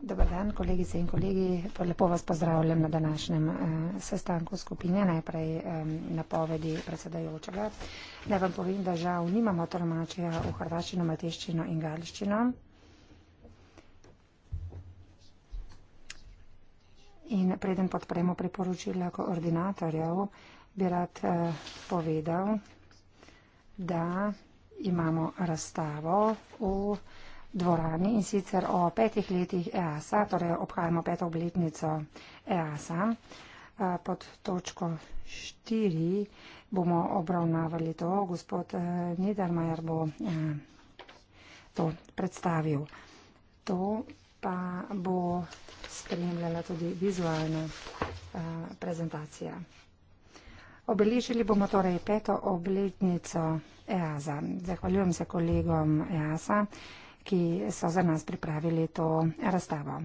Dobar dan, kolegice in kolegi. Lepo vas pozdravljam na današnjem eh, sestanku skupine. Najprej napovedi predsedajočega. Naj vam povem, da žal nimamo tolmačja v hrvaščino, mateščino in gališčino. In preden podpremo priporočila koordinatorjev, bi rad eh, povedal, da imamo razstavo v dvorani in sicer o petih letih EASA, torej obhajamo peto obletnico EASA. Pod točko štiri bomo obravnavali to, gospod eh, Niedermayer bo eh, to predstavil. To pa bo spremljala tudi vizualna eh, prezentacija. Obeležili bomo torej peto obletnico EASA. Zahvaljujem se kolegom EASA, ki so za nas pripravili to razstavo.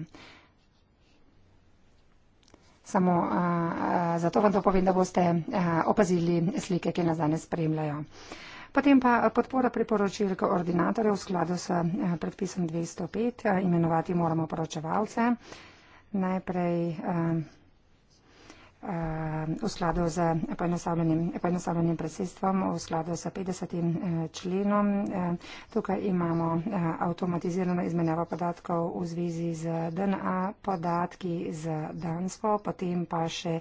Samo a, a, zato vam to povem, da boste a, opazili slike, ki nas danes spremljajo. Potem pa podpora priporočil koordinatorjev v skladu s predpisom 205. Imenovati moramo poročevalce. Najprej. A, v skladu z poenostavljenim, poenostavljenim predsedstvom, v skladu z 50. Eh, členom. Eh, tukaj imamo eh, avtomatizirano izmenjavo podatkov v zvezi z DNA, podatki z Dansko, potem pa še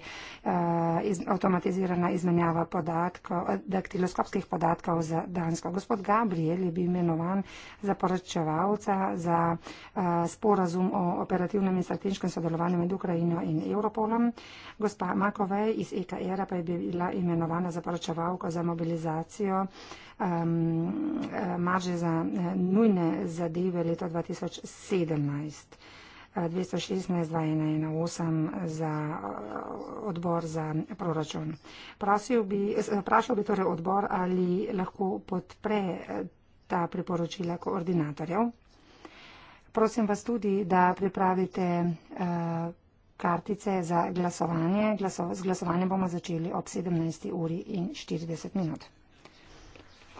iz, avtomatizirana izmenjava podatkov, daktiloskopskih podatkov z Dansko. Gospod Gabriel je bil imenovan za poročevalca za sporazum o operativnem in strateškem sodelovanju med Ukrajino in Europolom. Gospa Makovej iz EKR-a pa je bila imenovana za poročevalko za mobilizacijo um, eh, marže za eh, nujne zadeve leta 2017. 216-2118 eh, za odbor za proračun. Prašal bi, bi torej odbor, ali lahko podpre ta priporočila koordinatorjev. Prosim vas tudi, da pripravite uh, kartice za glasovanje. Glaso z glasovanjem bomo začeli ob 17. uri in 40 minut.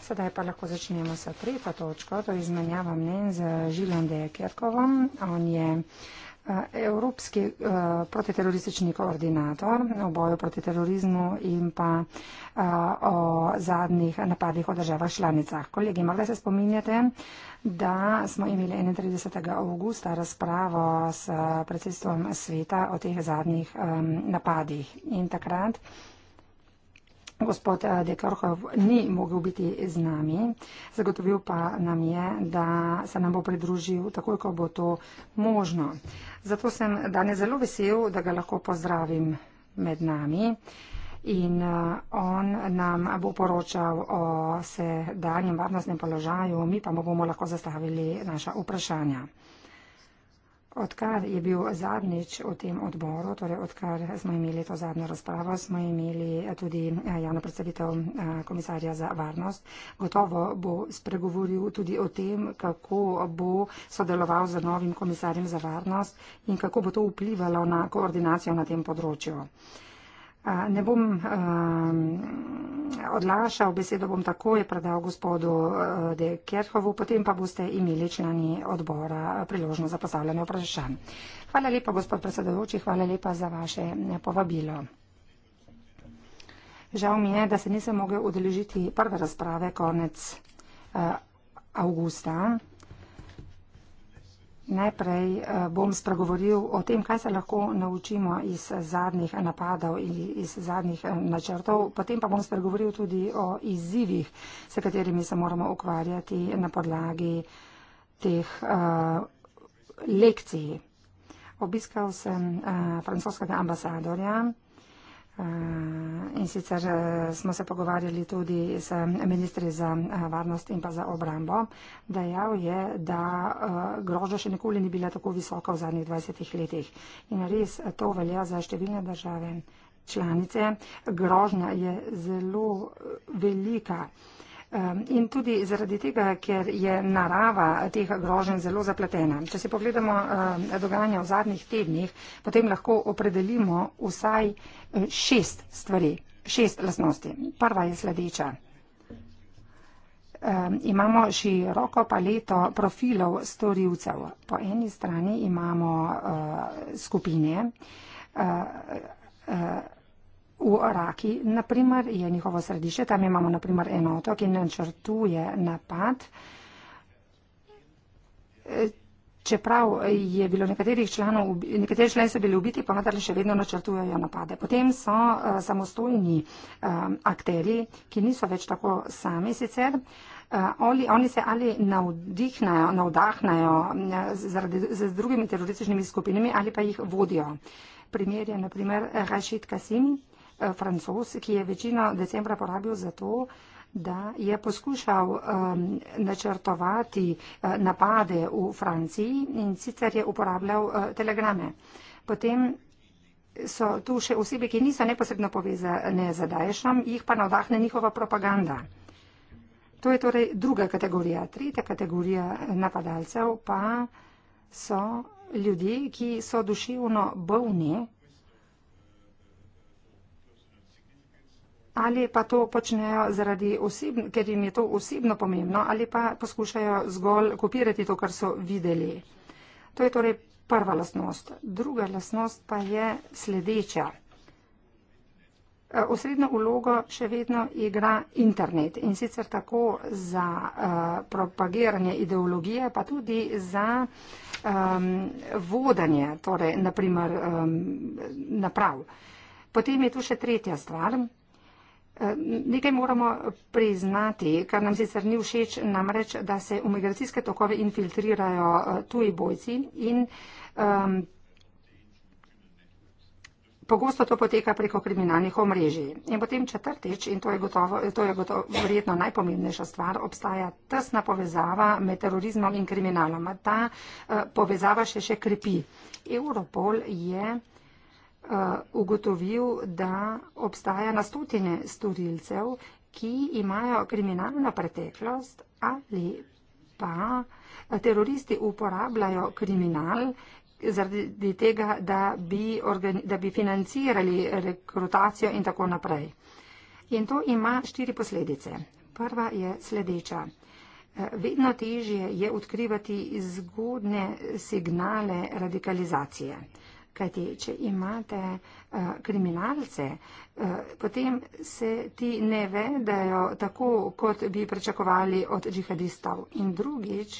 Sedaj pa lahko začnemo s tretjo točko, to je izmenjava mnen z Žilom Dejekerkovom. On je eh, evropski uh, protiteroristični koordinator v boju proti terorizmu in pa uh, o zadnjih napadih v državah članicah. Kolegi, morda se spominjate, uh, da smo imeli 31. augusta razpravo s predsedstvom sveta o teh zadnjih um, napadih. In takrat gospod eh, Dekorhov ni mogel biti z nami, zagotovil pa nam je, da se nam bo pridružil takoj, ko bo to možno. Zato sem danes zelo vesel, da ga lahko pozdravim med nami. Uh, in eh, on nam bo poročal o sedanjem varnostnem položaju, mi pa mu bomo lahko zastavili naša vprašanja. Odkar je bil zadnjič v tem odboru, torej odkar smo imeli to zadnjo razpravo, smo imeli eh, tudi eh, javno predstavitev komisarja za varnost. Gotovo bo spregovoril tudi o tem, kako bo sodeloval z novim komisarjem za varnost in kako bo to vplivalo na koordinacijo na tem področju. Ne bom um, odlašal, besedo bom takoj predal gospodu uh, De Kerhovu, potem pa boste imeli člani odbora uh, priložnost za postavljanje vprašanj. Hvala lepa, gospod predsedujoči, hvala lepa za vaše eh, povabilo. Žal mi je, da se nisem mogel odeležiti prve razprave konec uh, avgusta. Najprej eh, bom spregovoril o tem, kaj se lahko naučimo iz zadnjih napadov in iz zadnjih eh, načrtov, potem pa bom spregovoril tudi o izzivih, s katerimi se moramo ukvarjati na podlagi teh uh, lekcij. Obiskal sem uh, francoskega ambasadorja. In sicer eh, smo se pogovarjali tudi s ministri za eh, varnost in pa za obrambo. Dejal je, da eh, groža še nikoli ni bila tako visoka v zadnjih 20 letih. In res to velja za številne države članice. Grožnja je zelo velika. In tudi zaradi tega, ker je narava teh groženj zelo zapletena. Če si pogledamo dogajanja v zadnjih tednih, potem lahko opredelimo vsaj šest stvari, šest lasnosti. Prva je sledeča. Imamo široko paleto profilov storilcev. Po eni strani imamo skupine. V Raki, na primer, je njihovo središče, tam imamo na primer enoto, ki načrtuje napad. Čeprav je bilo nekaterih članov, nekateri člani so bili ubiti, pa vendar še vedno načrtujejo napade. Potem so uh, samostojni um, eh, akteri, ki niso več tako sami sicer. Uh, eh, oli, oni se ali navdihnajo, navdahnajo zaradi, z, z drugimi terorističnimi skupinami ali pa jih vodijo. Primer je naprimer Rašid Kasim, Eh, francos, ki je večino decembra porabil za to, da je poskušal um, načrtovati uh, napade v Franciji in sicer je uporabljal uh, telegrame. Potem so tu še osebe, ki niso neposredno povezane z Daješom, jih pa navdahne njihova propaganda. To je torej druga kategorija. Tretja kategorija napadalcev pa so ljudje, ki so duševno bolni ali pa to počnejo zaradi osebn, ker jim je to osebno pomembno, ali pa poskušajo zgolj kopirati to, kar so videli. To je torej prva lasnost. Druga lasnost pa je sledeča. Eh, osrednjo ulogo še vedno igra internet in sicer tako za uh, propagiranje ideologije, pa tudi za um, ehm, vodanje torej, naprimer, um, ehm, naprav. Potem je tu še tretja stvar, Nekaj moramo priznati, kar nam sicer ni všeč, namreč, da se v migracijske tokove infiltrirajo eh, tuji bojci in um, pogosto to poteka preko kriminalnih omrežij. In potem četrtič, in to je, gotovo, to je gotovo, verjetno najpomembnejša stvar, obstaja tesna povezava med terorizmom in kriminalom. Ta uh, povezava še še krepi. Europol je. Eh, ugotovil, da obstaja na stotine storilcev, ki imajo kriminalno preteklost ali pa eh, teroristi uporabljajo kriminal zaradi tega, da bi, da bi financirali rekrutacijo in tako naprej. In to ima štiri posledice. Prva je sledeča. Eh, vedno težje je odkrivati zgodne signale radikalizacije. Kajti, če imate uh, kriminalce, uh, potem se ti ne vedajo tako, kot bi pričakovali od džihadistov. In drugič,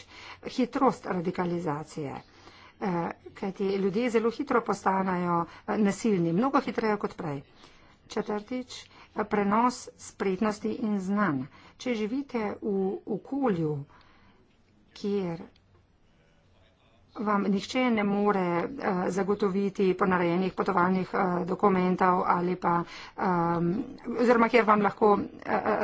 hitrost radikalizacije. Uh, kajti ljudje zelo hitro postanajo uh, nasilni, mnogo hitreje kot prej. Četrtič, prenos spretnosti in znanj. Če živite v okolju, kjer vam nihče ne more uh, zagotoviti ponarejenih potovalnih uh, dokumentov ali pa, um, oziroma kjer vam lahko uh,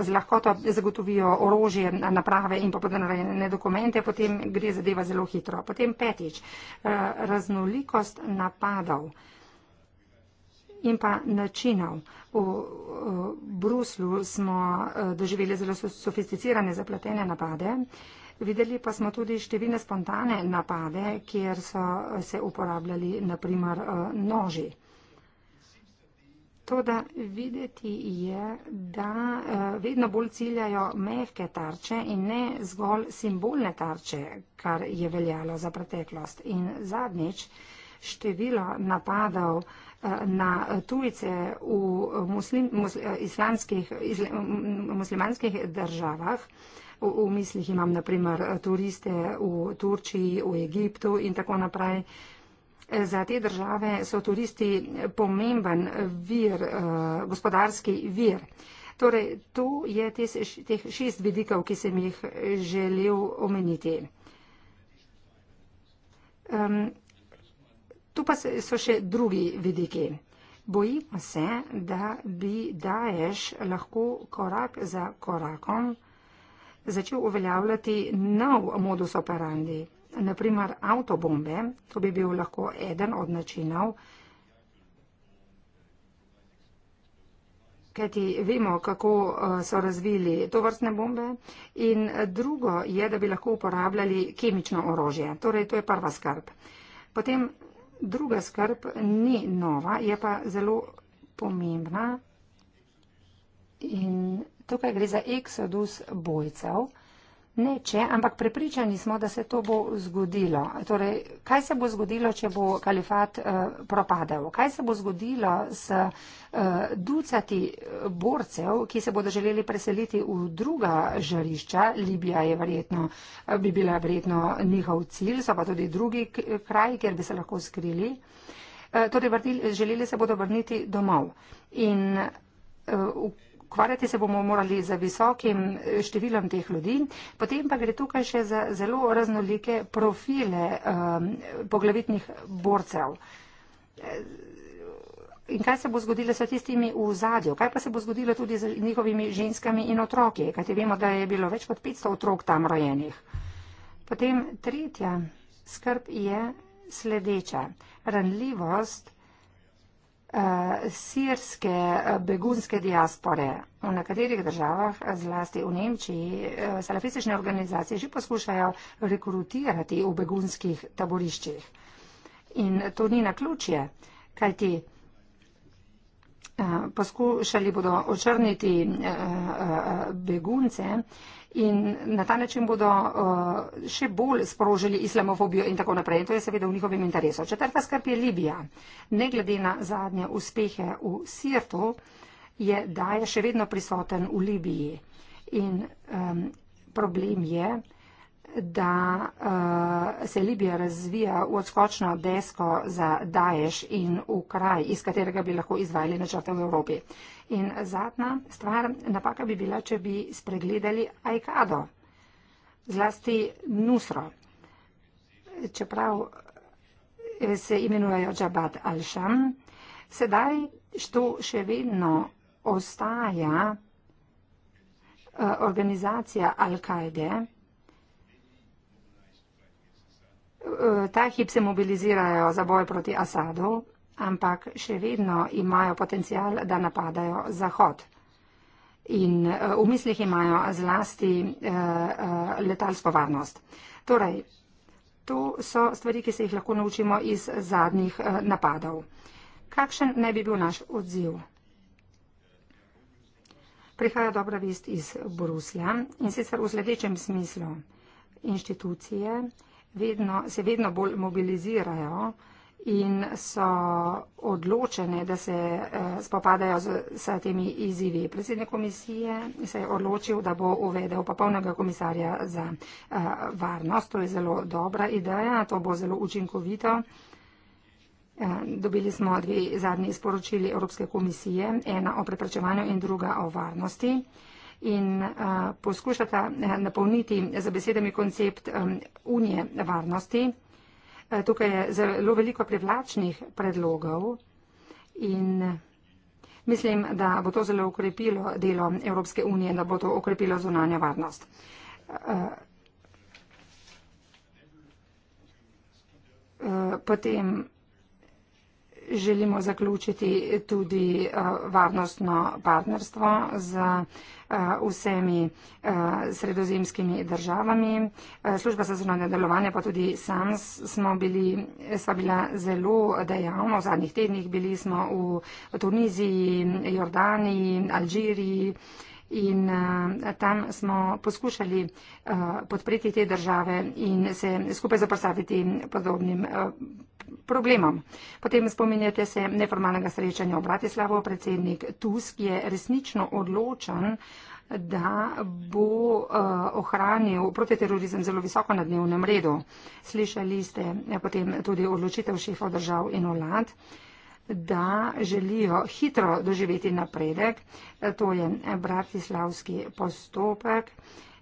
z lahkoto zagotovijo orožje, naprave in pa ponarejene dokumente, potem gre zadeva zelo hitro. Potem petič, uh, raznolikost napadov in pa načinov. V uh, Bruslu smo uh, doživeli zelo sofisticirane zapletene napade. Uh, Videli pa smo tudi številne spontane napade, kjer so se uporabljali naprimer eh, noži. To, da videti je, da eh, vedno bolj ciljajo mehke tarče in ne zgolj simbolne tarče, kar je veljalo za preteklost. In zadnjič število napadov eh, na tujce v muslim, mus, islamskih, islam, muslimanskih državah v mislih imam naprimer eh, turiste v Turčiji, v Egiptu in tako naprej. Eh, za te države so turisti eh, pomemben vir, gospodarski vir. Torej, to je teh šest vidikov, ki sem jih želel omeniti. Um, tu pa so še drugi vidiki. Bojimo se, da bi daješ lahko korak za korakom začel uveljavljati nov modus operandi, naprimer avtobombe, to bi bil lahko eden od načinov, kajti vemo, kako eh, so razvili to vrstne bombe in drugo je, da bi lahko uporabljali kemično orožje. Torej, to je prva skrb. Potem druga skrb ni nova, je pa zelo pomembna In tukaj gre za eksodus bojcev. Ne če, ampak prepričani smo, da se to bo zgodilo. Torej, kaj se bo zgodilo, če bo kalifat uh, propadel? Kaj se bo zgodilo s uh, ducati eh, borcev, ki se bodo želeli preseliti v druga žarišča? Libija je verjetno, bi bila verjetno njihov cilj, so pa tudi drugi kraj, kjer bi se lahko skrili. Uh, torej, vrnili, želeli se bodo vrniti domov. In, uh, ukvarjati se bomo morali z visokim eh, številom teh ljudi, potem pa gre tukaj še za zelo raznolike profile um, poglavitnih borcev. Eh, in kaj se bo zgodilo s tistimi v zadju? Kaj pa se bo zgodilo tudi z njihovimi ženskami in otroki? Kajti vemo, da je bilo več kot 500 otrok tam rojenih. Potem tretja skrb je sledeča. Ranljivost Eh, sirske eh, begunske diaspore. V nekaterih državah, eh, zlasti v Nemčiji, salafistične organizacije že poskušajo rekrutirati v begunskih taboriščih. In to ni na ključje, kajti poskušali bodo očrniti begunce in na ta način bodo uh, še bolj sprožili islamofobijo in tako naprej. In to je seveda v njihovem interesu. Četrta skrb je Libija. Ne glede na zadnje uspehe v Sirtu, je, da je še vedno prisoten v Libiji. In um, problem je, da uh, se Libija razvija v odskočno desko za Daesh in v kraj, iz katerega bi lahko izvajali načrte v Evropi. Uh, In zadnja stvar, napaka bi bila, če bi spregledali Aikado, zlasti Nusro, čeprav eh, se imenujejo Džabad Alšam, sedaj što še vedno ostaja eh, organizacija Al-Kaide, eh, ta hip se mobilizirajo za boj proti Asadu, ampak še vedno imajo potencial, da napadajo Zahod. In eh, v mislih imajo zlasti eh, eh, letalsko varnost. Torej, to so stvari, ki se jih lahko naučimo iz zadnjih napadov. Kakšen ne bi bil naš odziv? Prihaja dobra vest iz Bruslja in sicer v sledečem smislu. Inštitucije vedno, se vedno bolj mobilizirajo uh, in so odločene, da se eh, spopadajo z, s temi izzivi. Predsednik komisije se je odločil, da bo uvedel popolnega komisarja za eh, varnost. To je zelo dobra ideja, to bo zelo učinkovito. Eh, dobili smo dve zadnji sporočili Evropske komisije, ena o preprečevanju in druga o varnosti in poskušata napolniti za besedami koncept unije varnosti. Eh, tukaj je zelo veliko privlačnih predlogov in mislim, da bo to zelo ukrepilo delo Evropske unije, da bo to ukrepilo zunanja varnost. Eh, eh, potem želimo zaključiti tudi eh, varnostno partnerstvo z eh, vsemi eh, sredozemskimi državami. Služba za zunanje delovanje pa tudi sam smo bili, sva bila zelo dejavna. V zadnjih tednih bili smo v Tuniziji, Jordaniji, Alžiriji in uh, tam smo poskušali uh, podpreti te države in se skupaj zaprstaviti podobnim. Uh, Problemom. Potem spominjate se neformalnega srečanja v Bratislavo. Predsednik Tusk je resnično odločen, da bo uh, ohranil protiterorizem zelo visoko na dnevnem redu. Slišali ste potem tudi odločitev šefov držav in vlad. Uh, da želijo hitro doživeti napredek. To je bratislavski postopek.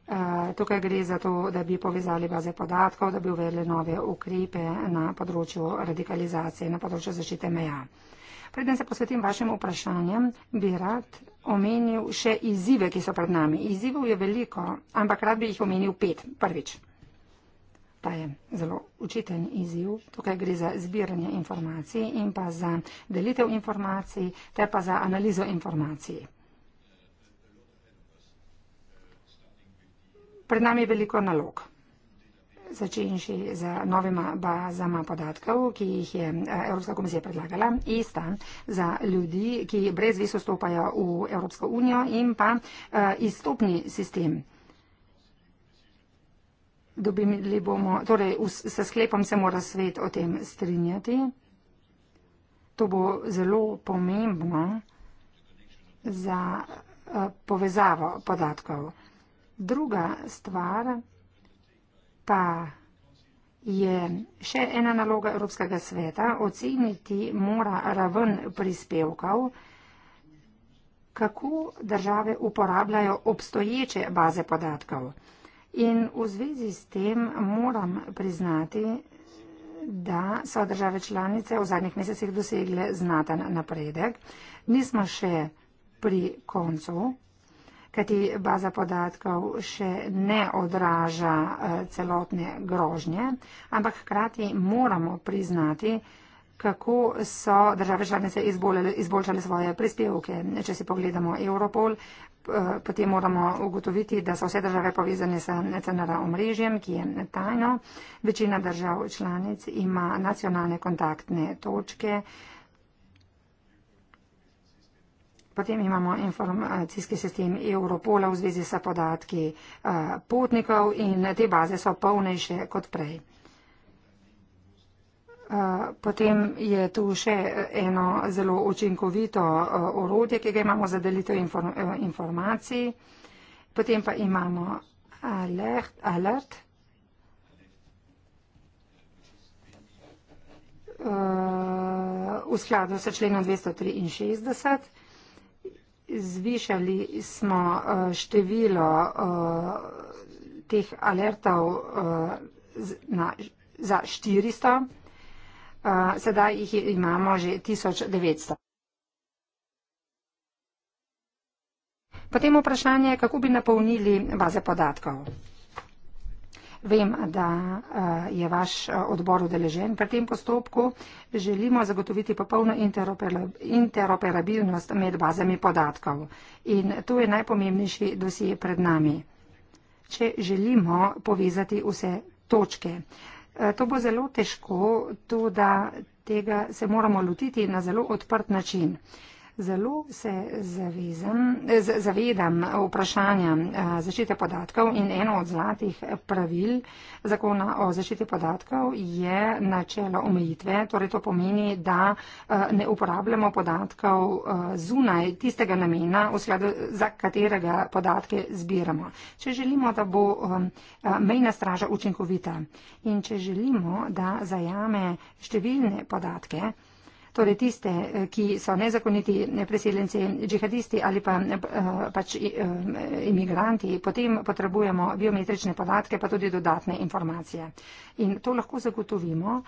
Eh, tukaj gre za to, da bi povezali baze podatkov, da bi uvedli nove ukrepe na področju radikalizacije, na področju zaščite meja. Preden se posvetim vašim vprašanjem, bi rad omenil še izzive, ki so pred nami. Izzivov je veliko, ampak rad bi jih omenil pet. Prvič pa je zelo učiten izziv. Tukaj gre za zbiranje informacij in pa za delitev informacij, te pa za analizo informacij. Pred nami je veliko nalog. Začenši z novima bazama podatkov, ki jih je eh, Evropska komisija predlagala, ista za ljudi, ki brez viso stopajo v Evropsko unijo in pa eh, izstopni sistem dobili bomo, torej se sklepom se mora svet o tem strinjati. To bo zelo pomembno za eh, povezavo podatkov. Druga stvar pa je še ena naloga Evropskega sveta, oceniti mora raven prispevkov, kako države uporabljajo obstoječe baze podatkov. In v zvezi s tem moram priznati, da so države članice v zadnjih mesecih dosegle znaten napredek. Nismo še pri koncu, kajti baza podatkov še ne odraža eh, celotne grožnje, ampak hkrati moramo priznati, da kako so države članice izboljšale svoje prispevke. Če si pogledamo Europol, eh, potem moramo ugotoviti, da so vse države povezane s CNR omrežjem, ki je tajno. Večina držav članic ima nacionalne kontaktne točke. Potem imamo informacijski sistem Europola v zvezi s podatki eh, potnikov in te baze so polnejše kot prej. Potem je tu še eno zelo učinkovito orodje, ki ga imamo za delitev inform informacij. Potem pa imamo alert. alert. V skladu s členom 263 zvišali smo število teh alertov na, za 400 sedaj jih imamo že 1900. Potem vprašanje, kako bi napolnili baze podatkov. Vem, da je vaš odbor udeležen pri tem postopku. Želimo zagotoviti popolno interoperabilnost med bazami podatkov. In to je najpomembnejši dosije pred nami. Če želimo povezati vse točke, Eh, to bo zelo težko, tudi tega se moramo lotiti na zelo odprt način. Zelo se zavezam, zavedam vprašanja zaščite podatkov in eno od zlatih pravil zakona o zaščiti podatkov je načelo omejitve. Torej to pomeni, da ne uporabljamo podatkov zunaj tistega namena, v skladu za katerega podatke zbiramo. Če želimo, da bo mejna straža učinkovita in če želimo, da zajame številne podatke, torej tiste, eh, ki so nezakoniti preseljenci, džihadisti ali pa eh, pač eh, imigranti, potem potrebujemo biometrične podatke, pa tudi dodatne informacije. In to lahko zagotovimo,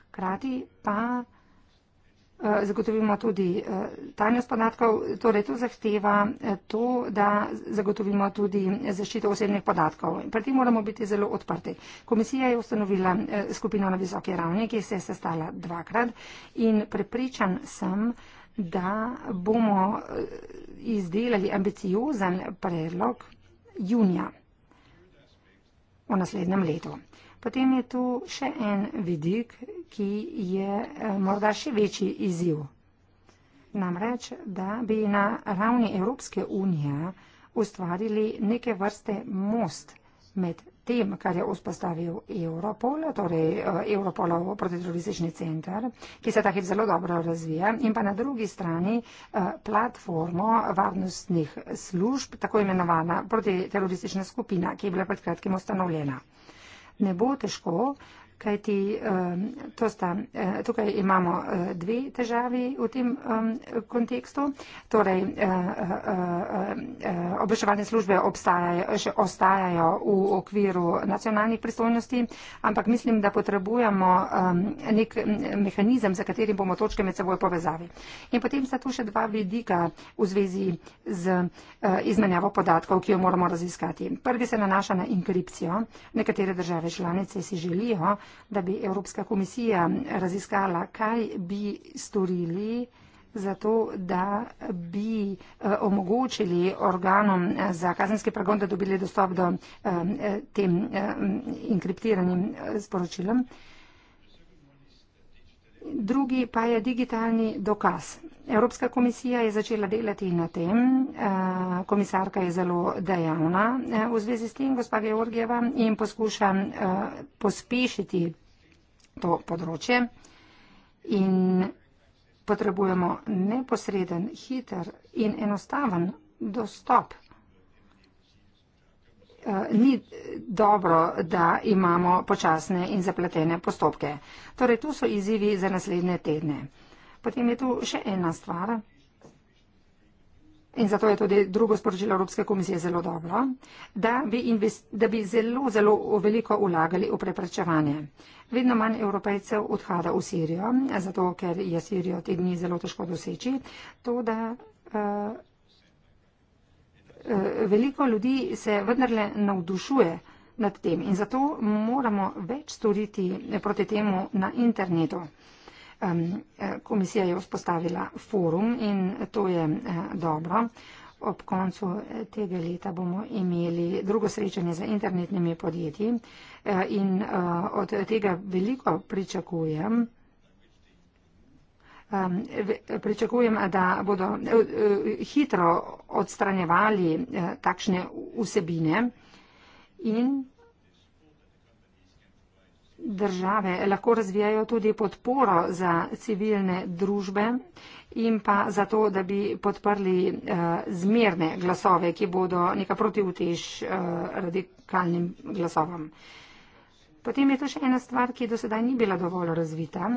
hkrati pa. Eh, zagotovimo tudi eh, tajnost podatkov, torej to zahteva eh, to, da zagotovimo tudi zaščito osebnih podatkov. Pri tem moramo biti zelo odprti. Komisija je ustanovila skupino na visoke ravni, ki se je sestala dvakrat in prepričan sem, da bomo izdelali ambiciozen predlog junija v naslednjem letu potem je tu še en vidik, ki je eh, morda še večji izziv. Namreč, da bi na ravni Evropske unije ustvarili neke vrste most med tem, kar je vzpostavil Europol, torej eh, Europolov protiteroristični center, ki se takih zelo dobro razvija, in pa na drugi strani eh, platformo varnostnih služb, tako imenovana protiteroristična skupina, ki je bila pred kratkim ustanovljena ne bo težko, kajti to sta, eh, tukaj imamo eh, dve težavi v tem kontekstu. Torej, eh, obveščevalne službe obstajajo, še ostajajo v okviru nacionalnih pristojnosti, ampak mislim, da potrebujemo nek mehanizem, za katerim bomo točke med seboj povezali. In potem sta tu še dva vidika v zvezi z izmenjavo podatkov, ki jo moramo raziskati. Prvi se nanaša na inkripcijo. Nekatere države članice si želijo, da bi Evropska komisija raziskala, kaj bi storili zato, da bi eh, omogočili organom eh, za kazenski pregon, da dobili dostop do eh, tem inkriptiranim sporočilom. Drugi pa je digitalni dokaz. Evropska komisija je začela delati na tem, eh, komisarka je zelo dejavna eh, v zvezi s tem, gospa Georgijeva, in poskuša eh, pospešiti to področje. In potrebujemo neposreden, hiter in enostaven dostop. Ni dobro, da imamo počasne in zapletene postopke. Torej, tu so izzivi za naslednje tedne. Potem je tu še ena stvar. In zato je tudi drugo sporočilo Evropske komisije zelo dobro, da bi, da bi zelo, zelo veliko ulagali v preprečevanje. Vedno manj evropejcev odhaja v Sirijo, zato ker je Sirijo te dni zelo težko doseči. To, da uh, uh, veliko ljudi se vendarle navdušuje nad tem in zato moramo več storiti proti temu na internetu. Uh, Eh, komisija je vzpostavila forum in to je eh, dobro. Ob koncu eh, tega leta bomo imeli drugo srečanje za internetnimi podjetji in od tega veliko pričakujem. Pričakujem, da bodo hitro odstranjevali takšne vsebine in države lahko razvijajo tudi podporo za civilne družbe in pa za to, da bi podprli uh, zmerne glasove, ki bodo neka protivtež uh, radikalnim glasovom. Potem je to še ena stvar, ki do sedaj ni bila dovolj razvita,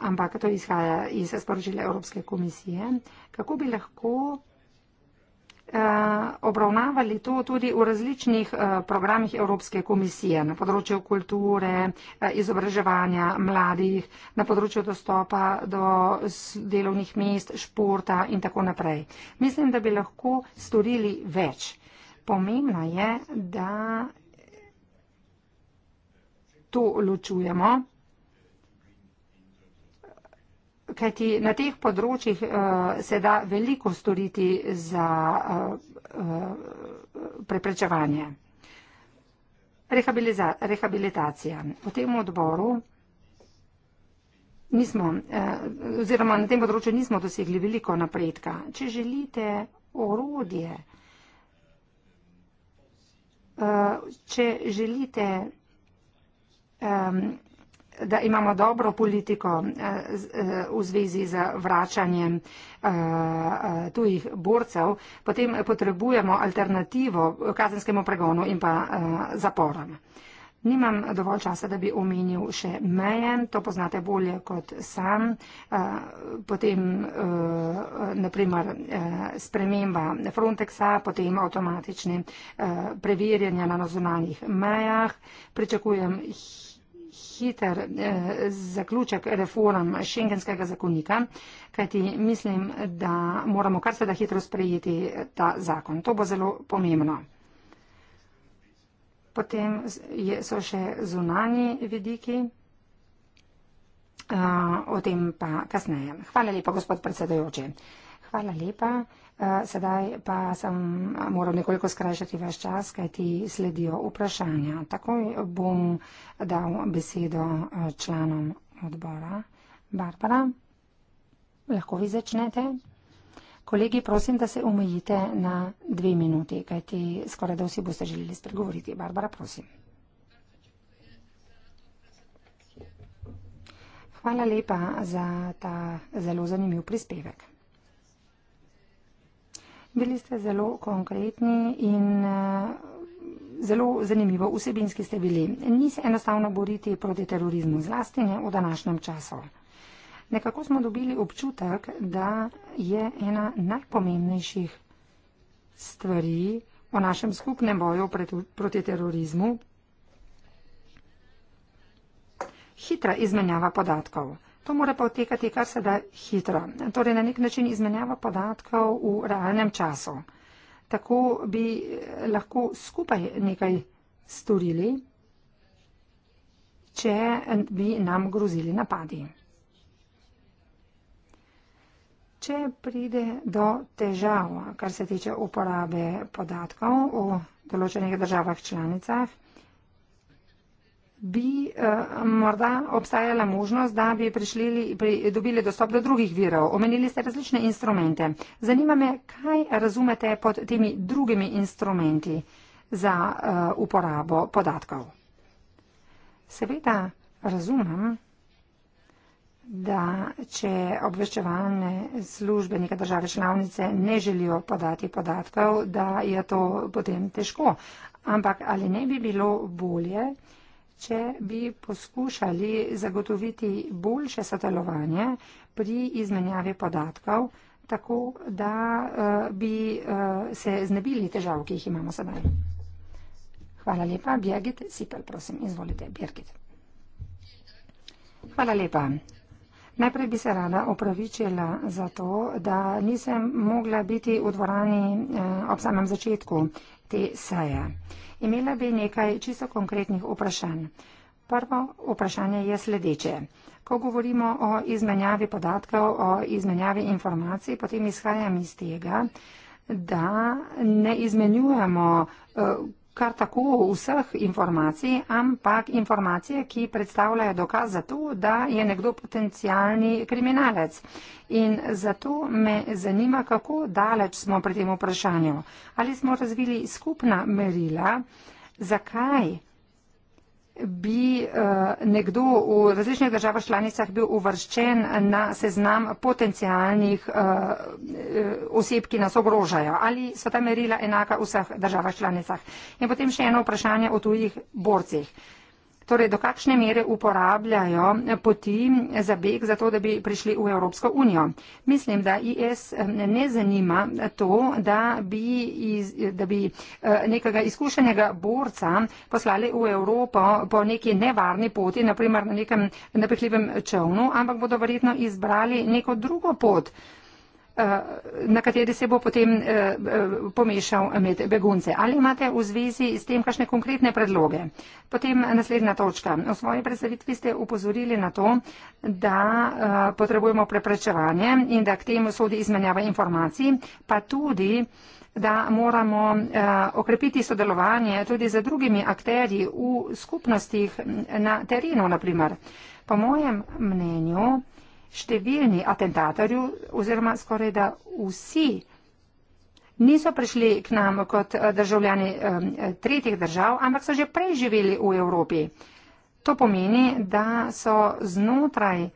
ampak to izhaja iz sporočila Evropske komisije. Kako bi lahko Eh, obravnavali to tudi v različnih eh, programih Evropske komisije na področju kulture, eh, izobraževanja mladih, na področju dostopa do delovnih mest, športa in tako naprej. Mislim, da bi lahko storili več. Pomembno je, da to ločujemo kajti na teh področjih uh, se da veliko storiti za uh, uh, preprečevanje. Rehabilitacija. V tem odboru nismo, uh, oziroma na tem področju nismo dosegli veliko napredka. Če želite orodje, uh, če želite. Um, da imamo dobro politiko eh, eh, v zvezi z vračanjem eh, tujih borcev, potem potrebujemo alternativo kazenskemu pregonu in pa zaporam. Nimam dovolj časa, da bi omenil še meje, to poznate bolje kot sam. Potem naprimer sprememba Frontexa, potem automatične preverjanja na nozunanih mejah. Pričakujem hiter eh, zaključek reform šengenskega zakonika, kajti mislim, da moramo kar se da hitro sprejeti ta zakon. To bo zelo pomembno. Potem so še zunani vidiki, eh, o tem pa kasneje. Hvala lepa, gospod predsedajoče. Hvala lepa. Eh, sedaj pa sem eh, moral nekoliko skrajšati vaš čas, kaj ti sledijo vprašanja. Takoj bom dal besedo eh, članom odbora. Barbara, lahko vi začnete? Kolegi, prosim, da se omejite na dve minuti, kaj ti skoraj da vsi boste želeli spregovoriti. Barbara, prosim. Hvala lepa za ta zelo zanimiv prispevek. Bili ste zelo konkretni in eh, zelo zanimivo vsebinski ste bili. Ni se enostavno boriti proti terorizmu, zlasti ne v današnjem času. Nekako smo dobili občutek, da je ena najpomembnejših stvari o našem skupnem boju proti terorizmu hitra izmenjava podatkov. To mora pa otekati kar se da hitro, torej na nek način izmenjava podatkov v realnem času. Tako bi eh, lahko skupaj nekaj storili, če eh, bi nam grozili napadi. Če pride do težav, kar se tiče uporabe podatkov v določenih državah članicah, bi uh, morda obstajala možnost, da bi prišli, pri, dobili dostop do drugih virov. Omenili ste različne instrumente. Zanima me, kaj razumete pod temi drugimi instrumenti za uh, uporabo podatkov. Seveda razumem, da če obveščevalne službe neke države članice ne želijo podati podatkov, da je to potem težko. Ampak ali ne bi bilo bolje, če bi poskušali zagotoviti boljše sodelovanje pri izmenjavi podatkov, tako da eh, bi eh, se znebili težav, ki jih imamo sedaj. Hvala lepa. Birgit Sipel, prosim, izvolite. Birgit. Hvala lepa. Najprej bi se rada opravičila za to, da nisem mogla biti v dvorani eh, ob samem začetku te seje. Imela bi nekaj čisto konkretnih vprašanj. Prvo vprašanje je sledeče. Ko govorimo o izmenjavi podatkov, o izmenjavi informacij, potem izhajam iz tega, da ne izmenjujemo eh, kar tako vseh informacij, ampak informacije, ki predstavljajo dokaz za to, da je nekdo potencijalni kriminalec. In zato me zanima, kako daleč smo pri tem vprašanju. Ali smo razvili skupna merila, zakaj bi eh, nekdo v različnih državah članicah bil uvrščen na seznam potencijalnih eh, eh, oseb, ki nas ogrožajo. Ali so ta merila enaka v vseh državah članicah? In potem še eno vprašanje o tujih borcih torej do kakšne mere uporabljajo poti za beg za to, da bi prišli v Evropsko unijo. Mislim, da IS eh, ne zanima to, da bi, iz, da bi eh, nekega izkušenega borca poslali v Evropo po neki nevarni poti, naprimer na nekem neprihljivem čovnu, ampak bodo verjetno izbrali neko drugo pot. Eh, na kateri se bo potem eh, eh, pomešal med begunce. Ali imate v zvezi s tem kakšne konkretne predloge? Potem naslednja točka. V svoji predstavitvi ste upozorili na to, da potrebujemo preprečevanje in da k temu sodi izmenjava informacij, pa tudi da moramo uh, okrepiti sodelovanje tudi za drugimi akterji v skupnostih na terenu, naprimer. Po mojem mnenju, številni atentatorju oziroma skoraj da vsi niso prišli k nam kot eh, državljani eh, tretjih držav, ampak so že prej živeli v Evropi. To pomeni, da so znotraj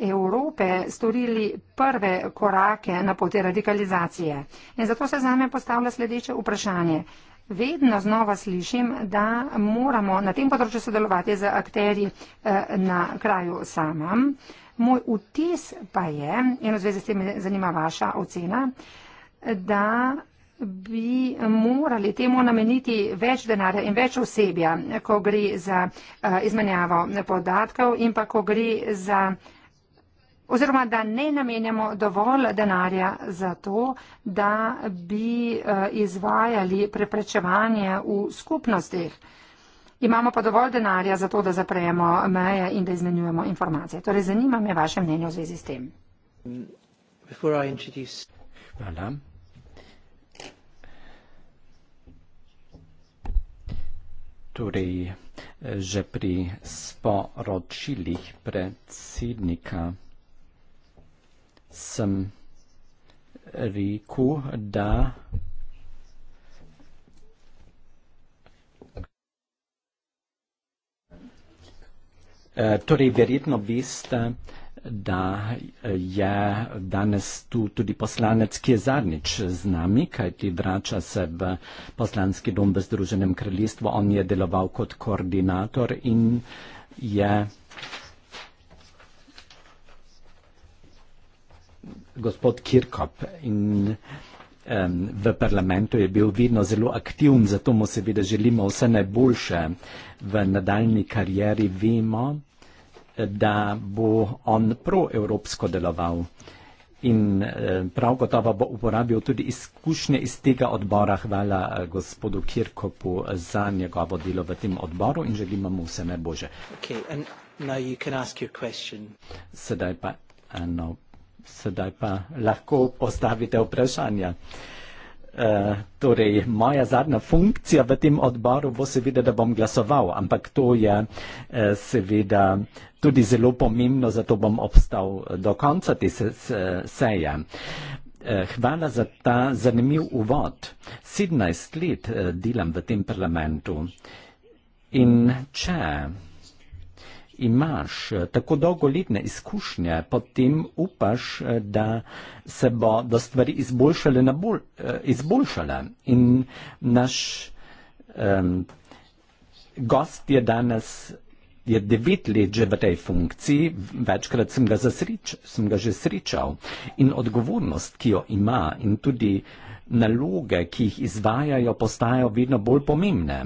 Evrope storili prve korake na poti radikalizacije. In zato se zame postavlja sledeče vprašanje. Vedno znova slišim, da moramo na tem področju sodelovati z akterji eh, na kraju samem. Moj vtis pa je, eno zvezde s tem me zanima vaša ocena, da bi morali temu nameniti več denarja in več osebja, ko gre za eh, izmenjavo podatkov in pa ko gre za. Oziroma, da ne namenjamo dovolj denarja za to, da bi eh, izvajali preprečevanje v skupnostih. Imamo pa dovolj denarja za to, da zapremo meje in da izmenjujemo informacije. Torej, zanima me vaše mnenje v zvezi s tem. Hvala. Torej, že pri sporočilih predsednika sem rekel, da Eh, torej, verjetno veste, da je danes tu tudi poslanec, ki je zadnjič z nami, kajti vrača se v poslanski dom v Združenem kraljestvu. On je deloval kot koordinator in je. Gospod Kirkop in um, v parlamentu je bil vedno zelo aktiven, zato mu seveda želimo vse najboljše v nadaljni karieri. Vemo, da bo on proevropsko deloval. In eh, prav gotovo bo uporabil tudi izkušnje iz tega odbora. Hvala eh, gospodu Kirkopu za njegovo delo v tem odboru in želim mu vse najbolje. Okay, sedaj, no, sedaj pa lahko postavite vprašanja. Uh, torej, moja zadnja funkcija v tem odboru bo seveda, da bom glasoval, ampak to je uh, seveda uh, tudi zelo pomembno, zato bom obstal eh, do konca te se, se, seje. Eh, hvala za ta zanimiv uvod. 17 let eh, delam v tem parlamentu in če imaš tako dolgoletne izkušnje, potem upaš, da se bo do stvari izboljšale, na bol, izboljšale. in naš um, gost je danes je devet let že v tej funkciji, večkrat sem ga, zasrič, sem ga že srečal in odgovornost, ki jo ima in tudi naloge, ki jih izvajajo, postajajo vedno bolj pomembne.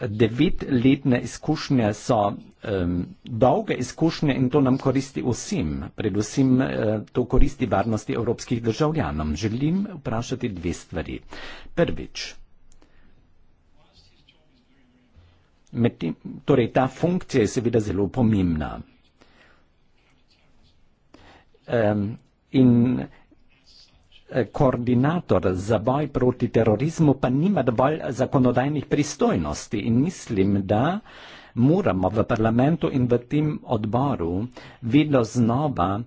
Devetletne izkušnje so um, dolge izkušnje in to nam koristi vsem, predvsem uh, to koristi varnosti evropskih državljanom. Želim vprašati dve stvari. Prvič, Medtem, torej, ta funkcija je seveda zelo pomembna. Um, in eh, koordinator za boj proti terorizmu pa nima dovolj zakonodajnih pristojnosti in mislim, da moramo v parlamentu in v tem odboru vedno znova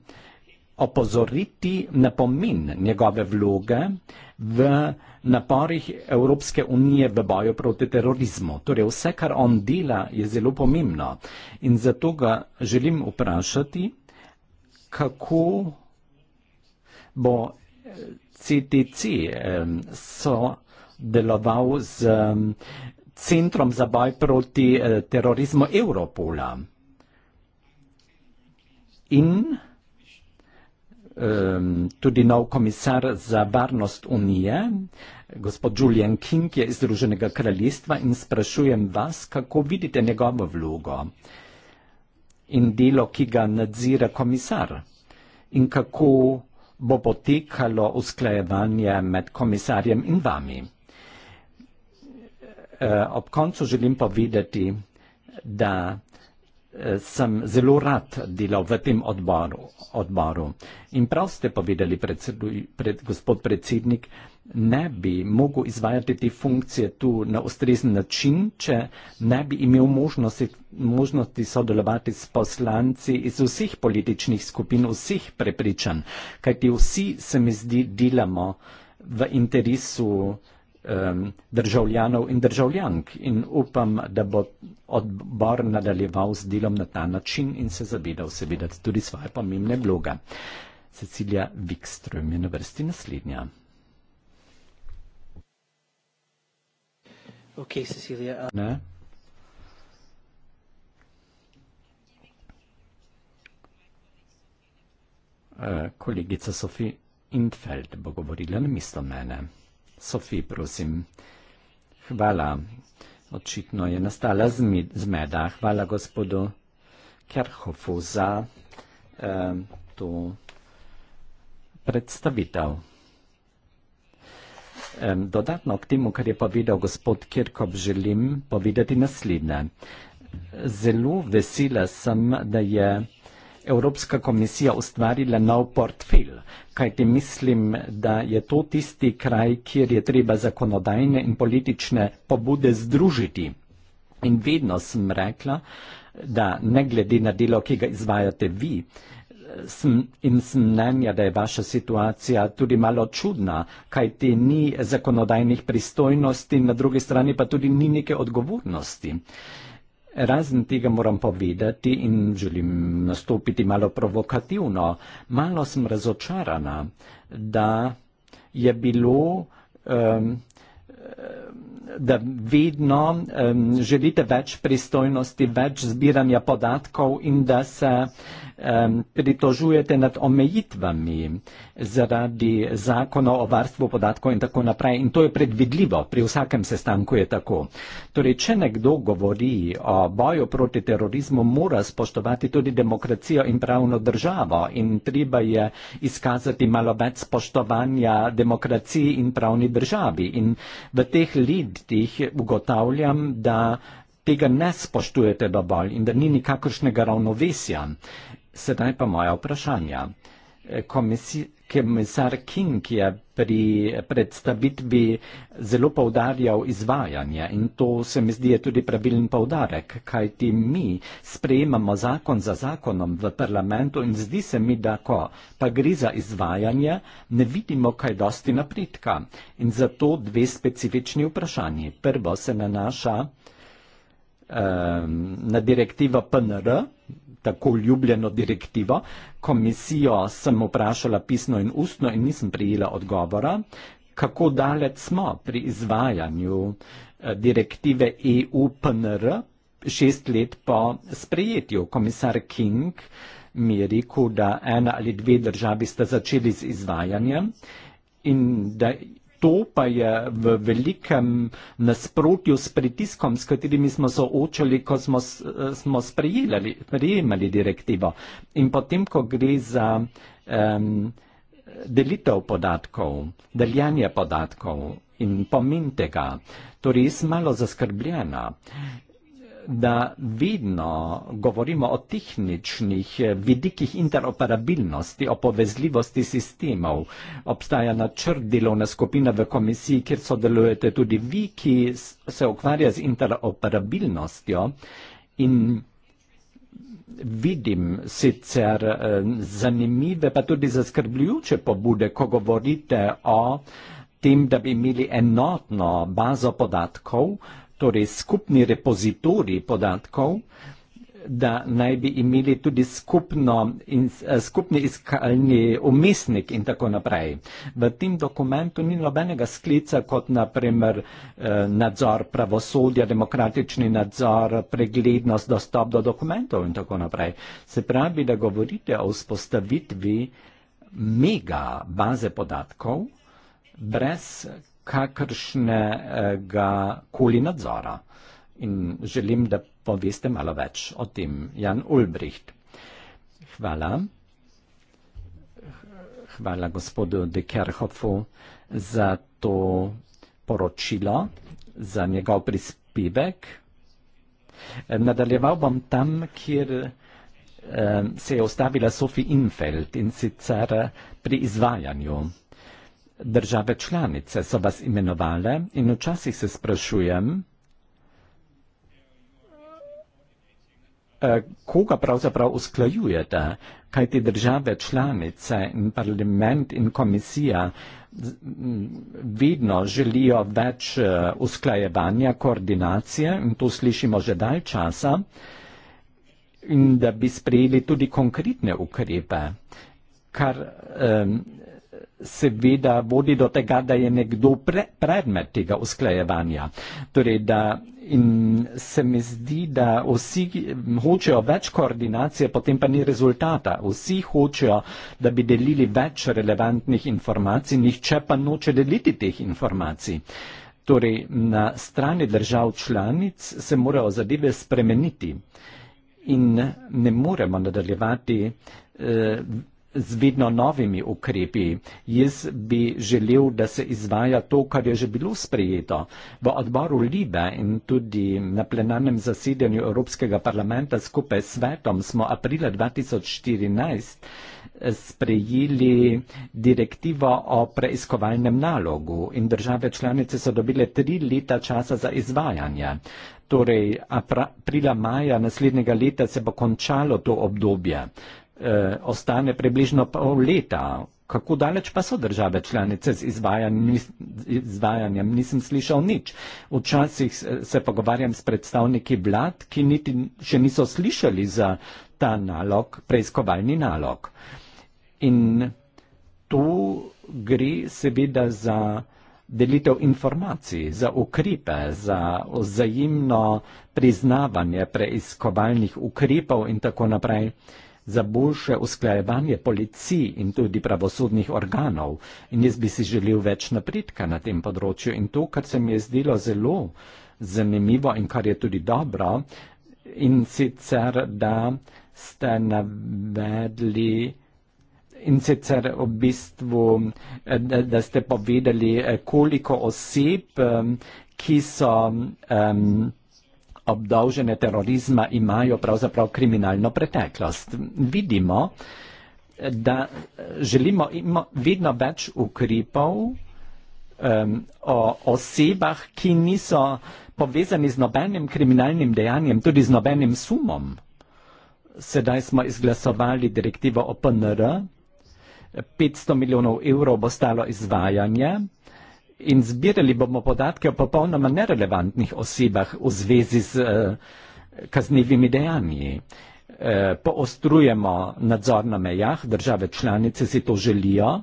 opozoriti na pomin njegove vloge v naporih Evropske unije v boju proti terorizmu. Torej, vse, kar on dela, je zelo pomembno in zato ga želim vprašati, kako bo CTC eh, so deloval z Centrom za boj proti eh, terorizmu Evropola in tudi nov komisar za varnost unije, Gospod Julian King je iz Združenega kraljestva in sprašujem vas, kako vidite njegovo vlogo in delo, ki ga nadzira komisar in kako bo potekalo usklajevanje med komisarjem in vami. Eh, ob koncu želim povedati, da eh, sem zelo rad delal v tem odboru. odboru. In prav ste povedali, predsedu, pred, gospod predsednik, ne bi mogel izvajati te funkcije tu na ustrezen način, če ne bi imel možnosti, možnosti sodelovati s poslanci iz vseh političnih skupin, vseh prepričanj, kajti vsi se mi zdi delamo v interesu um, državljanov in državljank in upam, da bo odbor nadaljeval z delom na ta način in se zavedal seveda tudi svoje pomembne vloge. Cecilija Wikström je na vrsti naslednja. Ok, Cecilia. Uh... Ne? E, kolegica Sofi Infeld bo govorila na mesto mene. Sofi, prosim. Hvala. Očitno je nastala zmeda. Hvala gospodu Kerhofu za eh, to predstavitev. Dodatno k temu, kar je povedal gospod Kirkov, želim povedati naslednje. Zelo vesela sem, da je Evropska komisija ustvarila nov portfel, kajti mislim, da je to tisti kraj, kjer je treba zakonodajne in politične pobude združiti. In vedno sem rekla, da ne glede na delo, ki ga izvajate vi, sem, in sem mnenja, da je vaša situacija tudi malo čudna, kaj ti ni zakonodajnih pristojnosti, na drugi strani pa tudi ni neke odgovornosti. Razen tega moram povedati in želim nastopiti malo provokativno. Malo sem razočarana, da je bilo um, um, da vedno um, želite več pristojnosti, več zbiranja podatkov in da se um, pritožujete nad omejitvami zaradi zakona o varstvu podatkov in tako naprej. In to je predvidljivo, pri vsakem sestanku je tako. Torej, če nekdo govori o boju proti terorizmu, mora spoštovati tudi demokracijo in pravno državo in treba je izkazati malo več spoštovanja demokraciji in pravni državi. In v teh lidih, tih ugotavljam, da tega ne spoštujete dovolj in da ni nikakršnega ravnovesja. Sedaj pa moja vprašanja. Komisija komisar King je pri predstavitvi zelo povdarjal izvajanje in to se mi zdi je tudi pravilen povdarek, kaj ti mi sprejemamo zakon za zakonom v parlamentu in zdi se mi, da ko pa gre za izvajanje, ne vidimo kaj dosti napredka. In zato dve specifični vprašanji. Prvo se nanaša um, na direktiva PNR, tako ljubljeno direktivo. Komisijo sem vprašala pisno in ustno in nisem prijela odgovora, kako daleč smo pri izvajanju eh, direktive EU-PNR šest let po sprejetju. Komisar King mi je rekel, da ena ali dve državi sta začeli z izvajanjem in da To pa je v velikem nasprotju s pritiskom, s katerimi smo se očali, ko smo, smo sprejeli, prejemali direktivo. In potem, ko gre za um, delitev podatkov, deljanje podatkov in pomen tega, torej jaz malo zaskrbljena da vedno govorimo o tehničnih eh, vidikih interoperabilnosti, o povezljivosti sistemov. Obstaja načrt delovna skupina v komisiji, kjer sodelujete tudi vi, ki se ukvarja z interoperabilnostjo in vidim sicer eh, zanimive, pa tudi zaskrbljujoče pobude, ko govorite o tem, da bi imeli enotno bazo podatkov, torej skupni repozitorij podatkov, da naj bi imeli tudi skupno in, eh, skupni iskalni umestnik in tako naprej. V tem dokumentu ni nobenega sklica kot naprimer eh, nadzor pravosodja, demokratični nadzor, preglednost, dostop do dokumentov in tako naprej. Se pravi, da govorite o vzpostavitvi mega baze podatkov brez kakršnega koli nadzora. In želim, da poveste malo več o tem, Jan Ulbricht. Hvala. Hvala gospodu De Kerhofu za to poročilo, za njegov prispevek. Nadaljeval bom tam, kjer eh, se je ostavila Sofi Infeld in sicer pri izvajanju države članice so vas imenovale in včasih se sprašujem, eh, koga pravzaprav usklajujete, kaj te države članice in parlament in komisija vedno želijo več eh, usklajevanja, koordinacije in to slišimo že dalj časa in da bi sprejeli tudi konkretne ukrepe, kar seveda vodi do tega, da je nekdo pre, predmet tega usklajevanja. Torej, da in se mi zdi, da vsi hočejo več koordinacije, potem pa ni rezultata. Vsi hočejo, da bi delili več relevantnih informacij, nihče pa noče deliti teh informacij. Torej, na strani držav članic se morajo zadeve spremeniti in ne moremo nadaljevati. Eh, z vedno novimi ukrepi. Jaz bi želel, da se izvaja to, kar je že bilo sprejeto. V odboru Libe in tudi na plenarnem zasedanju Evropskega parlamenta skupaj s svetom smo aprila 2014 eh, sprejeli direktivo o preiskovalnem nalogu in države članice so dobile tri leta časa za izvajanje. Torej, aprila, maja naslednjega leta se bo končalo to obdobje eh, ostane približno pol leta. Kako daleč pa so države članice z izvajanjem, nisem slišal nič. Včasih se pogovarjam s predstavniki vlad, ki niti še niso slišali za ta nalog, preiskovalni nalog. In tu gre seveda za delitev informacij, za ukrepe, za vzajemno priznavanje preiskovalnih ukrepov in tako naprej. Eh, za boljše usklajevanje policij in tudi pravosodnih organov. In jaz bi si želel več napredka na tem področju. In to, kar se mi je zdelo zelo zanimivo in kar je tudi dobro, in sicer, da ste navedli. In sicer v bistvu, da, da ste povedali, koliko oseb, ki so. Um, obdolžene terorizma imajo pravzaprav kriminalno preteklost. Vidimo, da eh, želimo vedno več ukrepov um, o osebah, ki niso povezani z nobenim kriminalnim dejanjem, tudi z nobenim sumom. Sedaj smo izglasovali direktivo OPNR, 500 milijonov evrov bo stalo izvajanje in zbirali bomo podatke o popolnoma nerelevantnih osebah v zvezi z eh, kaznevimi dejanji. Eh, poostrujemo nadzor na mejah, države članice si to želijo,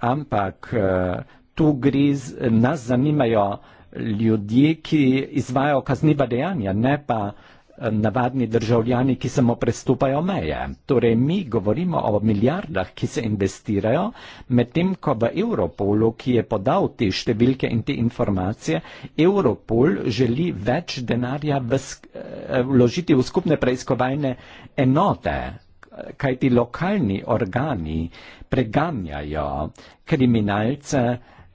ampak eh, tu gre, nas zanimajo ljudje, ki izvajo kazniva dejanja, ne pa navadni državljani, ki samo prestopajo meje. Torej, mi govorimo o milijardah, ki se investirajo, medtem ko v Europolu, ki je podal te številke in te informacije, Europol želi več denarja v sk eh, vložiti v skupne preiskovalne enote kaj ti lokalni organi preganjajo kriminalce,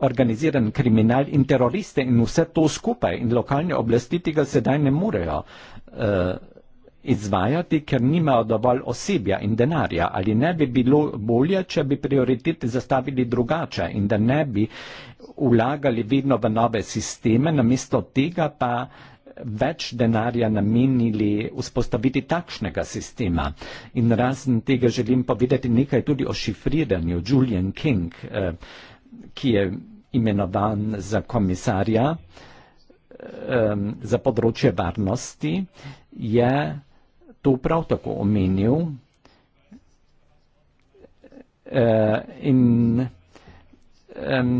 organiziran kriminal in teroriste in vse to skupaj in lokalne oblasti tega sedaj ne morejo uh, Eh, izvajati, ker nimajo dovolj osebja in denarja. Ali ne bi bilo bolje, če bi prioritete zastavili drugače in da ne bi vlagali vedno v nove sisteme, namesto tega pa več denarja namenili vzpostaviti takšnega sistema. In razen tega želim povedati nekaj tudi o šifriranju. Julian King, eh, ki je imenovan za komisarja, um, za področje varnosti, je to prav tako omenil uh, in um,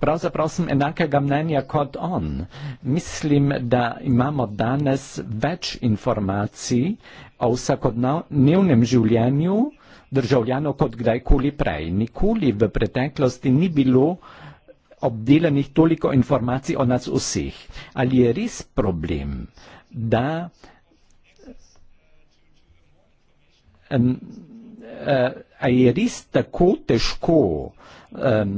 pravzaprav sem enakega mnenja kot on. Mislim, da imamo danes več informacij o vsakodnevnem življenju državljanov kot kdajkoli prej. Nikoli v preteklosti ni bilo uh, obdelanih toliko informacij o nas vseh. Ali je res problem, da um, Uh, eh, ali je res tako težko um,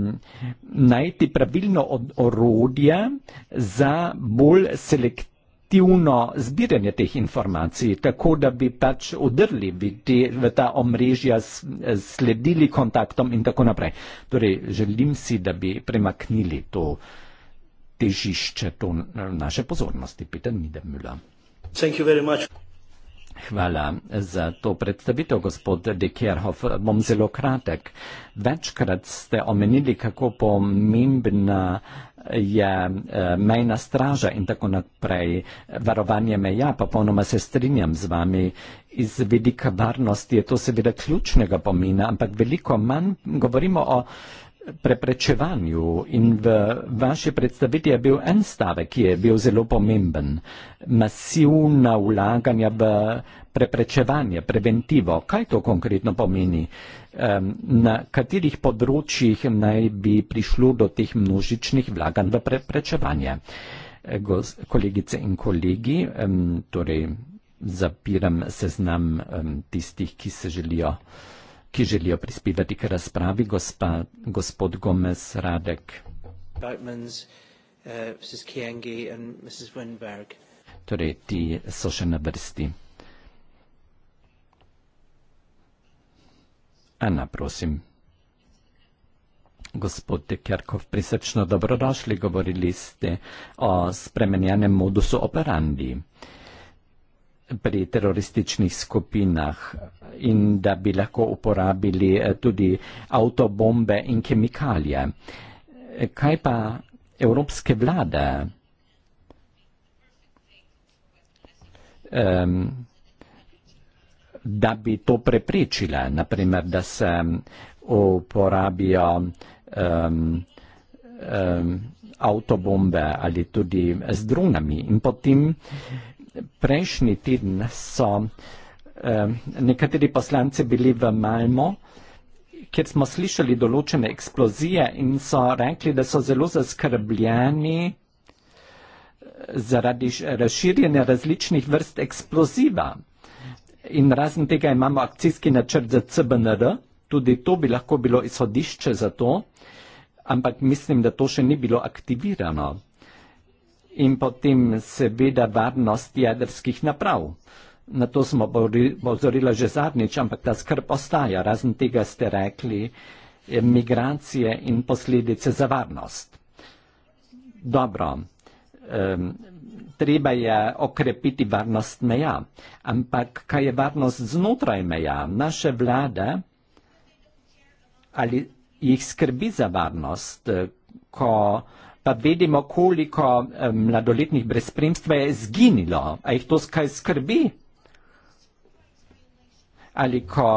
najti pravilno od, orodja za bolj selektivno aktivno zbiranje teh informacij, tako da bi pač odrli v, te, v ta omrežja, sledili kontaktom in tako naprej. Torej, želim si, da bi premaknili to težišče, to naše pozornosti, Peter Nidemula. Hvala za to predstavitev, gospod De Kjerhoff. Bom zelo kratek. Večkrat ste omenili, kako pomembna je eh, mejna straža in tako naprej. Varovanje meja, popolnoma se strinjam z vami, iz vidika varnosti je to seveda ključnega pomena, ampak veliko manj govorimo o preprečevanju in v vaši predstaviti je bil en stavek, ki je bil zelo pomemben. Masivna vlaganja v preprečevanje, preventivo, kaj to konkretno pomeni, na katerih področjih naj bi prišlo do teh množičnih vlaganj v preprečevanje. E, kolegice in kolegi, torej zapiram seznam tistih, ki se želijo ki želijo prispevati k razpravi, gospa, gospod Gomez Radek. Bautmans, uh, eh, Mrs. Kiengi and Mrs. Torej, ti so še na vrsti. ena, prosim. Gospod Kerkov, prisrčno dobrodošli, govorili ste o spremenjenem modusu operandi pri terorističnih skupinah in da bi lahko uporabili eh, tudi avtobombe in kemikalije. Kaj pa evropske vlade? Um, da bi to preprečile, naprimer, da se uporabijo um, um, avtobombe ali tudi z drunami. In potem prejšnji teden so um, nekateri poslanci bili v Malmo, kjer smo slišali določene eksplozije in so rekli, da so zelo zaskrbljeni zaradi razširjenja različnih vrst eksploziva. In razen tega imamo akcijski načrt za CBNR, tudi to bi lahko bilo izhodišče za to, ampak mislim, da to še ni bilo aktivirano. In potem seveda varnost jedrskih naprav. Na to smo pozorila že zadnjič, ampak ta skrb ostaja. Razen tega ste rekli, eh, migracije in posledice za varnost. Dobro. Um, treba je okrepiti varnost meja. Ampak kaj je varnost znotraj meja? Naše vlade ali jih skrbi za varnost, eh, ko pa vidimo, koliko eh, mladoletnih brezpremstva je zginilo, a jih to skaj skrbi? Ali ko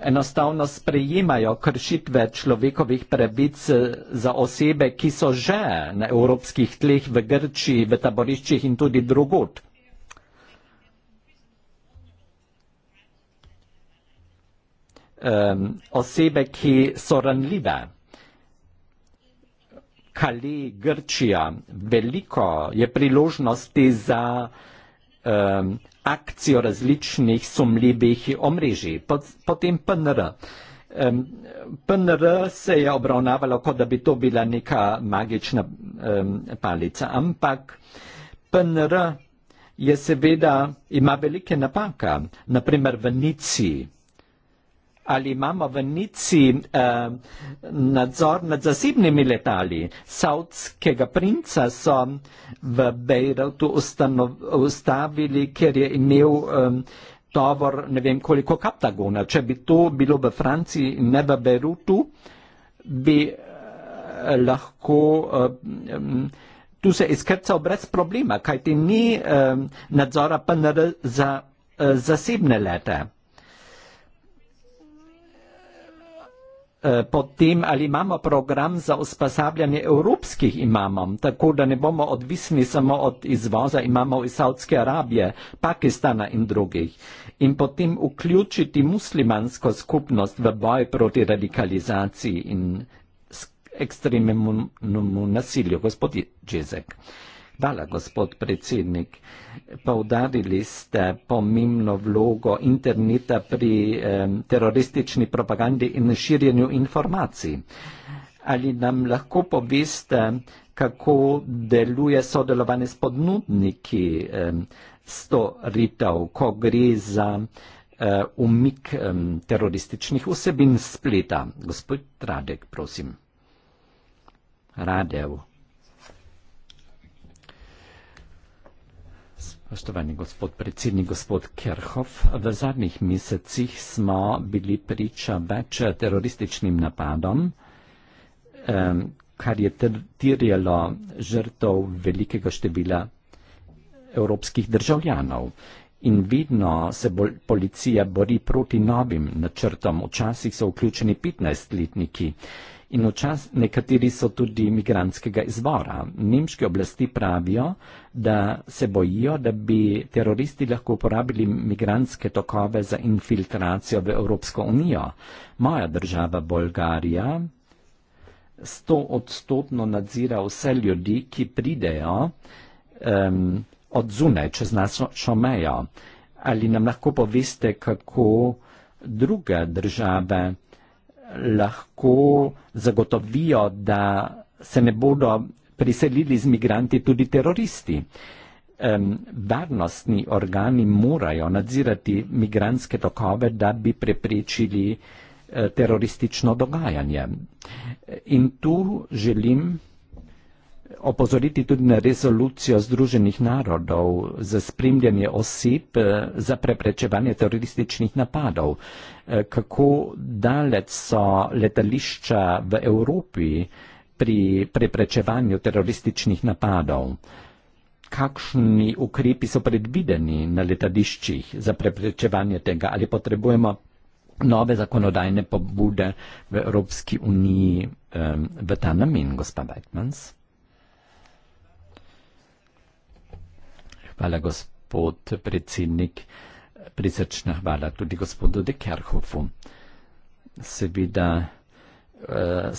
enostavno sprejemajo kršitve človekovih prebic eh, za osebe, ki so že na evropskih tleh v Grčiji, v taboriščih in tudi drugot. Um, osebe, ki so ranljive. Kali, Grčija, veliko je priložnosti za um, akcijo različnih sumljivih omrežij, pod, potem PNR. Um, PNR se je obravnavalo, kot da bi to bila neka magična um, palica, ampak PNR je seveda ima velike napake, naprimer v Niciji ali imamo v Nici eh, nadzor nad zasebnimi letali. Saudskega princa so v Bejrutu ustavili, ker je imel eh, tovor ne vem koliko kaptagona. Če bi to bilo v Franciji in ne v Bejrutu, bi eh, lahko. Eh, Tu se je izkrcal brez problema, kajti ni eh, nadzora PNR za eh, zasebne lete. Eh, potem ali imamo program za usposabljanje evropskih imamov, tako da ne bomo odvisni samo od izvoza imamov iz Saudske Arabije, Pakistana in drugih. In potem vključiti muslimansko skupnost v boj proti radikalizaciji in ekstremnemu nasilju. Gospod Džezek. Hvala, gospod predsednik. Povdarili ste pomembno vlogo interneta pri eh, teroristični propagandi in širjenju informacij. Ali nam lahko poveste, kako deluje sodelovanje s podnudniki eh, storitev, ko gre za eh, umik eh, terorističnih vsebin spleta? Gospod Radek, prosim. Radev. Spoštovani gospod predsednik, gospod Kerhov, v zadnjih mesecih smo bili priča več terorističnim napadom, kar je terjalo žrtov velikega števila evropskih državljanov. In vedno se bol, policija bori proti novim načrtom, včasih so vključeni 15-letniki in včas nekateri so tudi imigrantskega izvora. Nemške oblasti pravijo, da se bojijo, da bi teroristi lahko uporabili imigrantske tokove za infiltracijo v Evropsko unijo. Moja država Bolgarija sto odstotno nadzira vse ljudi, ki pridejo um, od zunaj, čez našo mejo. Ali nam lahko poveste, kako druge države lahko zagotovijo, da se ne bodo priselili z migranti tudi teroristi. Um, varnostni organi morajo nadzirati migranske tokove, da bi preprečili uh, teroristično dogajanje. In tu želim opozoriti tudi na rezolucijo Združenih narodov za spremljanje oseb eh, za preprečevanje terorističnih napadov. Eh, kako dalec so letališča v Evropi pri preprečevanju terorističnih napadov? Kakšni ukrepi so predvideni na letališčih za preprečevanje tega? Ali potrebujemo nove zakonodajne pobude v Evropski uniji um, v ta namen, gospa Bajtmans? Hvala, gospod predsednik. Prisrčna hvala tudi gospodu De Kerhofu. Seveda, eh,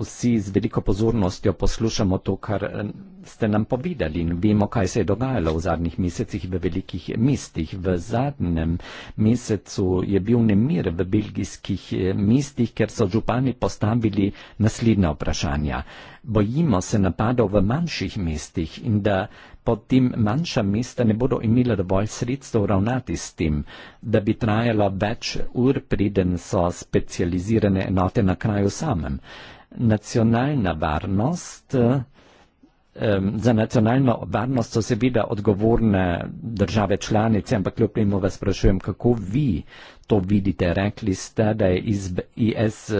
vsi z veliko pozornostjo poslušamo to, kar eh, ste nam povedali in vemo, kaj se je dogajalo v zadnjih mesecih v velikih mestih. V zadnjem mesecu je bil nemir v belgijskih eh, mestih, ker so župani postavili naslednja vprašanja. Bojimo se napadov v manjših mestih in da potem manjša mesta ne bodo imela dovolj sredstev ravnati s tem, da bi trajalo več ur, preden so specializirane enote na kraju samem. Nacionalna varnost. Za nacionalno varnost so seveda odgovorne države članice, ampak kljub temu vas sprašujem, kako vi to vidite, rekli ste, da je izb, IS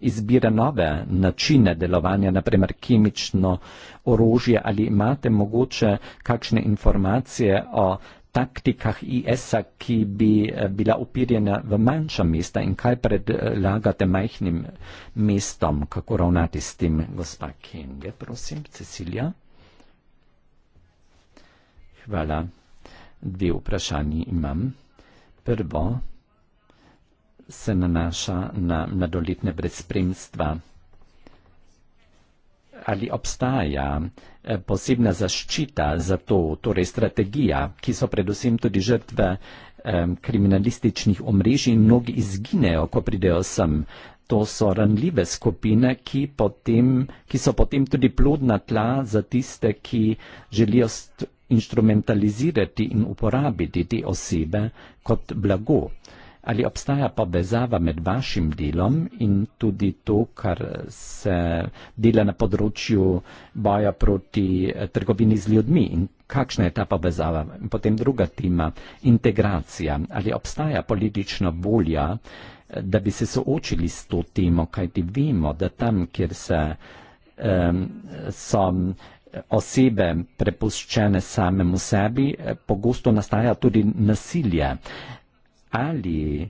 izbira nove načine delovanja, naprimer kemično orožje, ali imate mogoče kakšne informacije o taktikah IS-a, ki bi eh, bila upirjena v manjša mesta in kaj predlagate majhnim mestom, kako ravnati s tem, gospa Kenge, prosim, Cecilija. Hvala. Dve vprašanji imam. Prvo, se nanaša na mladoletne brez spremstva. Ali obstaja eh, posebna zaščita za to, torej strategija, ki so predvsem tudi žrtve eh, kriminalističnih omrežij in mnogi izginejo, ko pridejo sem. To so ranljive skupine, ki, potem, ki so potem tudi plodna tla za tiste, ki želijo instrumentalizirati in uporabiti te osebe kot blago ali obstaja povezava med vašim delom in tudi to, kar se dela na področju boja proti eh, trgovini z ljudmi in kakšna je ta povezava. Potem druga tema, integracija. Ali obstaja politična volja, eh, da bi se soočili s to temo, kajti vemo, da tam, kjer se, um, so eh, osebe prepuščene samemu sebi, pogosto nastaja tudi nasilje ali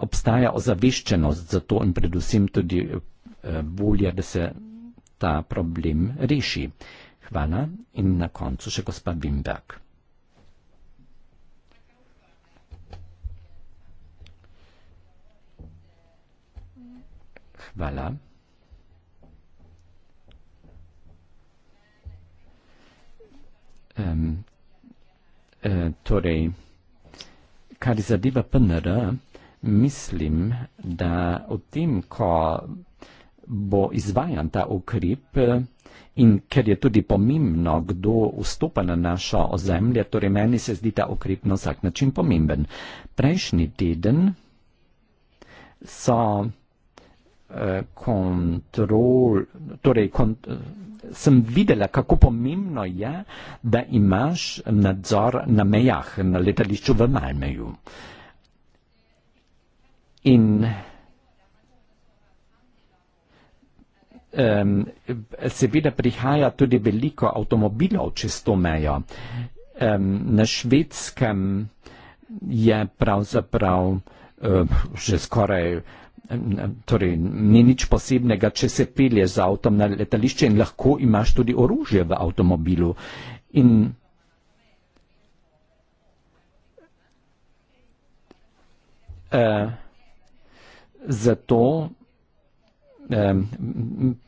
obstaja ozaveščenost za to in predvsem tudi eh, volja, da se ta problem reši. Hvala in na koncu še gospa Wimberg. Hvala. Um, uh, torej kar zadeva PNR, mislim, da o tem, ko bo izvajan ta ukrep in ker je tudi pomembno, kdo vstopa na našo ozemlje, torej meni se zdi ta ukrep na vsak način pomemben. Prejšnji teden so Eh, kontrol, torej kont, eh, sem videla, kako pomembno je, da imaš nadzor na mejah, na letališču v Malmeju. In um, seveda prihaja tudi veliko avtomobilov čez to mejo. Um, na švedskem je pravzaprav um, že skoraj torej ni nič posebnega, če se pelješ z avtom na letališče in lahko imaš tudi orožje v avtomobilu. In eh, zato eh,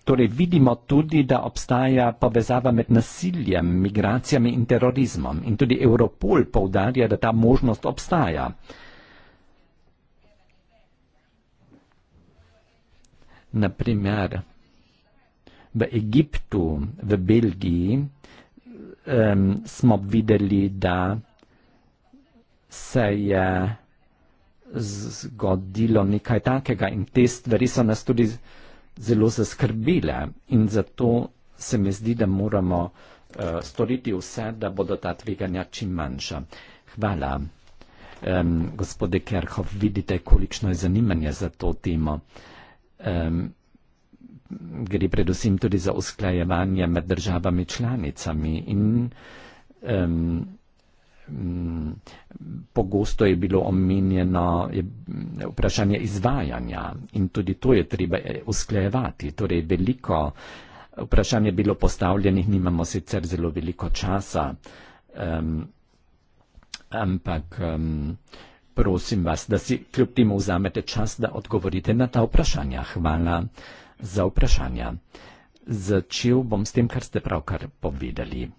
Torej vidimo tudi, da obstaja povezava med nasiljem, migracijami in terorizmom. In tudi Europol poudarja, da ta možnost obstaja. Eh, na primer v Egiptu, v Belgiji, um, smo videli, da se je zgodilo nekaj takega in te stvari so nas tudi zelo zaskrbile in zato se mi zdi, da moramo uh, storiti vse, da bodo ta tveganja čim manjša. Hvala. Um, gospode Kerhov, vidite, kolikšno je zanimanje za to temo gre predvsem tudi za usklajevanje med državami članicami in um, pogosto je bilo omenjeno vprašanje izvajanja in tudi to je treba eh, usklajevati. Torej veliko vprašanje je bilo postavljenih, nimamo sicer zelo veliko časa, um, ampak um, Prosim vas, da si kljub temu vzamete čas, da odgovorite na ta vprašanja. Hvala za vprašanja. Začel bom s tem, kar ste pravkar povedali.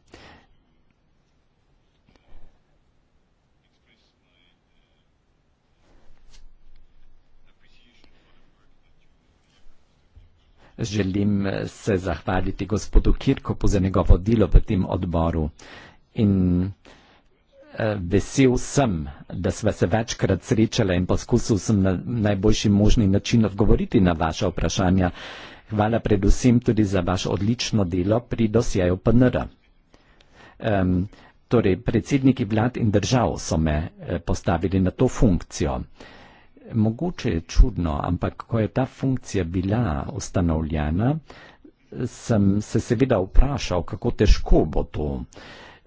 Želim eh, se zahvaliti gospodu Kirkopu za njegovo delo v tem odboru in Eh, vesel sem, da sva se večkrat srečala in poskusil sem na najboljši možni način odgovoriti na vaše vprašanja. Hvala predvsem tudi za vaše odlično delo pri dosjeju PNR. Um, torej, predsedniki vlad in držav so me eh, postavili na to funkcijo. Mogoče je čudno, ampak ko je ta funkcija bila ustanovljena, sem se seveda vprašal, kako težko bo to.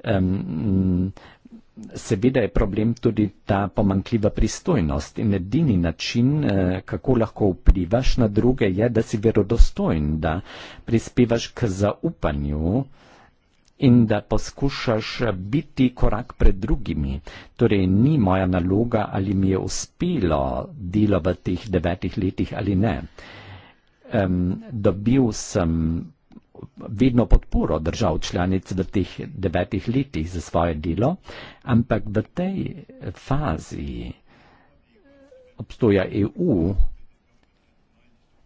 Um, Seveda je problem tudi ta pomankljiva pristojnost in edini način, eh, kako lahko vplivaš na druge, je, da si verodostojen, da prispevaš k zaupanju in da poskušaš biti korak pred drugimi. Torej, ni moja naloga, ali mi je uspelo delo v teh devetih letih ali ne. Um, dobil sem vedno podporo držav članic v teh devetih letih za svoje delo, ampak v tej fazi obstoja EU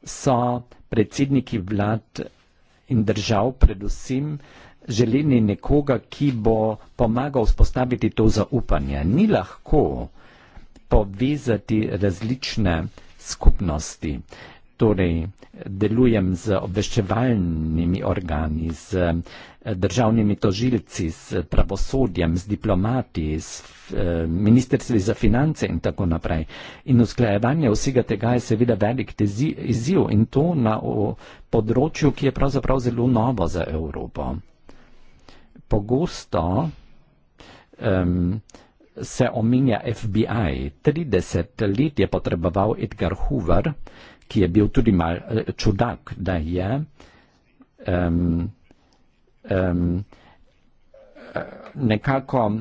so predsedniki vlad in držav predvsem želeni nekoga, ki bo pomagal spostaviti to zaupanje. Ni lahko povezati različne skupnosti torej delujem z obveščevalnimi organi, z eh, državnimi tožilci, z pravosodjem, z diplomati, z eh, ministrstvi za finance in tako naprej. In usklajevanje vsega tega je seveda velik izziv in to na področju, ki je pravzaprav zelo novo za Evropo. Pogosto um, se omenja FBI. 30 let je potreboval Edgar Hoover, ki je bil tudi mal eh, čudak, da je um, um, nekako,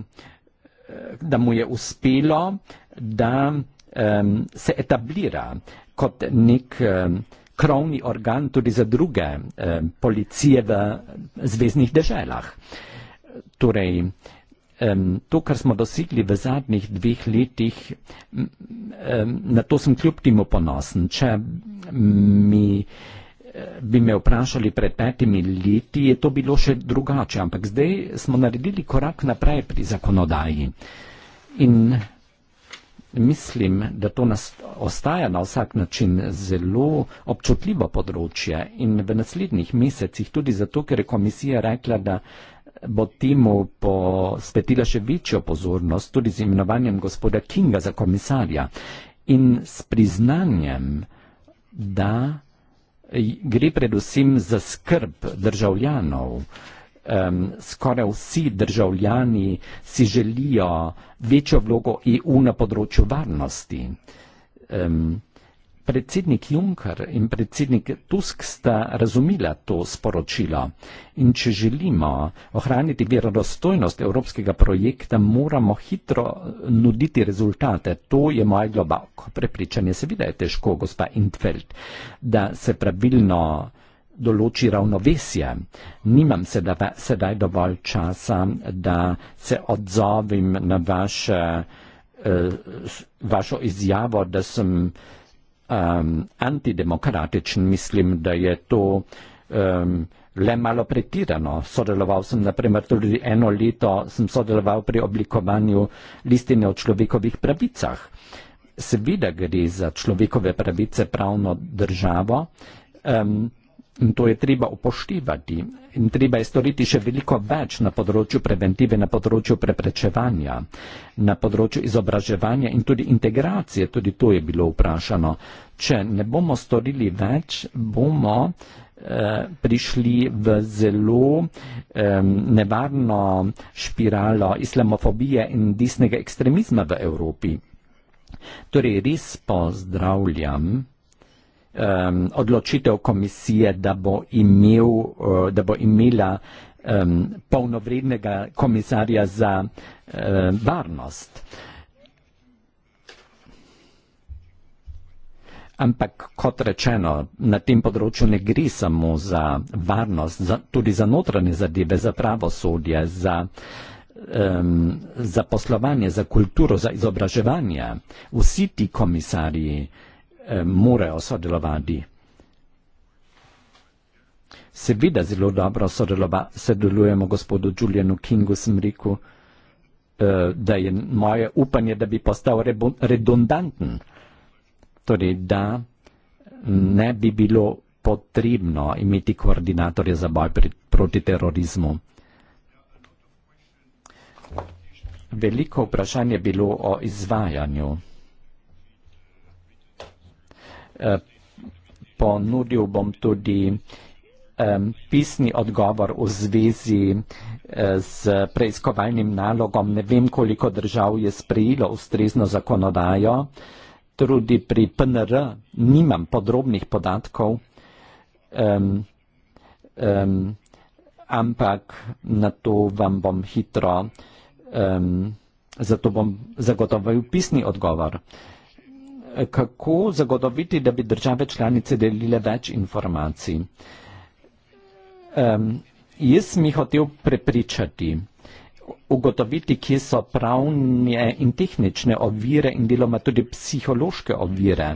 eh, da mu je uspelo, da um, se etablira kot nek um, krovni organ tudi za druge um, policije v zvezdnih deželah. Torej, um, to, kar smo dosegli v zadnjih dveh letih, um, na to sem kljub temu ponosen. Če mi, eh, bi me vprašali pred petimi leti, je to bilo še drugače, ampak zdaj smo naredili korak naprej pri zakonodaji. In mislim, da to nas ostaja na vsak način zelo občutljivo področje in v naslednjih mesecih, tudi zato, ker je komisija rekla, da bo temu posvetila še večjo pozornost tudi z imenovanjem gospoda Kinga za komisarja in s priznanjem, da gre predvsem za skrb državljanov. Um, skoraj vsi državljani si želijo večjo vlogo EU na področju varnosti. Um, Predsednik Juncker in predsednik Tusk sta razumela to sporočilo in če želimo ohraniti verodostojnost evropskega projekta, moramo hitro nuditi rezultate. To je moje globoko prepričanje. Seveda je težko, gospa Intfeld, da se pravilno določi ravnovesje. Nimam sedaj dovolj časa, da se odzovim na vaš, eh, vašo izjavo, da sem um, antidemokratičen, mislim, da je to um, le malo pretirano. Sodeloval sem, naprimer, tudi eno leto sem sodeloval pri oblikovanju listine o človekovih pravicah. Seveda gre za človekove pravice pravno državo. Um, In to je treba upoštevati in treba je storiti še veliko več na področju preventive, na področju preprečevanja, na področju izobraževanja in tudi integracije. Tudi to je bilo vprašano. Če ne bomo storili več, bomo eh, prišli v zelo um, nevarno špiralo islamofobije in desnega ekstremizma v Evropi. Torej, res pozdravljam um, odločitev komisije, da bo, imel, uh, da bo imela um, polnovrednega komisarja za uh, varnost. Ampak, kot rečeno, na tem področju ne gre samo za varnost, za, tudi za notranje zadeve, za pravosodje, za, um, za poslovanje, za kulturo, za izobraževanje. Vsi ti komisarji uh, Eh, morajo sodelovati. Seveda zelo dobro sodelujemo gospodu Julianu Kingu, sem rekel, eh, da je moje upanje, da bi postal redundanten. Torej, da ne bi bilo potrebno imeti koordinatorja za boj proti terorizmu. Veliko vprašanje je bilo o izvajanju. Eh, ponudil bom tudi pisni odgovor v zvezi eh, z preiskovalnim nalogom. Ne vem, koliko držav je sprejelo ustrezno zakonodajo. Tudi pri PNR nimam podrobnih podatkov, um, um, ampak na to vam bom hitro, um, zato bom zagotovil pisni odgovor. Uh, kako zagotoviti, da bi države članice delile več informacij. Um, jaz mi hotel prepričati, ugotoviti, kje so pravne in tehnične ovire in deloma tudi psihološke ovire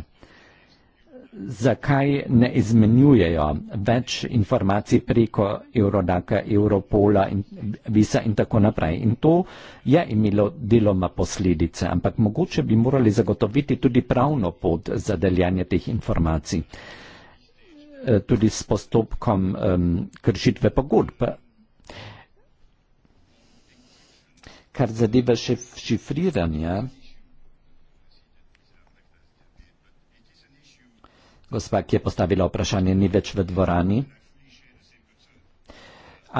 zakaj ne izmenjujejo več informacij preko Eurodaka, Europola in Visa in tako naprej. In to je imelo deloma posledice, ampak mogoče bi morali zagotoviti tudi pravno pot za deljanje teh informacij, eh, tudi s postopkom um, kršitve pogodb. Kar zadeva še šifriranje, Gospa, ki je postavila vprašanje, ni več v dvorani.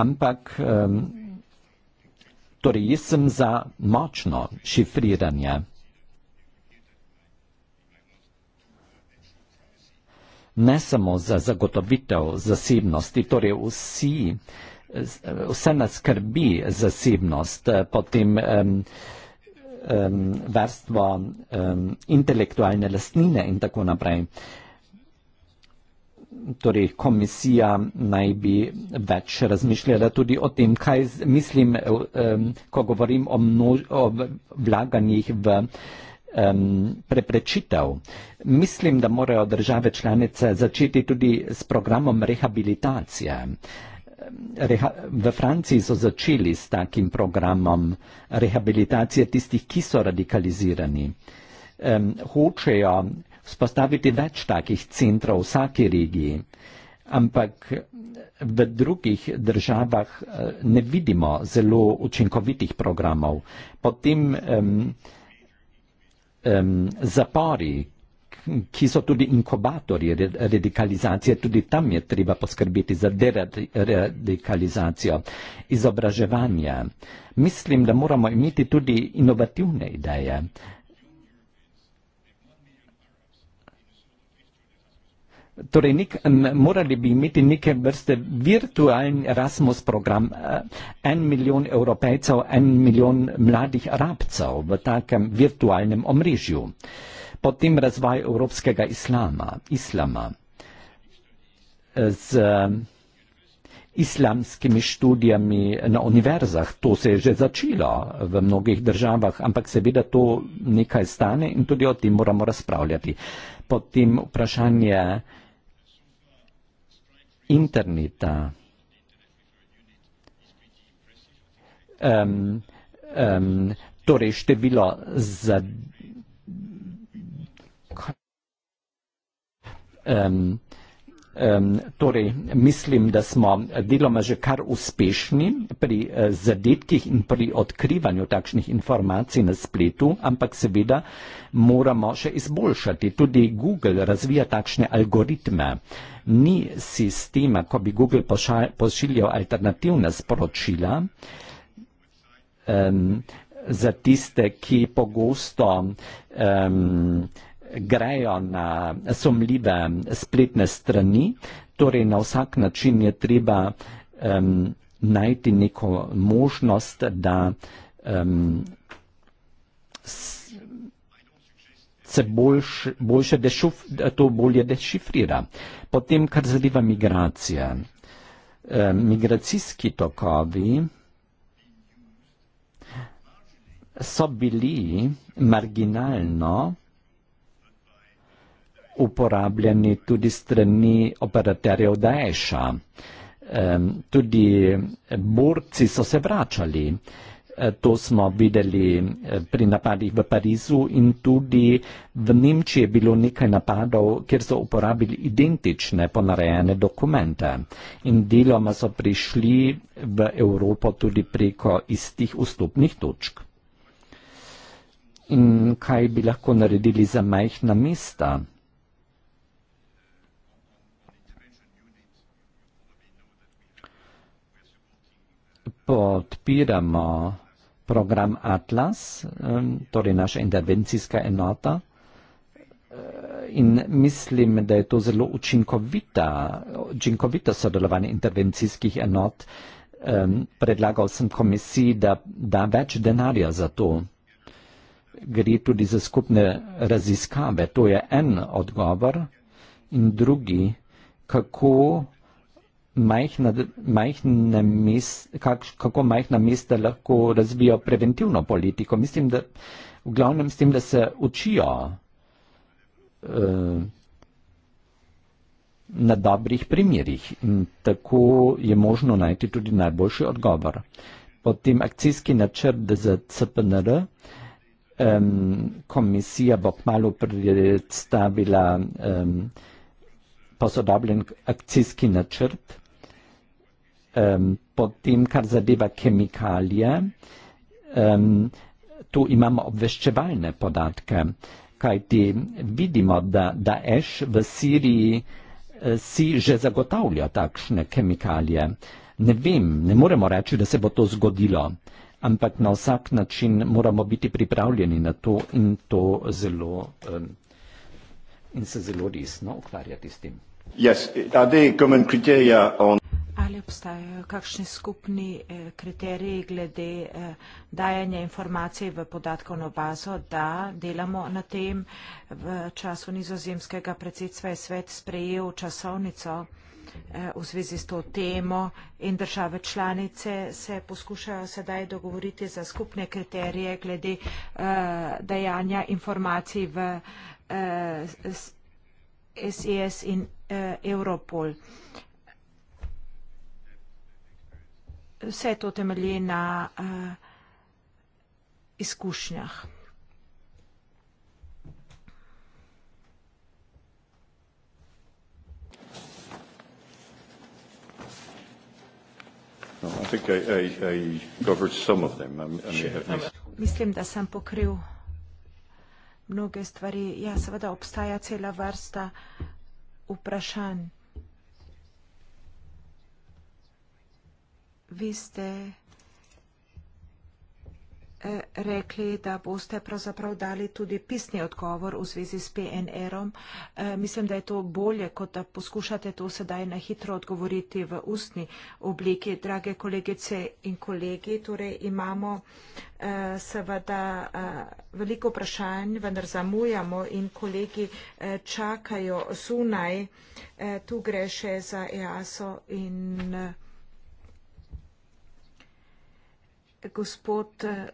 Ampak, torej, jaz sem za močno šifriranje. Ne samo za zagotovitev zasebnosti, torej vsi, vse nas skrbi zasebnost, potem um, um, varstvo um, intelektualne lastnine in tako naprej torej komisija naj bi več razmišljala tudi o tem, kaj z, mislim, um, ko govorim o, množ, o vlaganjih v um, preprečitev. Mislim, da morajo države članice začeti tudi s programom rehabilitacije. Reha, v Franciji so začeli s takim programom rehabilitacije tistih, ki so radikalizirani. Um, hočejo spostaviti več takih centrov v vsaki regiji, ampak v drugih državah eh, ne vidimo zelo učinkovitih programov. Potem um, um, zapori, ki so tudi inkubatorji radikalizacije, tudi tam je treba poskrbeti za deradikalizacijo, izobraževanje. Mislim, da moramo imeti tudi inovativne ideje. Torej, nek, morali bi imeti neke vrste virtualni Erasmus program. Eh, en milijon evropejcev, en milijon mladih arabcev v takem virtualnem omrežju. Potem razvoj evropskega islama, islama eh, z eh, islamskimi študijami na univerzah. To se je že začelo v mnogih državah, ampak seveda to nekaj stane in tudi o tem moramo razpravljati. Potem vprašanje interneta. Um, um, torej število za um, Torej, mislim, da smo deloma že kar uspešni pri eh, zadetkih in pri odkrivanju takšnih informacij na spletu, ampak seveda moramo še izboljšati. Tudi Google razvija takšne algoritme. Ni sistema, ko bi Google pošiljal alternativna sporočila za tiste, ki pogosto um, grejo na sumljive spletne strani, torej na vsak način je treba um, najti neko možnost, da um, se boljš, boljše dešuf, to bolje dešifrira. Potem, kar zadeva migracije. Um, migracijski tokovi so bili marginalno uporabljeni tudi strani operaterjev Daesha. Tudi borci so se vračali. E, to smo videli e, pri napadih v Parizu in tudi v Nemčiji je bilo nekaj napadov, kjer so uporabili identične ponarejene dokumente. In deloma so prišli v Evropo tudi preko istih vstopnih točk. In kaj bi lahko naredili za majhna mesta? podpiramo program Atlas, torej naša intervencijska enota. Eh, in mislim, da je to zelo učinkovita, učinkovito sodelovanje intervencijskih enot. Predlagal sem komisiji, da da več denarja za to. Gre tudi za skupne raziskave. To je en odgovor. In drugi, kako majhna, majhna mes, kak, kako majhna mesta lahko razvijo preventivno politiko. Mislim, da v glavnem s tem, da se učijo uh, na dobrih primerjih in tako je možno najti tudi najboljši odgovor. Potem akcijski načrt za CPNR. Um, komisija bo kmalo predstavila um, posodobljen akcijski načrt um, ehm, potem, kar zadeva kemikalije, um, tu imamo obveščevalne podatke, kajti vidimo, da Daesh v Siriji uh, si že zagotavlja takšne kemikalije. Ne vem, ne moremo reči, da se bo to zgodilo, ampak na vsak način moramo biti pripravljeni na to in, to zelo, um, in se zelo resno ukvarjati s tem. Yes. On obstajajo kakšni skupni eh, kriteriji glede eh, dajanja informacij v podatkovno bazo, da delamo na tem. V času nizozemskega predsedstva je svet sprejel časovnico eh, v zvezi s to temo in države članice se poskušajo sedaj dogovoriti za skupne kriterije glede dajanja informacij v SES e in Europol. vse to temelje na uh, izkušnjah. No, Mislim, da sem pokril mnoge stvari. Ja, seveda obstaja cela vrsta vprašanj. vi ste eh, rekli, da boste pravzaprav dali tudi pisni odgovor v zvezi s PNR-om. Eh, mislim, da je to bolje, kot da poskušate to sedaj na hitro odgovoriti v ustni obliki. Drage kolegice in kolegi, torej imamo eh, seveda veliko vprašanj, vendar zamujamo in kolegi čakajo zunaj. Tu gre še za EASO in PNR. gospod eh,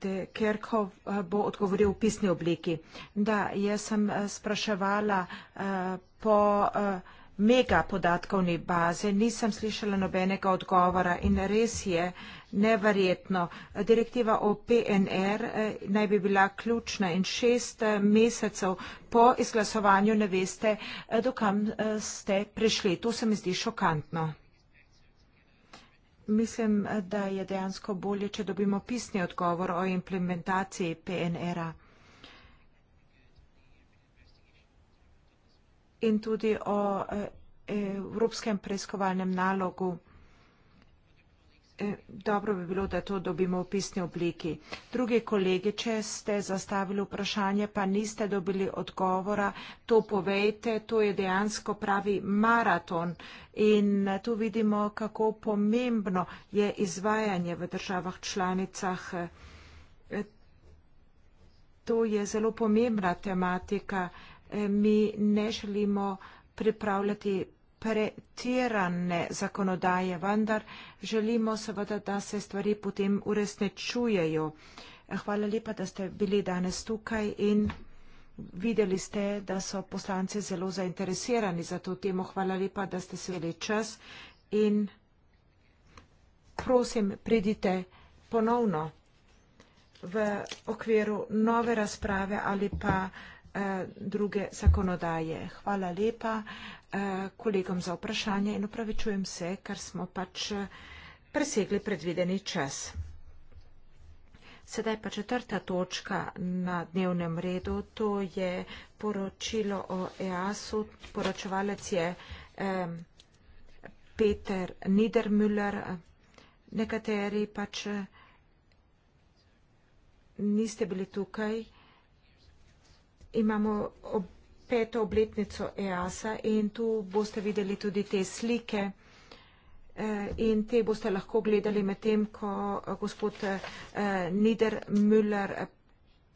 De Kerkov eh, bo odgovoril v pisni obliki. Da, jaz sem eh, spraševala po mega podatkovni baze, nisem slišala nobenega odgovora in res je neverjetno. Direktiva o PNR naj bi bila ključna in šest mesecev po izglasovanju ne veste, dokam ste prišli. To se mi zdi šokantno. Mislim, da je dejansko bolje, če dobimo pisni odgovor o implementaciji PNR-a in tudi o eh, evropskem preiskovalnem nalogu. Eh, dobro bi bilo, da to dobimo v pisni obliki. Drugi kolegi, če ste zastavili vprašanje, pa niste dobili odgovora, to povejte, to je dejansko pravi maraton. In eh, tu vidimo, kako pomembno je izvajanje v državah članicah. Eh, to je zelo pomembna tematika. Mi ne želimo pripravljati pretirane zakonodaje, vendar želimo seveda, da se stvari potem uresničujejo. Hvala lepa, da ste bili danes tukaj in videli ste, da so poslanci zelo zainteresirani za to temo. Hvala lepa, da ste se vzeli čas in prosim, pridite ponovno v okviru nove razprave ali pa eh, druge zakonodaje. Hvala lepa. Eh, kolegom za vprašanje in opravičujem se, ker smo pač eh, presegli predvideni čas. Sedaj pa četrta točka na dnevnem redu, to je poročilo o EAS-u. Poročevalec je Peter Niedermüller. Nekateri pač eh, niste bili tukaj. Imamo ob peto obletnico EASA in tu boste videli tudi te slike eh, in te boste lahko gledali med tem, ko eh, gospod eh, Niedermüller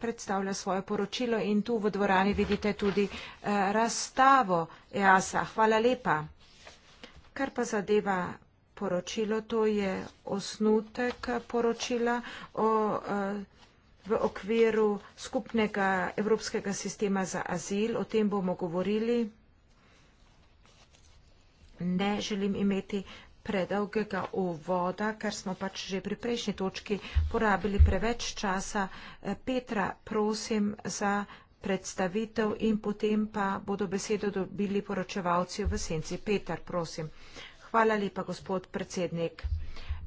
predstavlja svoje poročilo in tu v dvorani vidite tudi razstavo EASA. Hvala lepa. Kar pa zadeva poročilo, to je osnutek poročila o poročilu v okviru skupnega evropskega sistema za azil. O tem bomo govorili. Ne želim imeti predolgega uvoda, ker smo pač že pri prejšnji točki porabili preveč časa. Eh, Petra, prosim za predstavitev in potem pa bodo besedo dobili poročevalci v senci. Petar, prosim. Hvala lepa, gospod predsednik.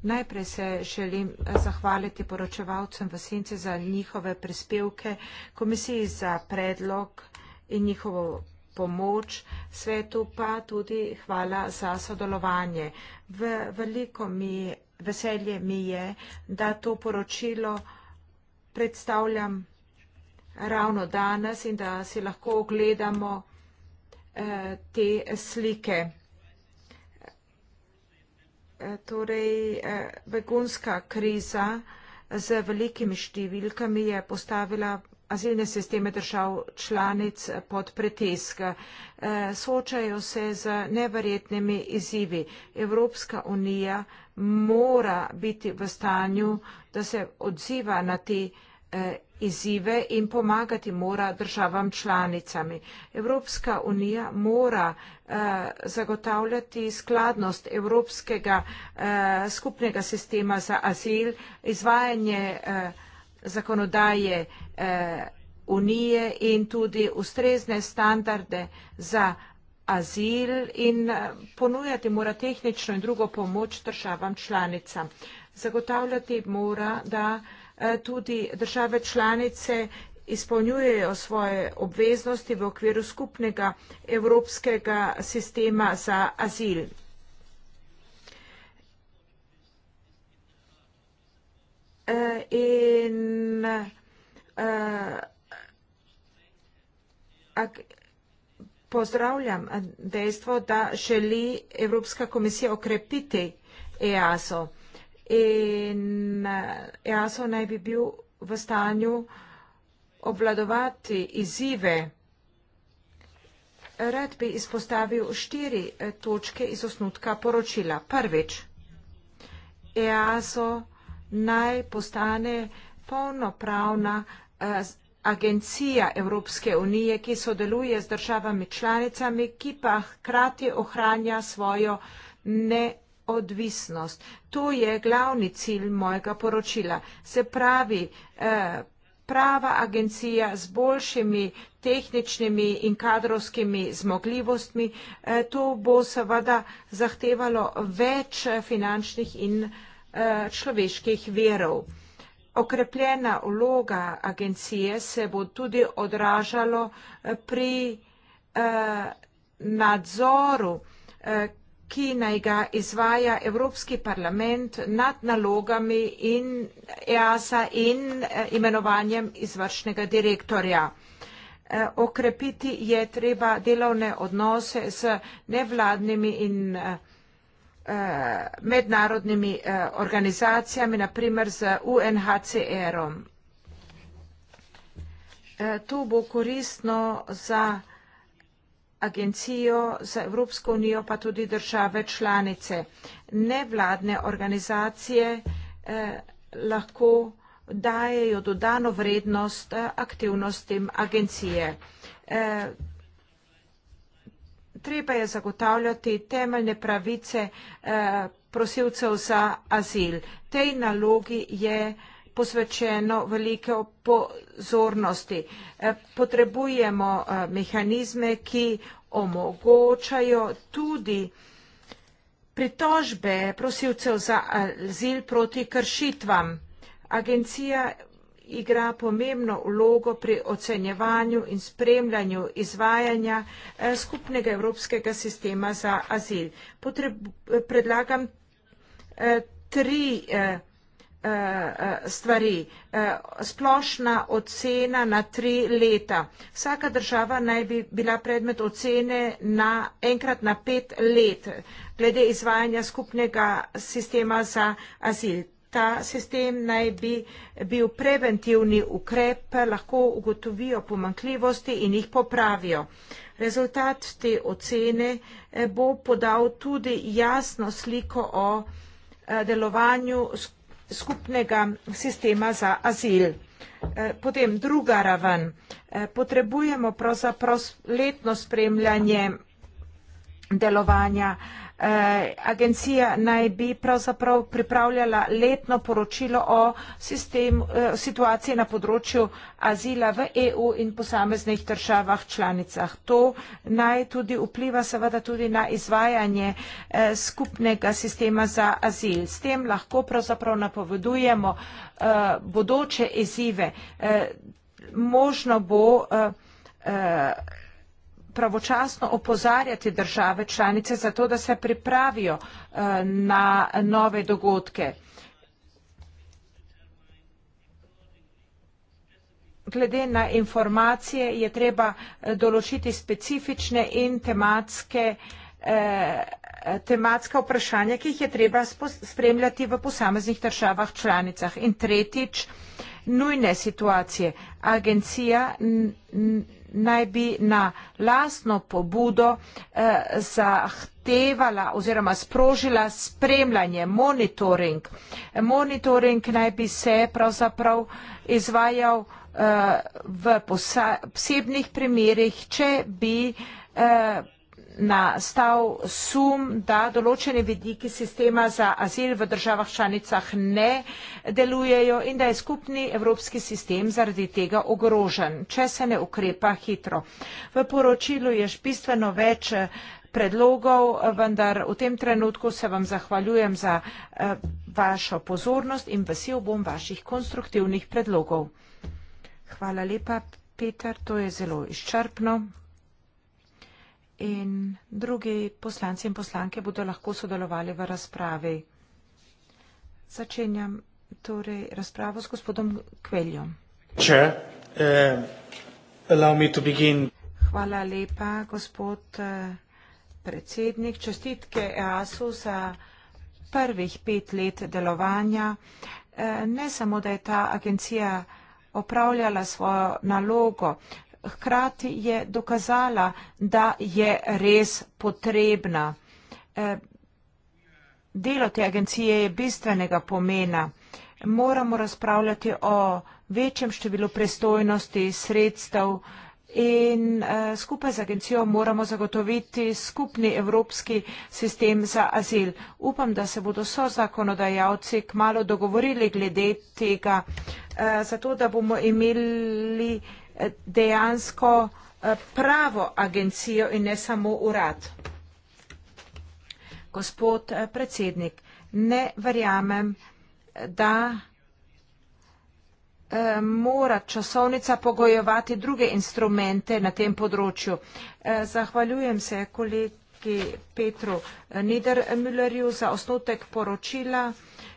Najprej se želim eh, zahvaliti poročevalcem v senci za njihove prispevke, komisiji za predlog in njihovo pomoč, svetu pa tudi hvala za sodelovanje. V veliko mi veselje mi je, da to poročilo predstavljam ravno danes in da si lahko ogledamo eh, te slike. Eh, torej eh, begunska kriza z velikimi številkami je postavila azilne sisteme držav članic pod pritisk. Eh, soočajo se z neverjetnimi izzivi. Evropska unija mora biti v stanju, da se odziva na te izzive in pomagati mora državam članicami. Evropska unija mora eh, zagotavljati skladnost evropskega eh, skupnega sistema za azil, izvajanje eh, zakonodaje eh, unije in tudi ustrezne standarde za azil in eh, ponujati mora tehnično in drugo pomoč državam članicam. Zagotavljati mora, da eh, Eh, tudi države članice izpolnjujejo svoje obveznosti v okviru skupnega evropskega sistema za azil. Eh, in eh, pozdravljam dejstvo, da želi Evropska komisija okrepiti EASO in jaz eh, naj bi bil v stanju obvladovati izzive. Rad bi izpostavil štiri eh, točke iz osnutka poročila. Prvič, EASO naj postane polnopravna eh, agencija Evropske unije, ki sodeluje z državami članicami, ki pa hkrati ohranja svojo odvisnost. To je glavni cilj mojega poročila. Se pravi, eh, prava agencija z boljšimi tehničnimi in kadrovskimi zmogljivostmi, eh, to bo seveda zahtevalo več finančnih in eh, človeških verov. Okrepljena vloga agencije se bo tudi odražalo pri eh, nadzoru, eh, ki naj ga izvaja Evropski parlament nad nalogami in EASA in eh, imenovanjem izvršnega direktorja. Eh, okrepiti je treba delovne odnose z nevladnimi in eh, mednarodnimi organizacijami, naprimer z UNHCR-om. To bo koristno za agencijo za Evropsko unijo, pa tudi države članice. Nevladne organizacije eh, lahko dajejo dodano vrednost eh, aktivnostim agencije. Eh, treba je zagotavljati temeljne pravice eh, prosilcev za azil. Tej nalogi je eh, posvečeno velike pozornosti. E, potrebujemo e, mehanizme, ki omogočajo tudi pritožbe prosilcev za azil proti kršitvam. Agencija igra pomembno vlogo pri ocenjevanju in spremljanju izvajanja e, skupnega evropskega sistema za azil. Potreb, predlagam tri Eh, eh, stvari. Eh, splošna ocena na tri leta. Vsaka država naj bi bila predmet ocene na enkrat na pet let glede izvajanja skupnega sistema za azil. Ta sistem naj bi bil preventivni ukrep, lahko ugotovijo pomankljivosti in jih popravijo. Rezultat te ocene bo podal tudi jasno sliko o delovanju skupnega skupnega sistema za azil. Eh, potem druga raven. Eh, potrebujemo pravzaprav letno spremljanje delovanja uh, Eh, agencija naj bi pravzaprav pripravljala letno poročilo o sistem, eh, situaciji na področju azila v EU in posameznih državah članicah. To naj tudi vpliva seveda tudi na izvajanje eh, skupnega sistema za azil. S tem lahko pravzaprav napovedujemo bodoče izzive. Možno bo pravočasno opozarjati države članice za to, da se pripravijo eh, na nove dogodke. Glede na informacije je treba eh, določiti specifične in tematske eh, tematska vprašanja, ki jih je treba spremljati v posameznih državah članicah. In tretjič, nujne situacije. Agencija naj bi na lasno pobudo eh, zahtevala oziroma sprožila spremljanje, monitoring. Monitoring naj bi se pravzaprav izvajal eh, v posebnih primerih, če bi eh, nastal sum, da določene vidiki sistema za azil v državah članicah ne delujejo in da je skupni evropski sistem zaradi tega ogrožen, če se ne ukrepa hitro. V poročilu je bistveno več eh, predlogov, vendar v tem trenutku se vam zahvaljujem za eh, vašo pozornost in vesel bom vaših konstruktivnih predlogov. Hvala lepa, Peter, to je zelo izčrpno in drugi poslanci in poslanke bodo lahko sodelovali v razpravi. Začenjam torej razpravo s gospodom Kveljom. Eh, Hvala lepa, gospod eh, predsednik. Čestitke EASU za prvih pet let delovanja. Eh, ne samo, da je ta agencija opravljala svojo nalogo, hkrati je dokazala, da je res potrebna. Eh, delo te agencije je bistvenega pomena. Moramo razpravljati o večjem številu prestojnosti, sredstev in eh, skupaj z agencijo moramo zagotoviti skupni evropski sistem za azil. Upam, da se bodo so zakonodajalci kmalo dogovorili glede tega, eh, zato da bomo imeli dejansko eh, pravo agencijo in ne samo urad. Gospod eh, predsednik, ne verjamem, da eh, mora časovnica pogojevati druge instrumente na tem področju. Zahvaljujem se kolegi Petru Niedermüllerju za osnotek poročila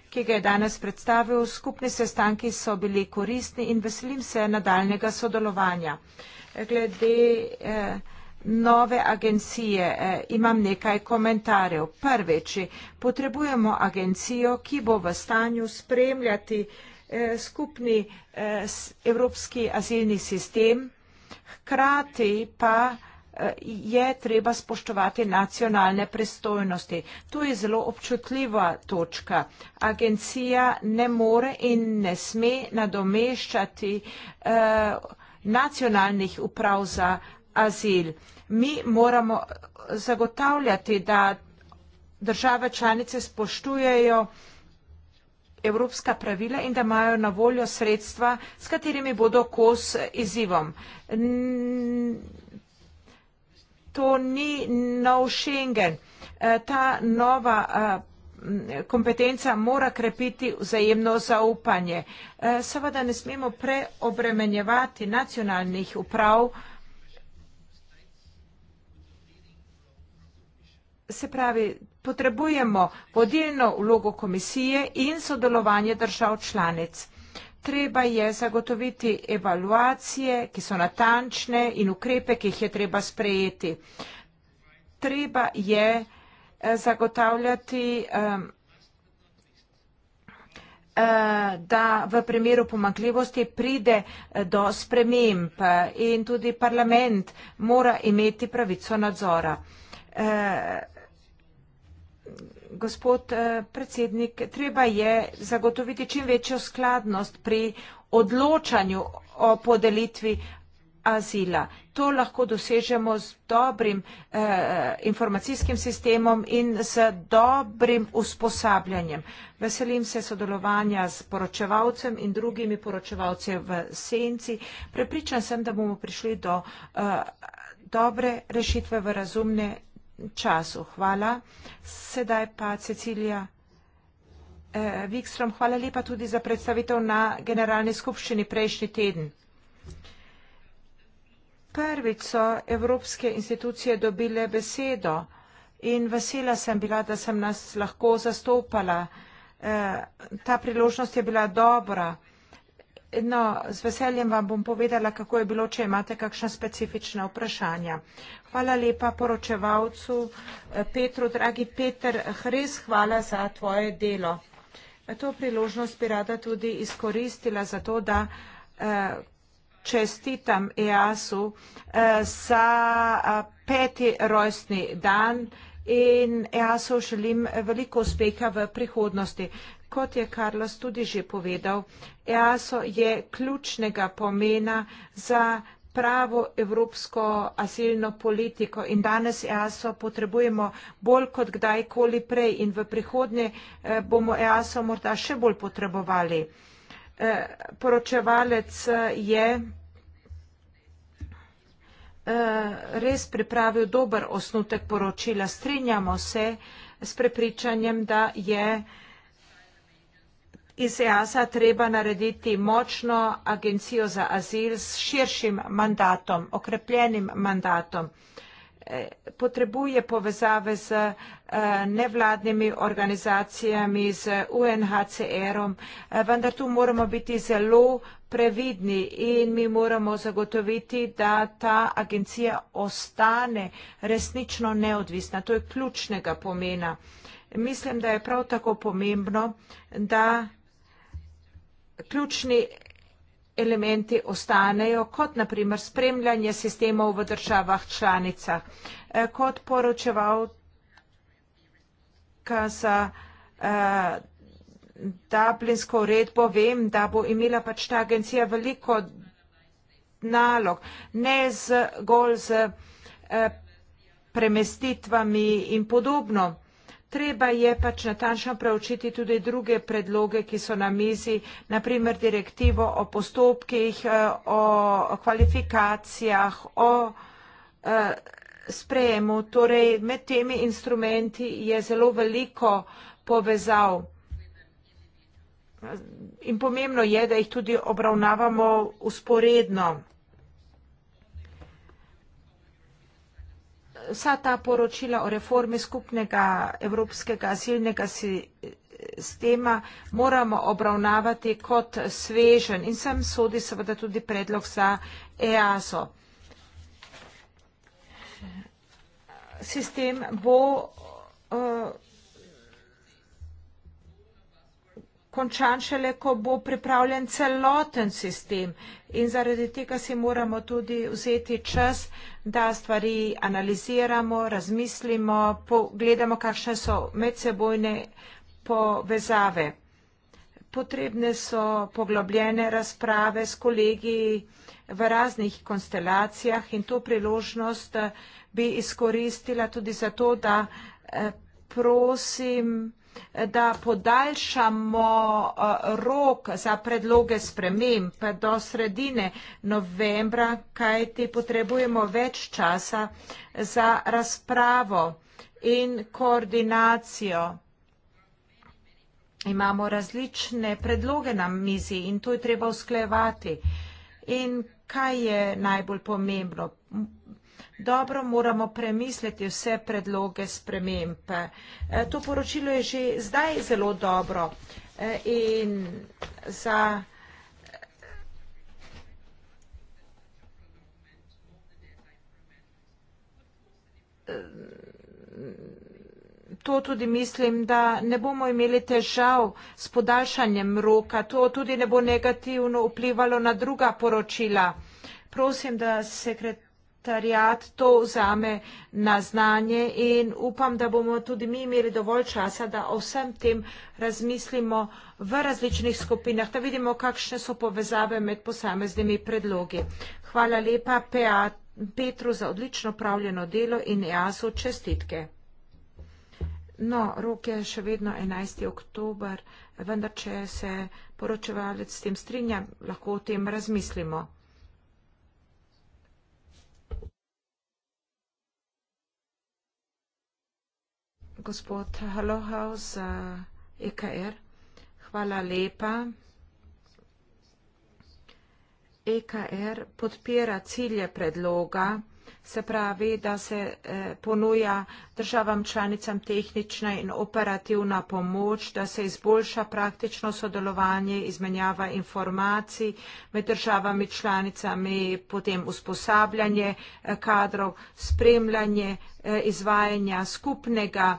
ki ga je danes predstavil. Skupni sestanki so bili koristni in veselim se nadaljnega sodelovanja. Glede eh, nove agencije eh, imam nekaj komentarjev. Prvič, potrebujemo agencijo, ki bo v stanju spremljati eh, skupni eh, evropski azilni sistem, hkrati pa je treba spoštovati nacionalne pristojnosti. Tu je zelo občutljiva točka. Agencija ne more in ne sme nadomeščati eh, nacionalnih uprav za azil. Mi moramo zagotavljati, da države članice spoštujejo evropska pravila in da imajo na voljo sredstva, s katerimi bodo kos izzivom to ni nov Schengen. Eh, ta nova eh, kompetenca mora krepiti vzajemno zaupanje. Eh, seveda ne smemo preobremenjevati nacionalnih uprav, se pravi, potrebujemo vodilno vlogo komisije in sodelovanje držav članic treba je zagotoviti evaluacije, ki so natančne in ukrepe, ki jih je treba sprejeti. Treba je eh, zagotavljati, eh, da v primeru pomakljivosti pride eh, do sprememb in tudi parlament mora imeti pravico nadzora gospod eh, predsednik, treba je zagotoviti čim večjo skladnost pri odločanju o podelitvi azila. To lahko dosežemo z dobrim eh, informacijskim sistemom in z dobrim usposabljanjem. Veselim se sodelovanja s poročevalcem in drugimi poročevalci v senci. Prepričan sem, da bomo prišli do eh, dobre rešitve v razumne času. Hvala. Sedaj pa Cecilija eh, Wikstrom, hvala lepa tudi za predstavitev na generalni skupščini prejšnji teden. Prvič so evropske institucije dobile besedo in vesela sem bila, da sem nas lahko zastopala. Eh, ta priložnost je bila dobra. Eh, No, z veseljem vam bom povedala, kako je bilo, če imate kakšna specifična vprašanja. Hvala lepa poročevalcu eh, Petru. Dragi Peter, res hvala za tvoje delo. To priložnost bi rada tudi izkoristila za to, da eh, čestitam EAS-u eh, za peti rojstni dan in EAS-u želim veliko uspeha v prihodnosti. Kot je Carlos tudi že povedal, EASO je ključnega pomena za pravo evropsko asilno politiko in danes EASO potrebujemo bolj kot kdajkoli prej in v prihodnje eh, bomo EASO morda še bolj potrebovali. Eh, poročevalec eh, je res pripravil dober osnutek poročila. Strinjamo se s prepričanjem, da je iz EASA treba narediti močno agencijo za azil s širšim mandatom, okrepljenim mandatom. Eh, potrebuje povezave z eh, nevladnimi organizacijami, z UNHCR-om, eh, vendar tu moramo biti zelo previdni in mi moramo zagotoviti, da ta agencija ostane resnično neodvisna. To je ključnega pomena. Mislim, da je prav tako pomembno, da ključni elementi ostanejo, kot naprimer spremljanje sistemov v državah članicah. Eh, kot poročeval za eh, Dublinsko uredbo, vem, da bo imela pač ta agencija veliko nalog, ne zgolj z eh, premestitvami in podobno. Treba je pač natančno preučiti tudi druge predloge, ki so na mizi, naprimer direktivo o postopkih, eh, o kvalifikacijah, o eh, sprejemu. Torej, med temi instrumenti je zelo veliko povezav in pomembno je, da jih tudi obravnavamo usporedno. vsa ta poročila o reformi skupnega evropskega asilnega sistema moramo obravnavati kot svežen in sem sodi seveda tudi predlog za EASO. Sistem bo uh, končan šele, ko bo pripravljen celoten sistem. In zaradi tega si moramo tudi vzeti čas, da stvari analiziramo, razmislimo, pogledamo, kakšne so medsebojne povezave. Potrebne so poglobljene razprave s kolegi v raznih konstelacijah in to priložnost bi izkoristila tudi zato, da eh, prosim da podaljšamo eh, rok za predloge sprememb do sredine novembra, kajti potrebujemo več časa za razpravo in koordinacijo. Imamo različne predloge na mizi in to je treba usklejevati. In kaj je najbolj pomembno? dobro moramo premisliti vse predloge spremembe. To poročilo je že zdaj zelo dobro e, in za e, To tudi mislim, da ne bomo imeli težav s podaljšanjem roka. To tudi ne bo negativno vplivalo na druga poročila. Prosim, da sekret sekretariat to vzame na znanje in upam, da bomo tudi mi imeli dovolj časa, da o vsem tem razmislimo v različnih skupinah, da vidimo, kakšne so povezave med posameznimi predlogi. Hvala lepa Petru za odlično pravljeno delo in EASO čestitke. No, rok je še vedno 11. oktober, vendar če se poročevalec s tem strinja, lahko o tem razmislimo. gospod Halohov z EKR. Eh, e Hvala lepa. EKR podpira cilje predloga, se pravi, da se eh, ponuja državam članicam tehnična in operativna pomoč, da se izboljša praktično sodelovanje, izmenjava informacij med državami članicami, potem usposabljanje eh, kadrov, spremljanje izvajanja skupnega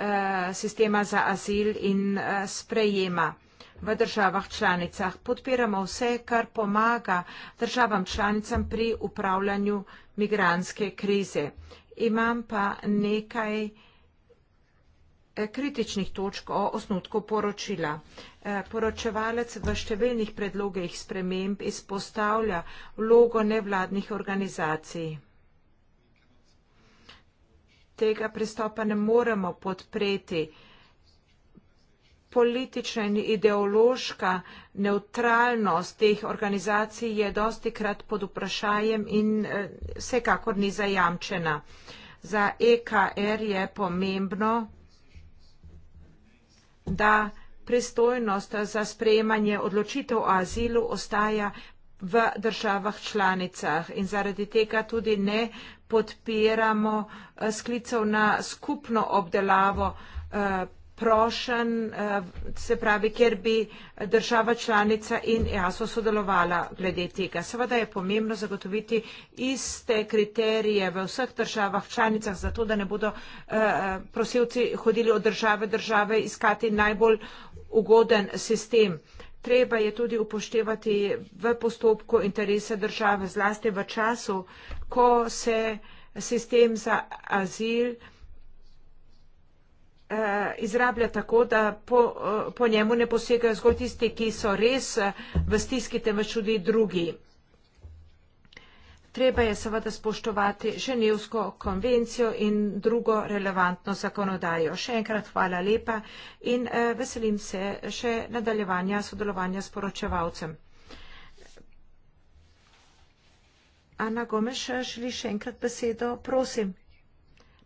Eh, sistema za azil in eh, sprejema v državah članicah. Podpiramo vse, kar pomaga državam članicam pri upravljanju migranske krize. Imam pa nekaj eh, kritičnih točk o osnutku poročila. Poročevalec v številnih predlogih sprememb izpostavlja vlogo nevladnih organizacij tega prestopa ne moremo podpreti. Politična in ideološka neutralnost teh organizacij je dosti krat pod vprašajem in eh, vsekakor ni zajamčena. Za EKR je pomembno, da pristojnost za sprejemanje odločitev o azilu ostaja v državah članicah in zaradi tega tudi ne podpiramo eh, sklicev na skupno obdelavo eh, prošen, eh, se pravi, kjer bi država članica in jaso sodelovala glede tega. Seveda je pomembno zagotoviti iste kriterije v vseh državah članicah, zato da ne bodo prosilci hodili od države države iskati najbolj ugoden sistem treba je tudi upoštevati v postopku interese države, zlasti v času, ko se sistem za azil eh, izrablja tako, da po, eh, po njemu ne posegajo zgolj tisti, ki so res eh, v stiski, temveč tudi drugi treba je seveda spoštovati Ženevsko konvencijo in drugo relevantno zakonodajo. Še enkrat hvala lepa in eh, veselim se še nadaljevanja sodelovanja s poročevalcem. Ana Gomeš, eh, želiš še enkrat besedo? Prosim.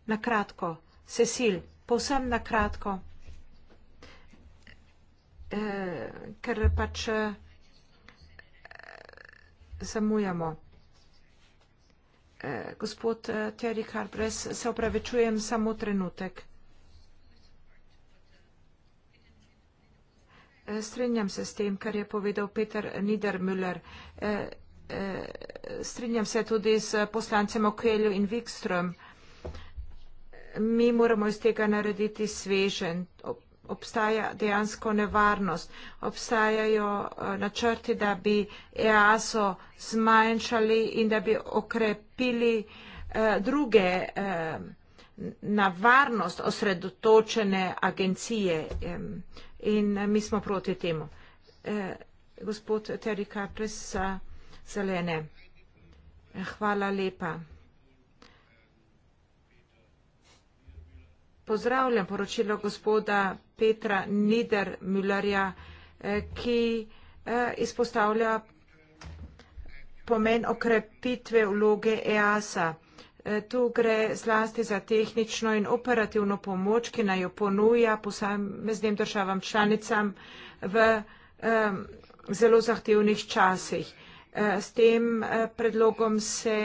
Na kratko. Cecil, povsem na kratko. Eh, ker pač zamujamo. Eh, gospod eh, Terry Harpres, se opravičujem samo trenutek. Eh, Strenjam se s tem, kar je povedal Peter Niedermüller. Strenjam se tudi s poslancem Okelju in Wikström. Mi moramo iz tega narediti svežen, obstaja dejansko nevarnost. Obstajajo eh, načrti, da bi EASO zmanjšali in da bi okrepili eh, druge eh, na varnost osredotočene agencije in mi smo proti temu. Gospod Terry Capres, zelene. Hvala lepa. Pozdravljam poročilo gospoda Petra Niedermüllerja, eh, ki eh, izpostavlja pomen okrepitve vloge EASA. Eh, tu gre zlasti za tehnično in operativno pomoč, ki naj jo ponuja posameznim državam članicam v zelo zahtevnih časih. S tem predlogom se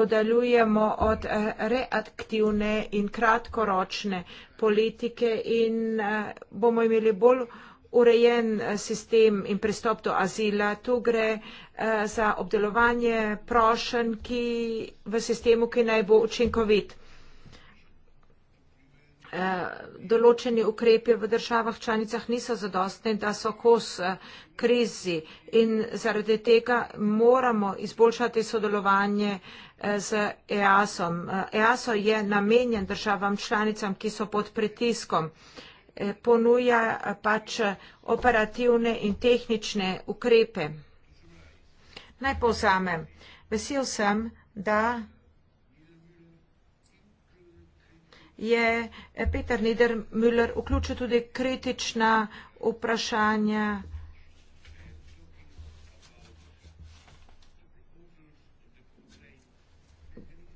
oddaljujemo od eh, reaktivne in kratkoročne politike in eh, bomo imeli bolj urejen eh, sistem in pristop do azila. Tu gre za obdelovanje prošen, ki v sistemu, ki naj bo učinkovit. Eh, določeni ukrepi v državah članicah niso zadostni, da so kos eh, krizi in zaradi tega moramo izboljšati sodelovanje eh, z EASom. EASo e je namenjen državam članicam, ki so pod pritiskom. Ponuja pač operativne in tehnične ukrepe. Naj povzamem. Vesel sem, da je Peter Niedermüller vključil tudi kritična vprašanja.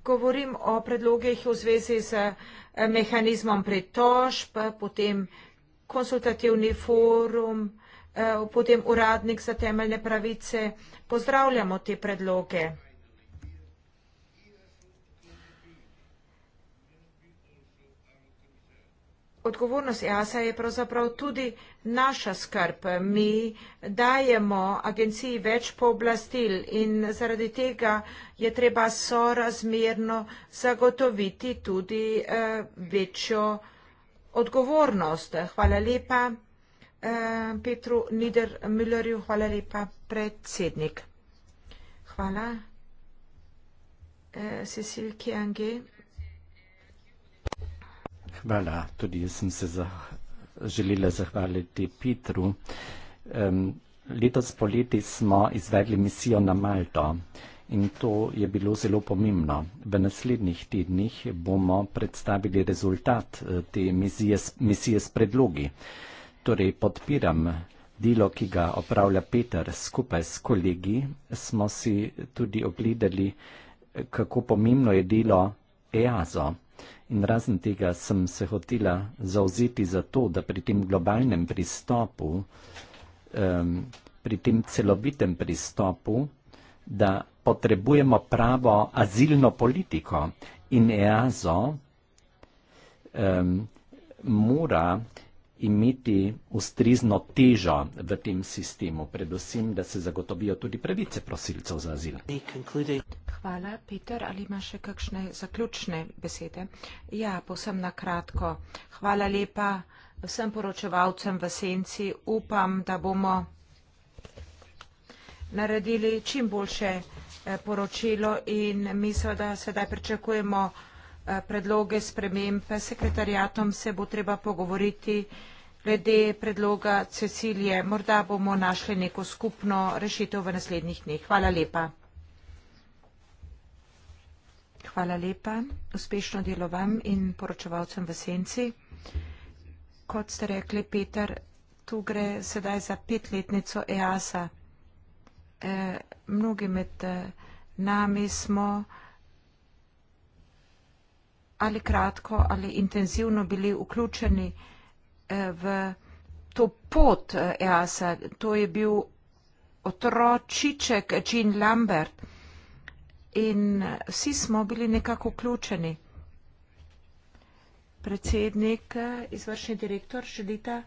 Govorim o predlogih v zvezi z eh, mehanizmom pritožb, potem konsultativni forum, eh, potem uradnik za temeljne pravice. Pozdravljamo te predloge. odgovornost EASA je pravzaprav tudi naša skrb. Mi dajemo agenciji več pooblastil in zaradi tega je treba sorazmerno zagotoviti tudi eh, večjo odgovornost. Hvala lepa eh, Petru Niedermüllerju, hvala lepa predsednik. Hvala. Eh, Cecil Kiange. Hvala. Hvala. Tudi jaz sem se za, želela zahvaliti Petru. Um, letos poleti smo izvedli misijo na Malto in to je bilo zelo pomembno. V naslednjih tednih bomo predstavili rezultat eh, te misije, misije s predlogi. Torej podpiram delo, ki ga opravlja Peter skupaj s kolegi. Smo si tudi ogledali, eh, kako pomembno je delo EASO. In razen tega sem se hotela zauzeti za to, da pri tem globalnem pristopu, um, pri tem celovitem pristopu, da potrebujemo pravo azilno politiko in EASO um, mora imeti ustrezno težo v tem sistemu, predvsem, da se zagotovijo tudi pravice prosilcev za azil. Hvala, Peter. Ali ima še kakšne zaključne besede? Ja, posem na kratko. Hvala lepa vsem poročevalcem v Senci. Upam, da bomo naredili čim boljše eh, poročilo in mi seveda sedaj pričakujemo, da bomo Eh, predloge sprememb sekretarjatom, se bo treba pogovoriti glede predloga Cecilije. Morda bomo našli neko skupno rešitev v naslednjih dneh. Hvala lepa. Hvala lepa. Uspešno delo vam in poročevalcem v Senci. Kot ste rekli, Peter, tu gre sedaj za petletnico EASA. E, eh, mnogi med eh, nami smo ali kratko ali intenzivno bili vključeni eh, v to pot EASA. Eh, e to je bil otročiček Jean Lambert in eh, vsi smo bili nekako vključeni. Predsednik, izvršni direktor, želite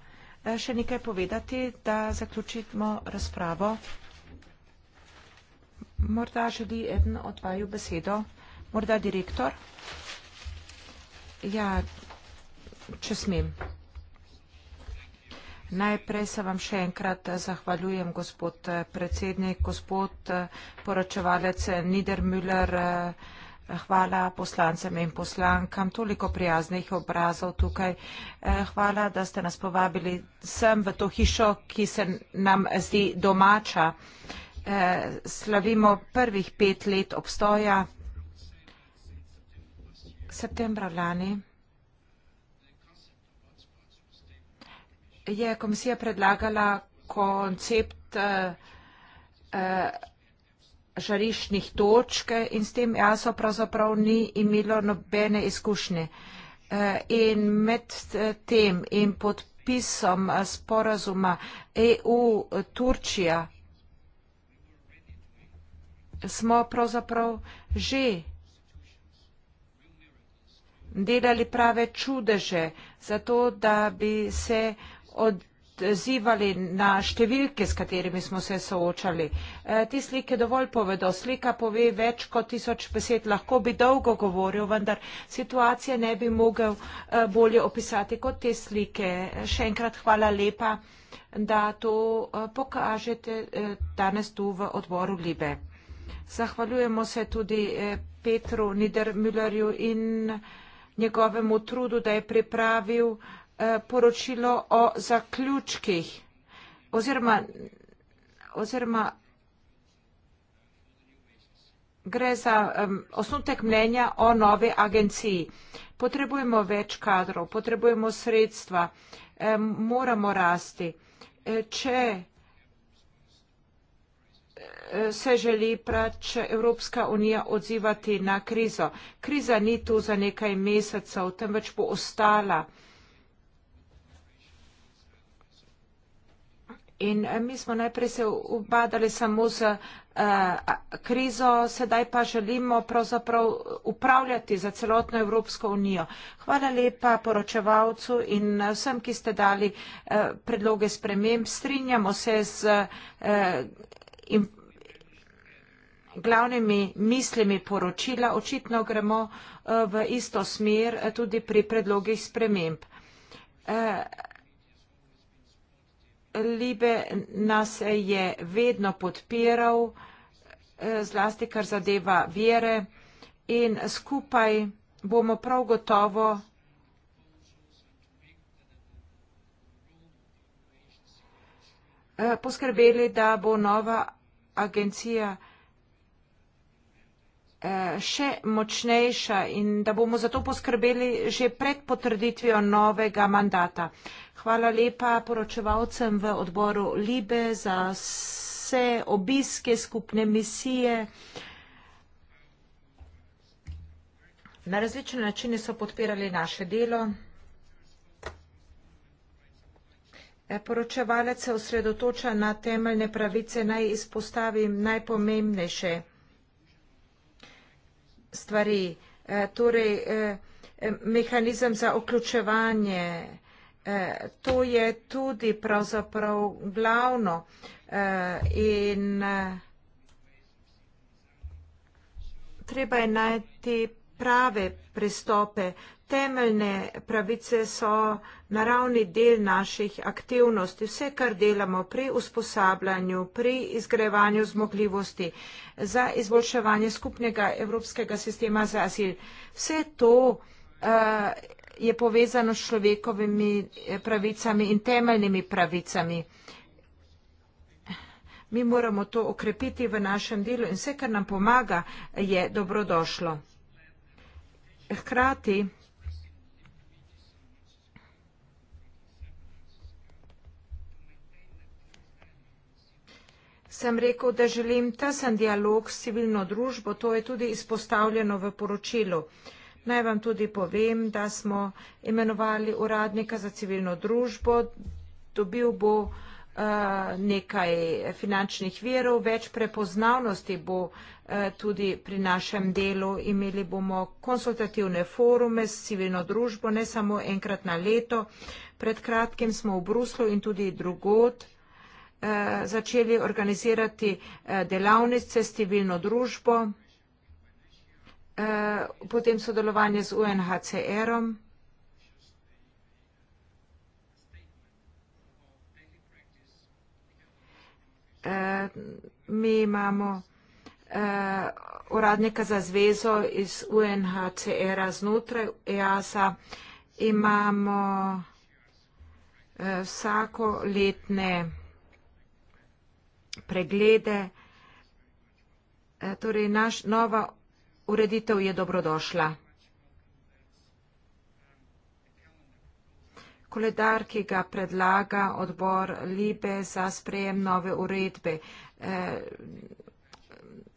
še nekaj povedati, da zaključimo razpravo? Morda želi eden od vaju besedo. Morda direktor? Ja, če smem. Najprej se vam še enkrat zahvaljujem, gospod eh, predsednik, gospod eh, poročevalec eh, Niedermüller. Hvala poslancem in poslankam, toliko prijaznih obrazov tukaj. Hvala, da ste nas povabili sem v to hišo, ki se nam zdi domača. Slavimo prvih pet let obstoja septembra lani je komisija predlagala koncept eh, eh, žariščnih točk in s tem jaso pravzaprav ni imelo nobene izkušnje. Eh, in med tem in podpisom sporazuma EU-Turčija smo pravzaprav že izkušnje delali prave čudeže, zato da bi se od zivali na številke, s katerimi smo se soočali. E, ti slike dovolj povedo, slika pove več kot tisoč besed, lahko bi dolgo govoril, vendar situacije ne bi mogel e, bolje opisati kot te slike. Še enkrat hvala lepa, da to e, pokažete e, danes tu v odboru Libe. Zahvaljujemo se tudi e, Petru Nidermüllerju in njegovemu trudu, da je pripravil eh, poročilo o zaključkih oziroma, oziroma gre za um, osnutek mnenja o nove agenciji. Potrebujemo več kadrov, potrebujemo sredstva, um, moramo rasti. E, če se želi prač Evropska unija odzivati na krizo. Kriza ni tu za nekaj mesecev, temveč bo ostala. In eh, mi smo najprej se obadali samo z uh, krizo, sedaj pa želimo pravzaprav upravljati za celotno Evropsko unijo. Hvala lepa poročevalcu in eh, vsem, ki ste dali uh, predloge sprememb. Strinjamo se z uh, glavnimi mislimi poročila očitno gremo eh, v isto smer eh, tudi pri predlogih sprememb. Eh, Libe nas je vedno podpiral, zlasti kar zadeva vere in skupaj bomo prav gotovo poskrbeli, da bo nova agencija vsega, Eh, še močnejša in da bomo za to poskrbeli že pred potrditvijo novega mandata. Hvala lepa poročevalcem v odboru Libe za vse obiske skupne misije. Na različne načine so podpirali naše delo. Eh, poročevalec se osredotoča na temeljne pravice, naj izpostavim najpomembnejše stvari, eh, torej eh, mehanizem za vključevanje, eh, to je tudi pravzaprav glavno in treba je najti pravzaprav prave prestope. Temeljne pravice so naravni del naših aktivnosti. Vse, kar delamo pri usposabljanju, pri izgrevanju zmogljivosti za izboljševanje skupnega evropskega sistema za azil, vse to uh, je povezano s človekovimi eh, pravicami in temeljnimi pravicami. Mi moramo to okrepiti v našem delu in vse, kar nam pomaga, je dobrodošlo hkrati sem rekel, da želim tesen dialog s civilno družbo, to je tudi izpostavljeno v poročilu. Naj vam tudi povem, da smo imenovali uradnika za civilno družbo, dobil bo uh, nekaj finančnih virov, več prepoznavnosti bo uh, Eh, tudi pri našem delu. Imeli bomo konsultativne forume s civilno družbo, ne samo enkrat na leto. Pred kratkim smo v Bruslu in tudi drugod eh, začeli organizirati eh, delavnice s civilno družbo, potem sodelovanje z UNHCR-om. Mi imamo uh, uradnika za zvezo iz UNHCR-a znotraj EASA. Imamo uh, eh, vsako letne preglede. Eh, torej, naš nova ureditev je dobrodošla. Koledar, ki ga predlaga odbor Libe za sprejem nove uredbe,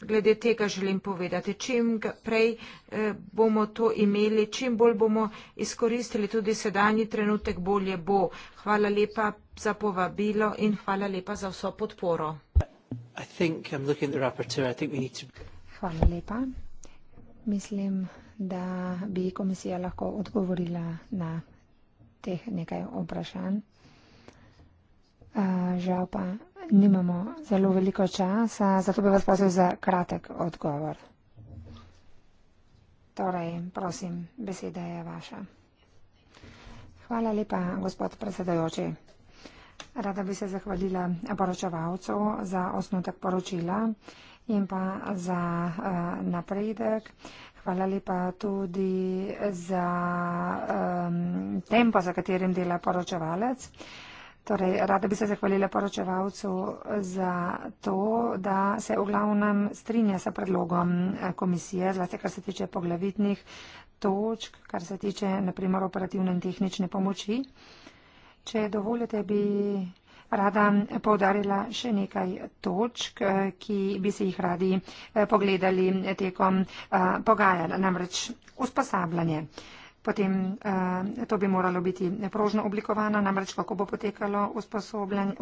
glede tega želim povedati. Čim prej eh, bomo to imeli, čim bolj bomo izkoristili tudi sedanji trenutek, bolje bo. Hvala lepa za povabilo in hvala lepa za vso podporo. Hvala lepa. Mislim, da bi komisija lahko odgovorila na teh nekaj vprašanj. Uh, žal pa nimamo zelo veliko časa, zato bi vas prosil za kratek odgovor. Torej, prosim, beseda je vaša. Hvala lepa, gospod predsedajoči. Rada bi se zahvalila poročevalcu za osnutek poročila in pa za uh, napredek. Hvala lepa tudi za um, tempo, za katerim dela poročevalec. Uh, Torej, rada bi se zahvalila poročevalcu za to, da se v glavnem strinja sa predlogom eh, komisije, zlasti kar se tiče poglavitnih točk, kar se tiče naprimer operativne in tehnične pomoči. Če dovolite, bi rada povdarila še nekaj točk, eh, ki bi se jih radi eh, pogledali tekom pogajanj, namreč usposabljanje potem eh, to bi moralo biti prožno oblikovano, namreč kako bo potekalo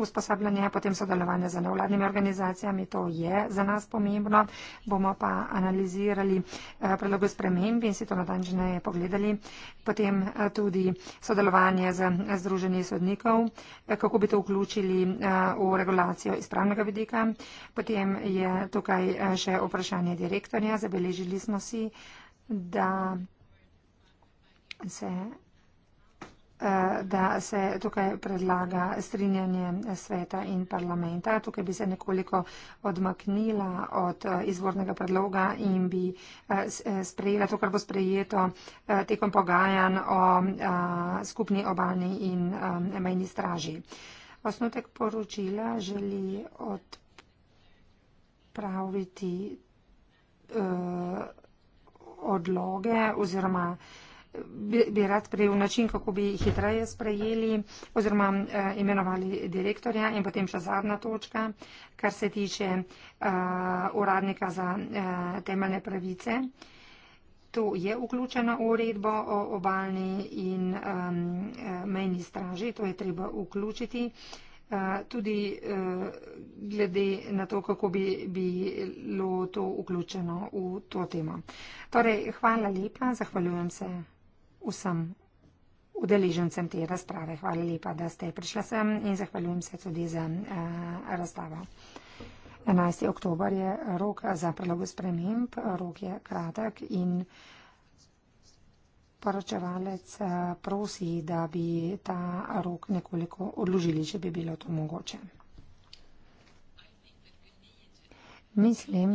usposabljanje, potem sodelovanje z nevladnimi organizacijami, to je za nas pomembno. Bomo pa analizirali eh, predloge sprememb in si to nadaljne pogledali. Potem eh, tudi sodelovanje z združenji sodnikov, kako bi to vključili v regulacijo iz pravnega vidika. Potem je tukaj še vprašanje direktorja. Zabeležili smo si, da se, eh, da se tukaj predlaga strinjanje sveta in parlamenta. Tukaj bi se nekoliko odmaknila od eh, izvornega predloga in bi eh, sprejela to, kar bo sprejeto tekom pogajan o skupni obani in mejni straži. Osnutek poročila želi odpraviti odloge oziroma bi, bi rad prejel način, kako bi hitreje sprejeli oziroma uh, imenovali direktorja in potem še zadnja točka, kar se tiče uh, uradnika za uh, temeljne pravice. To je vključeno v uredbo o obalni in um, mejni straži, to je treba vključiti. Uh, tudi uh, glede na to, kako bi bilo to vključeno v to temo. Torej, hvala lepa, zahvaljujem se vsem udeležencem te razprave. Hvala lepa, da ste prišla sem in zahvaljujem se tudi za uh, razstavo. 11. oktober je rok za prelogo sprememb, rok je kratek in poročevalec eh, prosi, da bi ta rok nekoliko odložili, če bi bilo to mogoče. Mislim,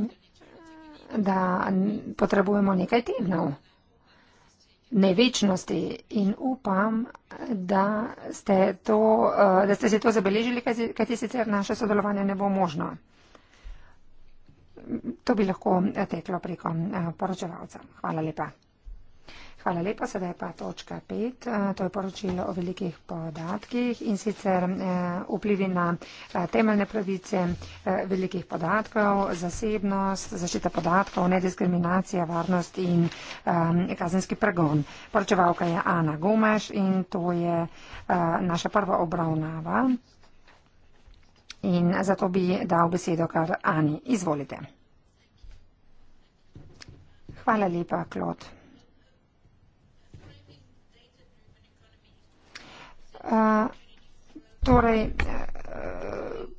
da potrebujemo nekaj tednov ne večnosti in upam, da ste, to, eh, da ste se to zabeležili, kajti sicer naše sodelovanje ne bo možno. To bi lahko teklo preko eh, poročevalca. Hvala lepa. Hvala lepa, sedaj pa točka pet. Eh, to je poročilo o velikih podatkih in sicer eh, vplivi na eh, temeljne pravice velikih podatkov, zasebnost, zaščita podatkov, nediskriminacija, varnost in kazenski pregon. Poročevalka je Ana Gomeš in to je naša prva obravnava. In zato bi dal besedo kar Ani. Izvolite. Hvala lepa, Klod. Eh, torej, eh,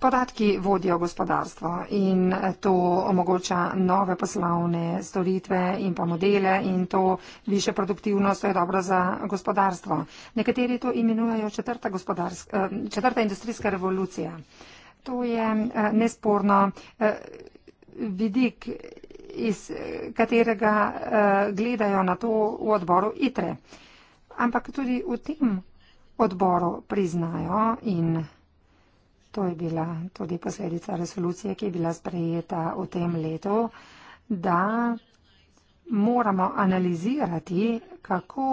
podatki vodijo gospodarstvo in to omogoča nove poslovne storitve in pa modele in to više produktivnost, to je dobro za gospodarstvo. Nekateri to imenujejo četrta, eh, četrta industrijska revolucija. To je nesporno vidik, iz katerega gledajo na to v odboru ITRE. Ampak tudi v tem odboru priznajo in to je bila tudi posledica resolucije, ki je bila sprejeta v tem letu, da moramo analizirati, kako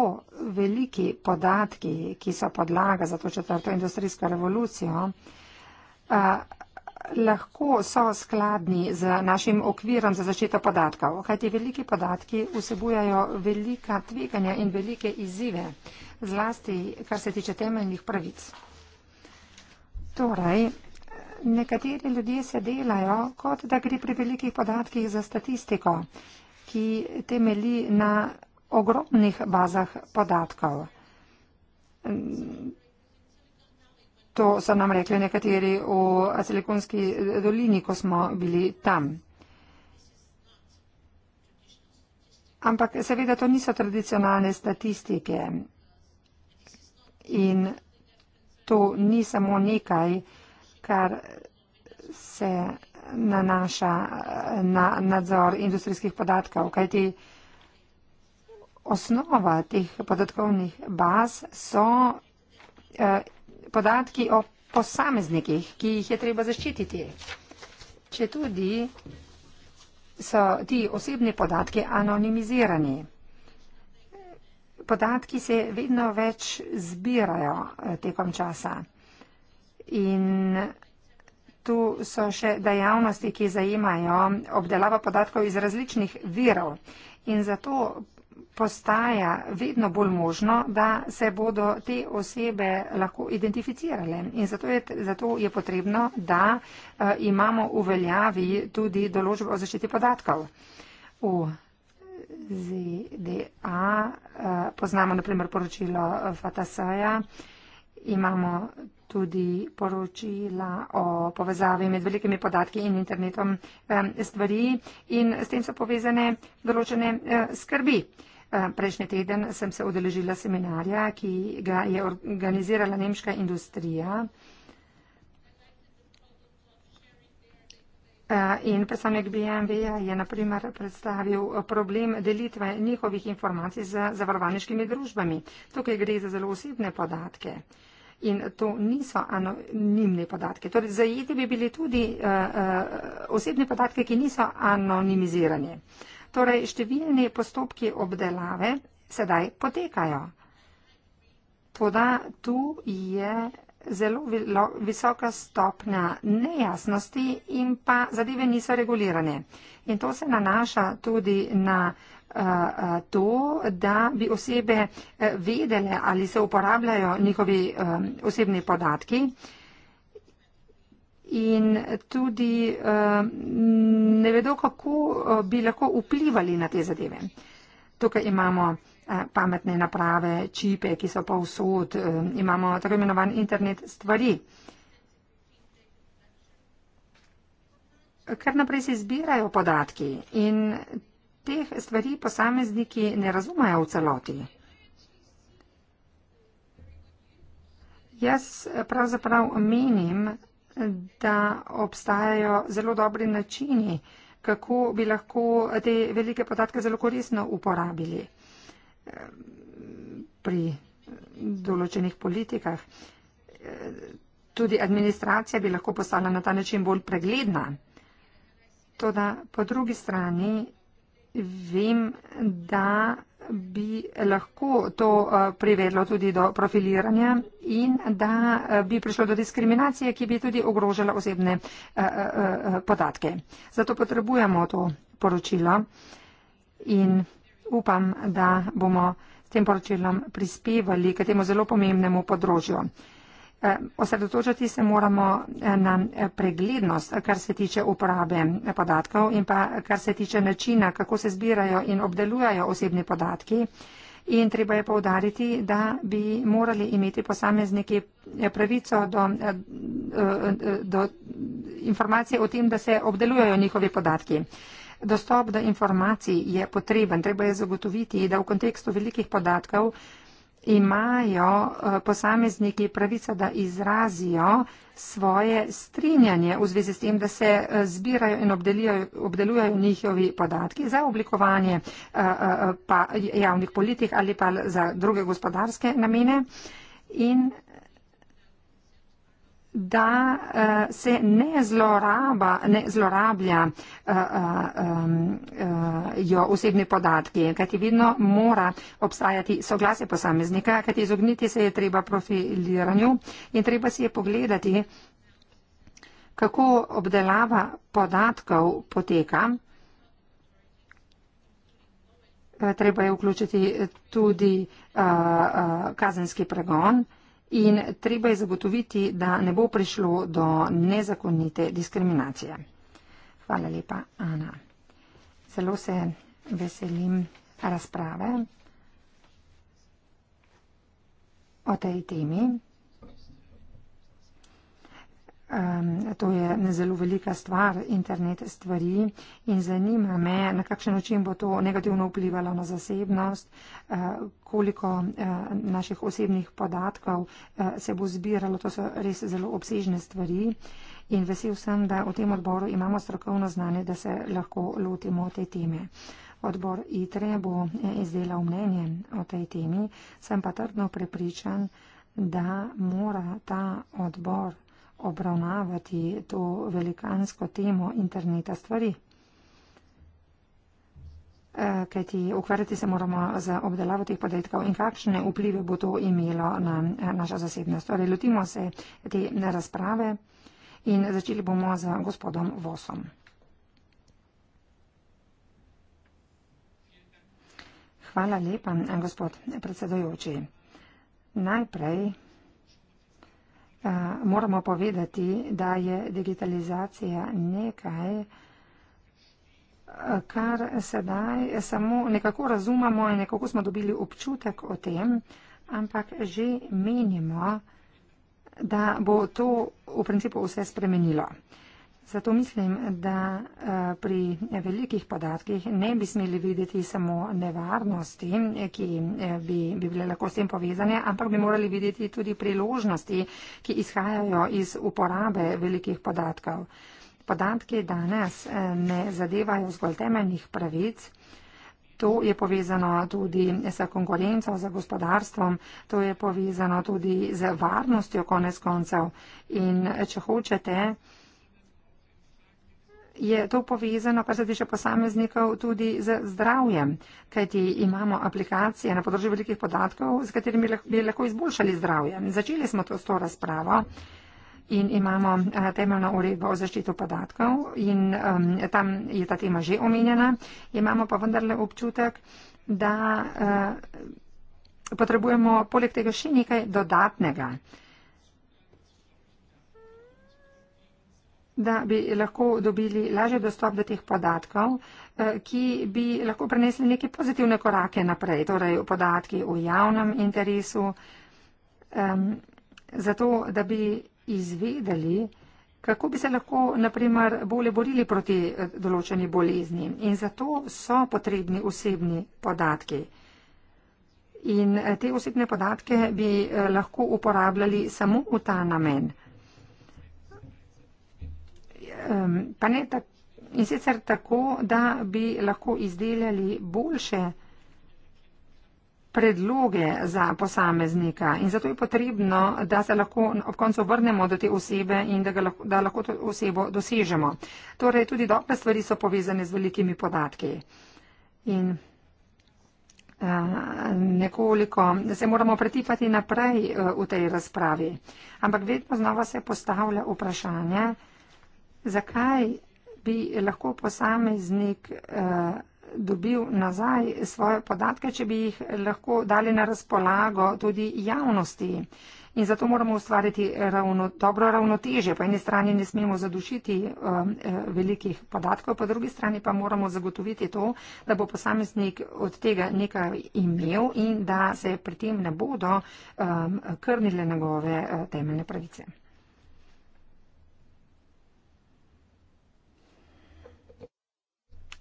veliki podatki, ki so podlaga za to četrto industrijsko revolucijo, eh, lahko so skladni z našim okvirom za zaščito podatkov, kajti veliki podatki vsebujajo velika tveganja in velike izzive, zlasti kar se tiče temeljnih pravic. Torej, nekateri ljudje se delajo, kot da gre pri velikih podatkih za statistiko, ki temeli na ogromnih bazah podatkov. To so nam rekli nekateri v Silikonski dolini, ko smo bili tam. Ampak seveda to niso tradicionalne statistike in to ni samo nekaj, kar se nanaša na nadzor industrijskih podatkov, kajti osnova teh podatkovnih baz so eh, podatki o posameznikih, ki jih je treba zaščititi. Če tudi so ti osebni podatki anonimizirani. Podatki se vedno več zbirajo eh, tekom časa. In tu so še dejavnosti, ki zajemajo obdelava podatkov iz različnih virov. In zato postaja vedno bolj možno, da se bodo te osebe lahko identificirale. In zato je, zato je potrebno, da eh, imamo v veljavi tudi določbo o zaščiti podatkov. V ZDA eh, poznamo naprimer poročilo FATASA-ja, imamo tudi poročila o povezavi med velikimi podatki in internetom stvari in s tem so povezane določene eh, skrbi. Eh, prejšnji teden sem se udeležila seminarja, ki ga je organizirala nemška industrija. Eh, in predstavnik BMW-ja je naprimer predstavil problem delitve njihovih informacij z zavarovalniškimi družbami. Tukaj gre za zelo osebne podatke in to niso anonimni podatki. Torej, zajeti bi bili tudi uh, uh, osebni podatki, ki niso anonimizirani. Torej, številni postopki obdelave sedaj potekajo. Toda tu je zelo vilo, visoka stopnja nejasnosti in pa zadeve niso regulirane. In to se nanaša tudi na uh, to, da bi osebe e, vedele, ali se uporabljajo njihovi e, osebni podatki. In tudi e, ne vedo, kako bi lahko vplivali na te zadeve. Tukaj imamo pametne naprave, čipe, ki so pa vsod, imamo tako imenovan internet stvari. Kar naprej se izbirajo podatki in teh stvari posamezniki ne razumejo v celoti. Jaz pravzaprav menim, da obstajajo zelo dobri načini, kako bi lahko te velike podatke zelo korisno uporabili eh, pri določenih politikah. Tudi administracija bi lahko postala na ta način bolj pregledna. Toda po drugi strani vem, da bi lahko to eh, privedlo tudi do profiliranja in da eh, bi prišlo do diskriminacije, ki bi tudi ogrožala osebne eh, podatke. Zato potrebujemo to poročilo in upam, da bomo s tem poročilom prispevali k temu zelo pomembnemu področju. Eh, osredotočati se moramo eh, na eh, preglednost, kar se tiče uporabe podatkov in pa kar se tiče načina, kako se zbirajo in obdelujajo osebni podatki. In treba je povdariti, da bi morali imeti posamezniki pravico do, do informacije o tem, da se obdelujajo njihovi podatki. Dostop do informacij je potreben. Treba je zagotoviti, da v kontekstu velikih podatkov imajo eh, posamezniki pravico, da izrazijo svoje strinjanje v zvezi s tem, da se eh, zbirajo in obdelujejo njihovi podatki za oblikovanje eh, javnih politik ali pa za druge gospodarske namene. In da uh, se ne, zloraba, ne zlorablja uh, uh, uh, jo osebni podatki, kajti vidno mora obstajati soglasje posameznika, kajti izogniti se je treba profiliranju in treba si je pogledati, kako obdelava podatkov poteka. Eh, treba je vključiti tudi uh, uh, kazenski pregon in treba je zagotoviti, da ne bo prišlo do nezakonite diskriminacije. Hvala lepa, Ana. Zelo se veselim razprave o tej temi. Um, to je zelo velika stvar, internet stvari in zanima me, na kakšen način bo to negativno vplivalo na zasebnost, uh, koliko uh, naših osebnih podatkov uh, se bo zbiralo. To so res zelo obsežne stvari in vesel sem, da v tem odboru imamo strokovno znanje, da se lahko lotimo te teme. Odbor ITRE bo izdelal mnenje o tej temi, sem pa trdno prepričan, da mora ta odbor obravnavati to velikansko temo interneta stvari. Eh, kajti ukvarjati se moramo z obdelavo teh podatkov in kakšne vplive bo to imelo na eh, našo zasebnost. Torej, lotimo se te razprave in začeli bomo z gospodom Vosom. Hvala lepa, eh, gospod predsedojoči. Najprej. Eh, moramo povedati, da je digitalizacija nekaj, eh, kar sedaj samo nekako razumemo in nekako smo dobili občutek o tem, ampak že menimo, da bo to v principu vse spremenilo. Zato mislim, da eh, pri velikih podatkih ne bi smeli videti samo nevarnosti, ki eh, bi, bi bile lahko s tem povezane, ampak bi morali videti tudi priložnosti, ki izhajajo iz uporabe velikih podatkov. Podatki danes eh, ne zadevajo zgolj temeljnih pravic. To je povezano tudi s konkurenco, z gospodarstvom, to je povezano tudi z varnostjo konec koncev. In če hočete, je to povezano, kar se tiče posameznikov, tudi z zdravjem, kajti imamo aplikacije na področju velikih podatkov, z katerimi bi lahko izboljšali zdravje. Začeli smo to s to razpravo in imamo eh, temeljno uredbo o zaščitu podatkov in um, tam je ta tema že omenjena. Imamo pa vendarle občutek, da uh, potrebujemo poleg tega še nekaj dodatnega. Uh, da bi lahko dobili lažji dostop do teh podatkov, eh, ki bi lahko prenesli neke pozitivne korake naprej, torej podatki v javnem interesu, um, zato da bi izvedeli, kako bi se lahko, naprimer, bolje borili proti eh, določeni bolezni. In zato so potrebni osebni podatki. In eh, te osebne podatke bi lahko uporabljali samo v ta namen um, pa ne tako. In sicer tako, da bi lahko izdelali boljše predloge za posameznika. In zato je potrebno, da se lahko ob koncu vrnemo do te osebe in da, lahko, da lahko to osebo dosežemo. Torej, tudi dobre stvari so povezane z velikimi podatki. In nekoliko se moramo pretipati naprej e, v tej razpravi. Ampak vedno znova se postavlja vprašanje, zakaj bi lahko posameznik eh, dobil nazaj svoje podatke, če bi jih lahko dali na razpolago tudi javnosti. In zato moramo ustvariti ravno, dobro ravnoteže. Po eni strani ne smemo zadušiti eh, eh, velikih podatkov, po drugi strani pa moramo zagotoviti to, da bo posameznik od tega nekaj imel in da se pri tem ne bodo eh, krnile njegove eh, temeljne pravice.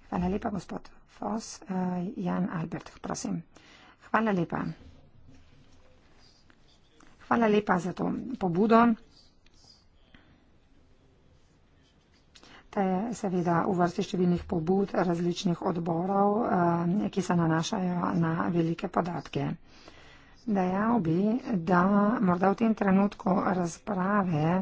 Hvala lepa, gospod Fos. Uh, eh, Jan Albert, prosim. Hvala lepa. Hvala lepa za to pobudo. Te seveda v vrsti številnih pobud različnih odborov, eh, ki se nanašajo na velike podatke. Dejal bi, da morda v tem trenutku razprave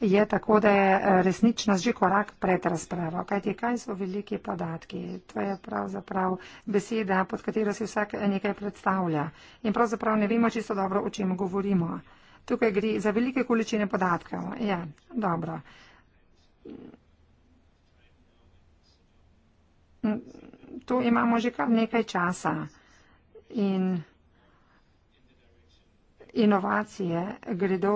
je tako, da je eh, resnično že korak pred razpravo. Kaj, ti, kaj so veliki podatki? To je pravzaprav beseda, pod katero si vsak nekaj predstavlja. In pravzaprav ne vemo čisto dobro, o čem govorimo. Tukaj gre za velike količine podatkov. Ja, dobro. Tu imamo že kar nekaj časa in inovacije gredo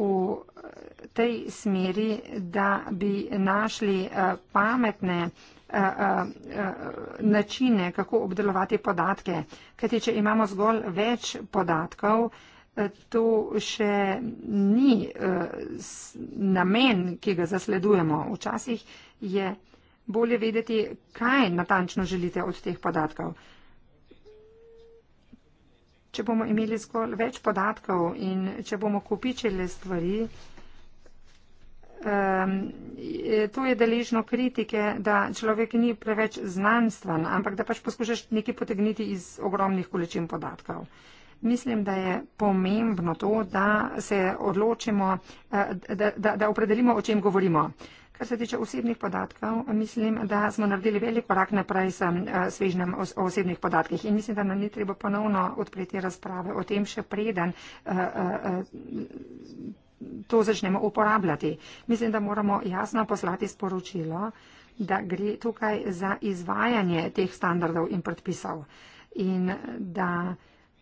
v tej smeri, da bi našli eh, pametne eh, eh, načine, kako obdelovati podatke. Kajti, če imamo zgolj več podatkov, to še ni namen, ki ga zasledujemo. Včasih je bolje vedeti, kaj natančno želite od teh podatkov če bomo imeli zgolj več podatkov in če bomo kupičili stvari, um, to je deležno kritike, da človek ni preveč znanstven, ampak da pač poskušaš nekaj potegniti iz ogromnih količin podatkov. Mislim, da je pomembno to, da se odločimo, eh, da, da, da opredelimo, o čem govorimo. Uh, Kar se tiče osebnih podatkov, mislim, da smo naredili velik korak naprej s eh, svežnjem o osebnih podatkih in mislim, da nam ni treba ponovno odpreti razprave o tem še preden eh, eh, to začnemo uporabljati. Mislim, da moramo jasno poslati sporočilo, da gre tukaj za izvajanje teh standardov in predpisov in da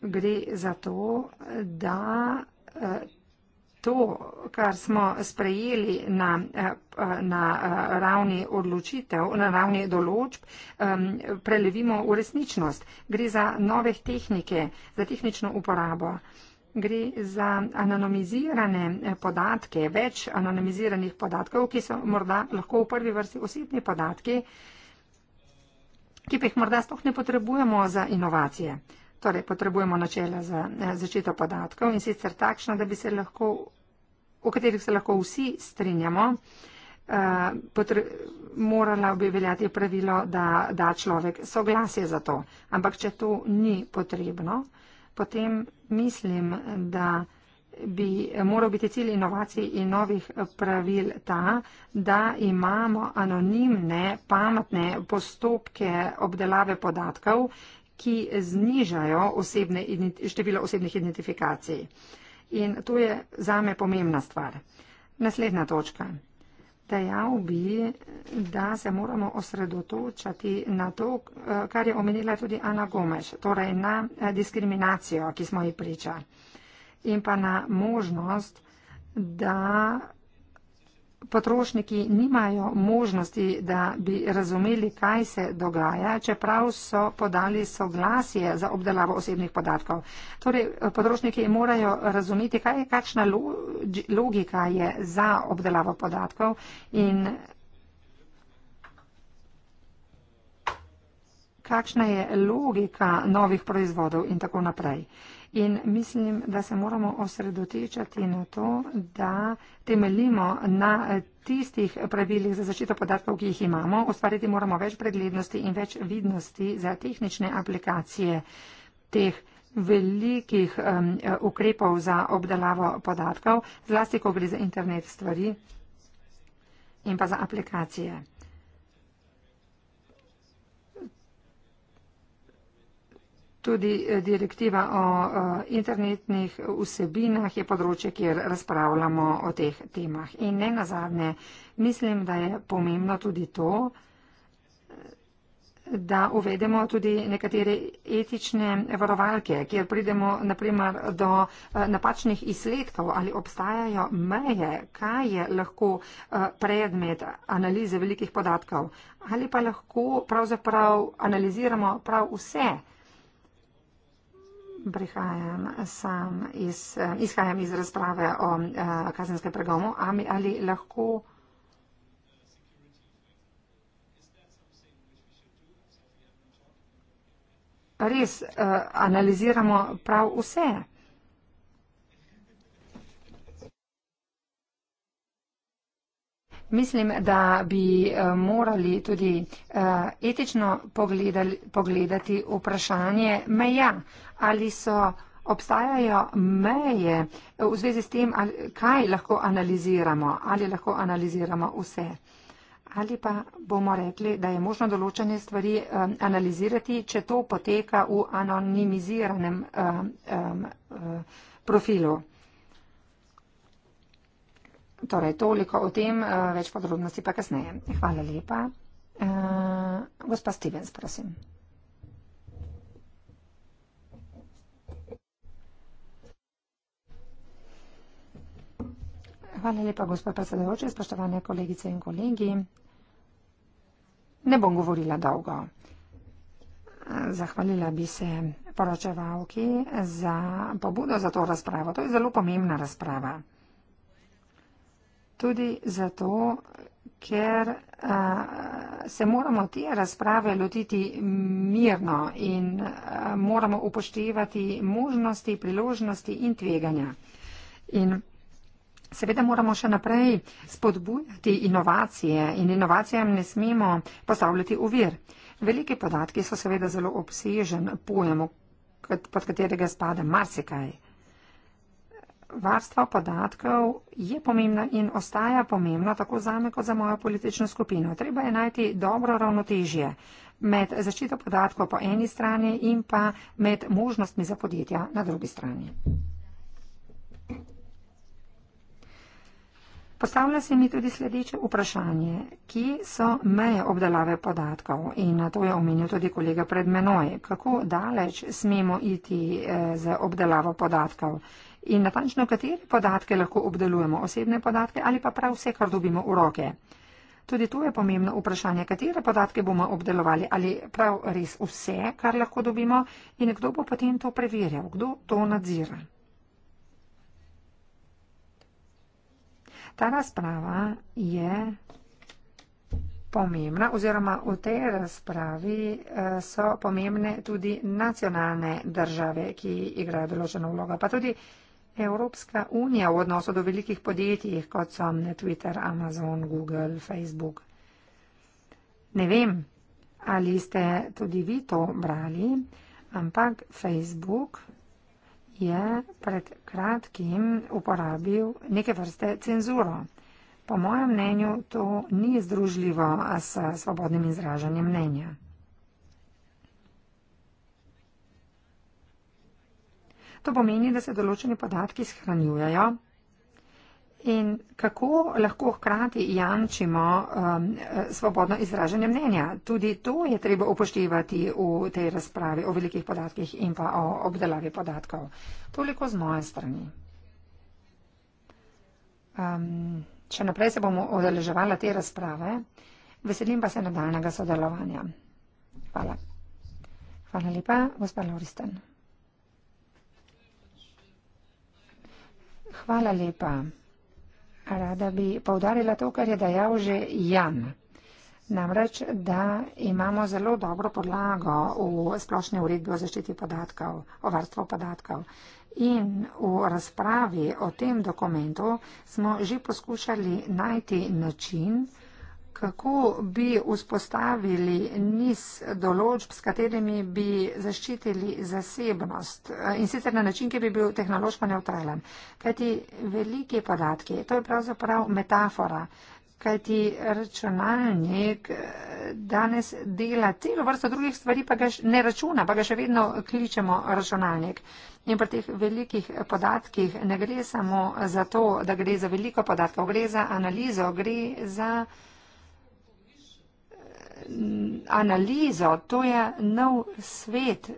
gre za to, da to, kar smo sprejeli na, eh, eh, na eh, ravni odločitev, na ravni določb, prelevimo v resničnost. Gre za nove tehnike, za tehnično uporabo. Gre za anonimizirane podatke, več anonimiziranih podatkov, ki so morda lahko v prvi vrsti osebni podatki, ki pa jih morda sploh ne potrebujemo za inovacije. Torej, potrebujemo načela za eh, zaščito podatkov in sicer takšno, da bi se lahko, o katerih se lahko vsi strinjamo, eh, potre, morala bi veljati pravilo, da da človek soglasje za to. Ampak, če to ni potrebno, potem mislim, da bi moral biti cilj inovacij in novih pravil ta, da imamo anonimne, pametne postopke obdelave podatkov ki znižajo osebne, število osebnih identifikacij. In to je zame pomembna stvar. Naslednja točka. Dejal bi, da se moramo osredotočati na to, kar je omenila tudi Ana Gomeš, torej na eh, diskriminacijo, ki smo ji priča. In pa na možnost, da Potrošniki nimajo možnosti, da bi razumeli, kaj se dogaja, čeprav so podali soglasje za obdelavo osebnih podatkov. Torej, potrošniki morajo razumeti, kaj, kakšna logika je za obdelavo podatkov in kakšna je logika novih proizvodov in tako naprej. In mislim, da se moramo osredotečati na to, da temeljimo na tistih pravilih za zaščito podatkov, ki jih imamo. Ustvariti moramo več preglednosti in več vidnosti za tehnične aplikacije teh velikih um, ukrepov za obdelavo podatkov, zlasti, ko gre za internet stvari in pa za aplikacije. Tudi eh, direktiva o eh, internetnih vsebinah je področje, kjer razpravljamo o teh temah. In ne nazadnje, mislim, da je pomembno tudi to, da uvedemo tudi nekatere etične varovalke, kjer pridemo naprimer do eh, napačnih izsledkov ali obstajajo meje, kaj je lahko predmet analize velikih podatkov ali pa lahko pravzaprav analiziramo prav vse prihajam sam iz, izhajam iz razprave o eh, kazenskem pregonu, ali lahko. Res eh, analiziramo prav vse. mislim, da bi eh, morali tudi eh, etično pogledati vprašanje meja. Ali so obstajajo meje eh, v zvezi s tem, kaj lahko analiziramo, ali lahko analiziramo vse. Ali pa bomo rekli, da je možno določene stvari um, analizirati, če to poteka v anonimiziranem um, um, profilu. Torej, toliko o tem, eh, več podrobnosti pa kasneje. Hvala lepa. Uh, gospa Stevens, prosim. Hvala lepa, gospod predsedovoče, spoštovane kolegice in kolegi. Ne bom govorila dolgo. Zahvalila bi se poročevalki za pobudo za to razpravo. To je zelo pomembna razprava tudi zato, ker uh, se moramo te razprave lotiti mirno in uh, moramo upoštevati možnosti, priložnosti in tveganja. In Seveda moramo še naprej spodbujati inovacije in inovacijam ne smemo postavljati uvir. Veliki podatki so seveda zelo obsežen pojem, pod katerega spada marsikaj varstva podatkov je pomembna in ostaja pomembna tako za me kot za mojo politično skupino. Treba je najti dobro ravnotežje med zaščito podatkov po eni strani in pa med možnostmi za podjetja na drugi strani. Postavlja se mi tudi sledeče vprašanje, kje so meje obdelave podatkov in na to je omenil tudi kolega pred menoj, kako daleč smemo iti eh, z obdelavo podatkov in natančno katere podatke lahko obdelujemo, osebne podatke ali pa prav vse, kar dobimo v roke. Tudi tu je pomembno vprašanje, katere podatke bomo obdelovali, ali prav res vse, kar lahko dobimo in kdo bo potem to preverjal, kdo to nadzira. Ta razprava je pomembna oziroma v tej razpravi eh, so pomembne tudi nacionalne države, ki igrajo določeno vlogo, pa tudi Evropska unija v odnosu do velikih podjetij, kot so ne Twitter, Amazon, Google, Facebook. Ne vem, ali ste tudi vi to brali, ampak Facebook je pred kratkim uporabil neke vrste cenzuro. Po mojem mnenju to ni združljivo s svobodnim izražanjem mnenja. To pomeni, da se določeni podatki shranjujejo. In kako lahko hkrati jamčimo um, svobodno izražanje mnenja? Tudi to je treba upoštevati v tej razpravi o velikih podatkih in pa o obdelavi podatkov. Toliko z moje strani. Um, še naprej se bomo odeleževala te razprave. Veselim pa se nadaljnega sodelovanja. Hvala. Hvala lepa, gospod Lauristen. Hvala lepa. Rada bi povdarila to, kar je dejal že Jan. Namreč, da imamo zelo dobro podlago v splošni uredbi o zaščiti podatkov, o varstvu podatkov. In v razpravi o tem dokumentu smo že poskušali najti način, kako bi vzpostavili niz določb, s katerimi bi zaščitili zasebnost eh, in sicer na način, ki bi bil tehnološko neutralen. Kajti veliki podatki, to je pravzaprav metafora, kajti računalnik eh, danes dela celo vrsto drugih stvari, pa ga ne računa, pa ga še vedno kličemo računalnik. In pri teh velikih podatkih ne gre samo za to, da gre za veliko podatkov, gre za analizo, gre za analizo, to je nov svet.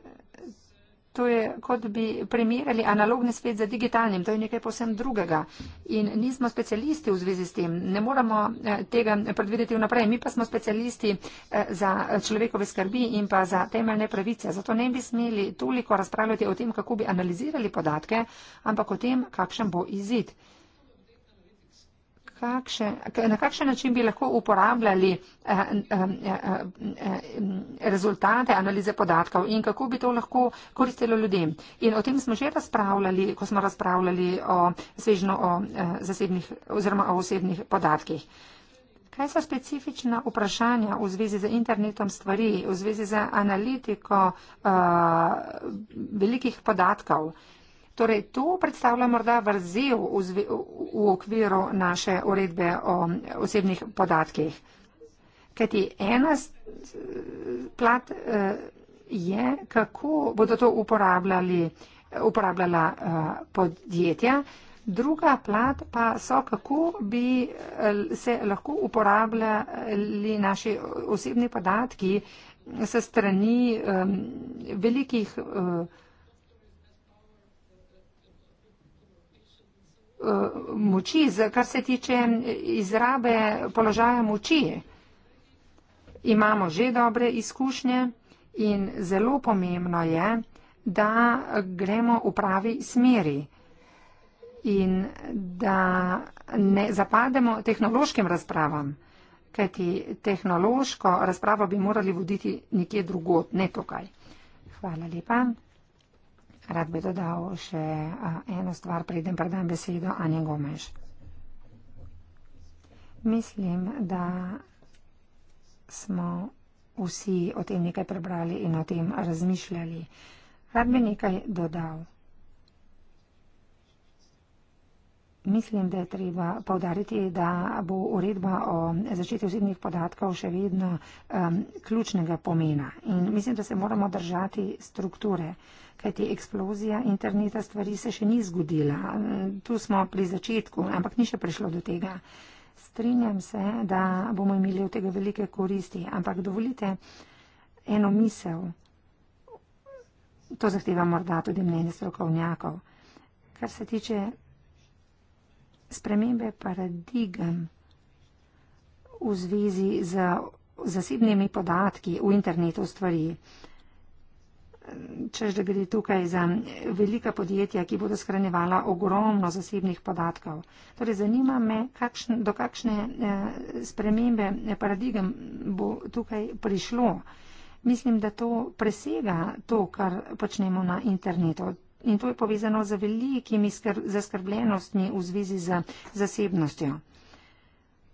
To je, kot bi primerjali analogni svet z digitalnim, to je nekaj posem drugega. In nismo specialisti v zvezi s tem, ne moramo eh, tega predvideti vnaprej. Mi pa smo specialisti eh, za človekove skrbi in pa za temeljne pravice. Zato ne bi smeli toliko razpravljati o tem, kako bi analizirali podatke, ampak o tem, kakšen bo izid kakšen, na kakšen način bi lahko uporabljali eh, eh, eh, rezultate analize podatkov in kako bi to lahko koristilo ljudem. In o tem smo že razpravljali, ko smo razpravljali o svežno o zasebnih oziroma o osebnih podatkih. Kaj so specifična vprašanja v zvezi z internetom stvari, v zvezi z analitiko uh, velikih podatkov? Uh, Torej, to predstavlja morda vrzel v, zve, v okviru naše uredbe o osebnih podatkih. Kajti ena plat eh, je, kako bodo to uporabljali, uporabljala eh, podjetja, druga plat pa so, kako bi eh, se lahko uporabljali naši osebni podatki se strani velikih podjetij moči, kar se tiče izrabe položaja moči. Imamo že dobre izkušnje in zelo pomembno je, da gremo v pravi smeri in da ne zapademo tehnološkim razpravam, kajti tehnološko razpravo bi morali voditi nekje drugot, ne tukaj. Hvala lepa. Rad bi dodal še eno stvar, preden predam besedo Anja Gomeš. Mislim, da smo vsi o tem nekaj prebrali in o tem razmišljali. Rad bi nekaj dodal. mislim, da je treba povdariti, da bo uredba o zaščiti osebnih podatkov še vedno um, ključnega pomena. In mislim, da se moramo držati strukture, kajti eksplozija interneta stvari se še ni zgodila. Tu smo pri začetku, ampak ni še prišlo do tega. Strinjam se, da bomo imeli od tega velike koristi, ampak dovolite eno misel. To zahteva morda tudi mnenje strokovnjakov. Kar se tiče spremembe paradigem v zvezi z zasebnimi podatki v internetu stvari. Čež, da gre tukaj za velika podjetja, ki bodo skranjevala ogromno zasebnih podatkov. Torej, zanima me, kakšn, do kakšne eh, spremembe eh, paradigem bo tukaj prišlo. Mislim, da to presega to, kar počnemo na internetu in to je povezano z velikimi zaskrbljenostmi v zvezi z zasebnostjo.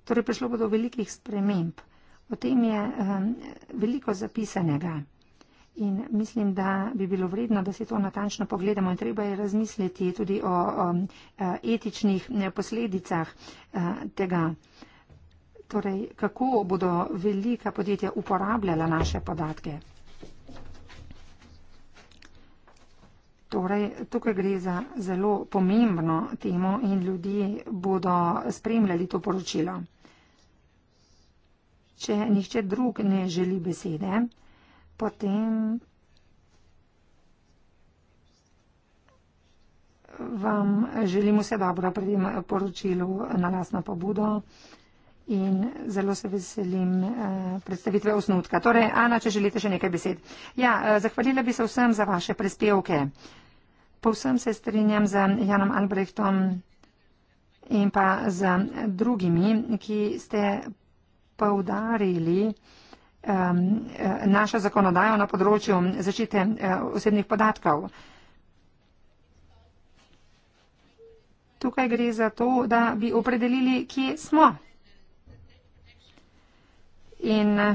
Torej, prišlo bo do velikih sprememb. O tem je um, veliko zapisanega in mislim, da bi bilo vredno, da se to natančno pogledamo in treba je razmisliti tudi o, o, o eh, etičnih eh, posledicah a, eh, tega, torej, kako bodo velika podjetja uporabljala naše podatke. Torej, tukaj gre za zelo pomembno temo in ljudje bodo spremljali to poročilo. Če nihče drug ne želi besede, potem vam želim vse dobro pri tem poročilu na lasno pobudo in zelo se veselim eh, predstavitve osnutka. Torej, Ana, če želite še nekaj besed. Ja, eh, zahvalila bi se vsem za vaše prispevke. Povsem se strinjam z Janom Albrehtom in pa z drugimi, ki ste poudarili um, našo zakonodajo na področju zaščite uh, osebnih podatkov. Tukaj gre za to, da bi opredelili, kje smo. In uh,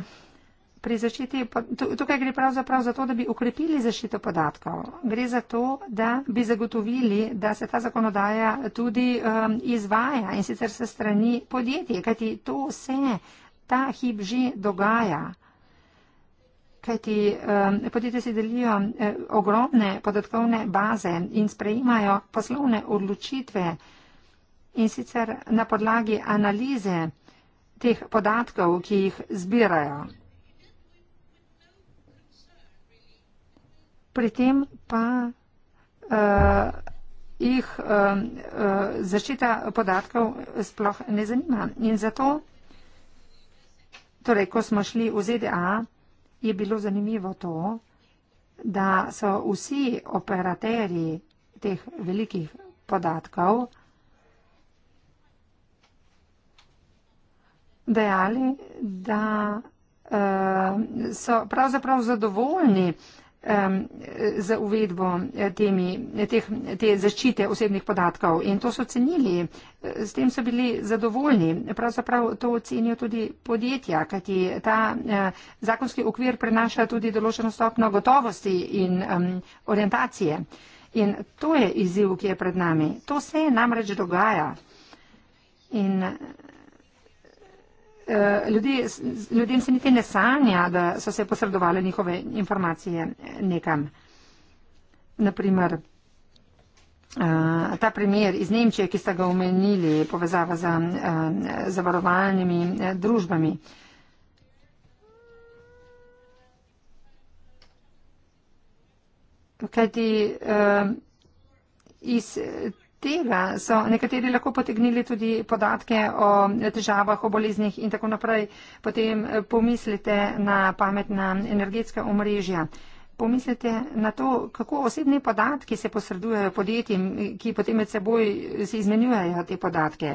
pri zaščiti, tukaj gre pravzaprav za to, da bi ukrepili zaščito podatkov. Gre za to, da bi zagotovili, da se ta zakonodaja tudi um, izvaja in sicer se strani podjetij, kajti to se ta hip že dogaja. Kajti um, podjetje si delijo um, ogromne podatkovne baze in sprejemajo poslovne odločitve in sicer na podlagi analize teh podatkov, ki jih zbirajo. pri tem pa uh, jih uh, uh, zaščita podatkov sploh ne zanima. In zato, torej, ko smo šli v ZDA, je bilo zanimivo to, da so vsi operaterji teh velikih podatkov dejali, da uh, so pravzaprav zadovoljni uh, um, za uvedbo eh, temi, teh, te zaščite osebnih podatkov. In to so cenili, eh, s tem so bili zadovoljni. Pravzaprav to ocenijo tudi podjetja, kajti ta uh, zakonski okvir prenaša tudi določeno stopno gotovosti in um, orientacije. In to je izziv, ki je pred nami. To se namreč dogaja. In Eh, ljudi, ljudem se niti ne sanja, da so se posredovali njihove informacije nekam. Naprimer, eh, ta primer iz Nemčije, ki ste ga omenili, povezava z eh, zavarovalnimi družbami. Kajti iz tega so nekateri lahko potegnili tudi podatke o težavah, o boleznih in tako naprej. Potem eh, pomislite na pametna energetska omrežja. Pomislite na to, kako osebni podatki se posredujejo podjetjem, ki potem med seboj si izmenjujejo te podatke.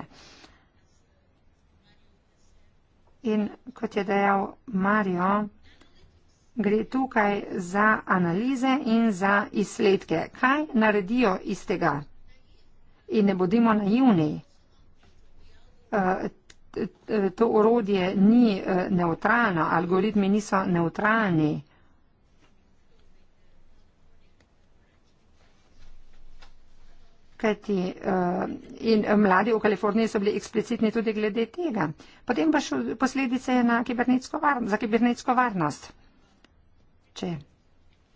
In kot je dejal Mario, gre tukaj za analize in za izsledke. Kaj naredijo iz tega? in ne bodimo naivni. Eh, to orodje ni eh, neutralno, algoritmi niso neutralni. Kajti, eh, in mladi v Kaliforniji so bili eksplicitni tudi glede tega. Potem pa še posledice na kibernetsko varnost, za kibernetsko varnost, če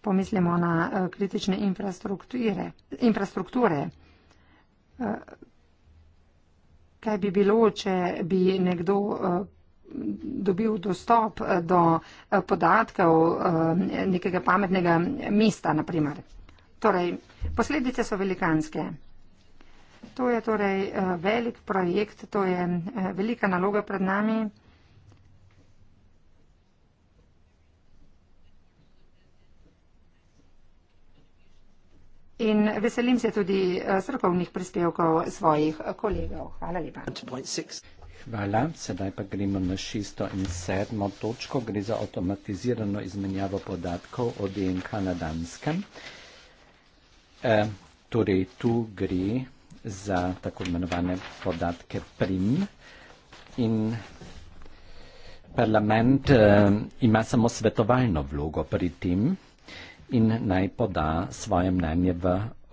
pomislimo na kritične infrastrukture. infrastrukture kaj bi bilo, če bi nekdo eh, dobil dostop eh, do eh, podatkov nekega pametnega mesta, naprimer. Torej, posledice so velikanske. To je torej velik projekt, to je velika naloga pred nami. in veselim se tudi eh, strokovnih prispevkov svojih kolegov. Hvala lepa. Hvala, sedaj pa gremo na šesto in sedmo točko, gre za avtomatizirano izmenjavo podatkov o DNK na Danskem. E, torej tu gre za tako imenovane podatke PRIM in parlament e, ima samo svetovalno vlogo pri tem in naj poda svoje mnenje v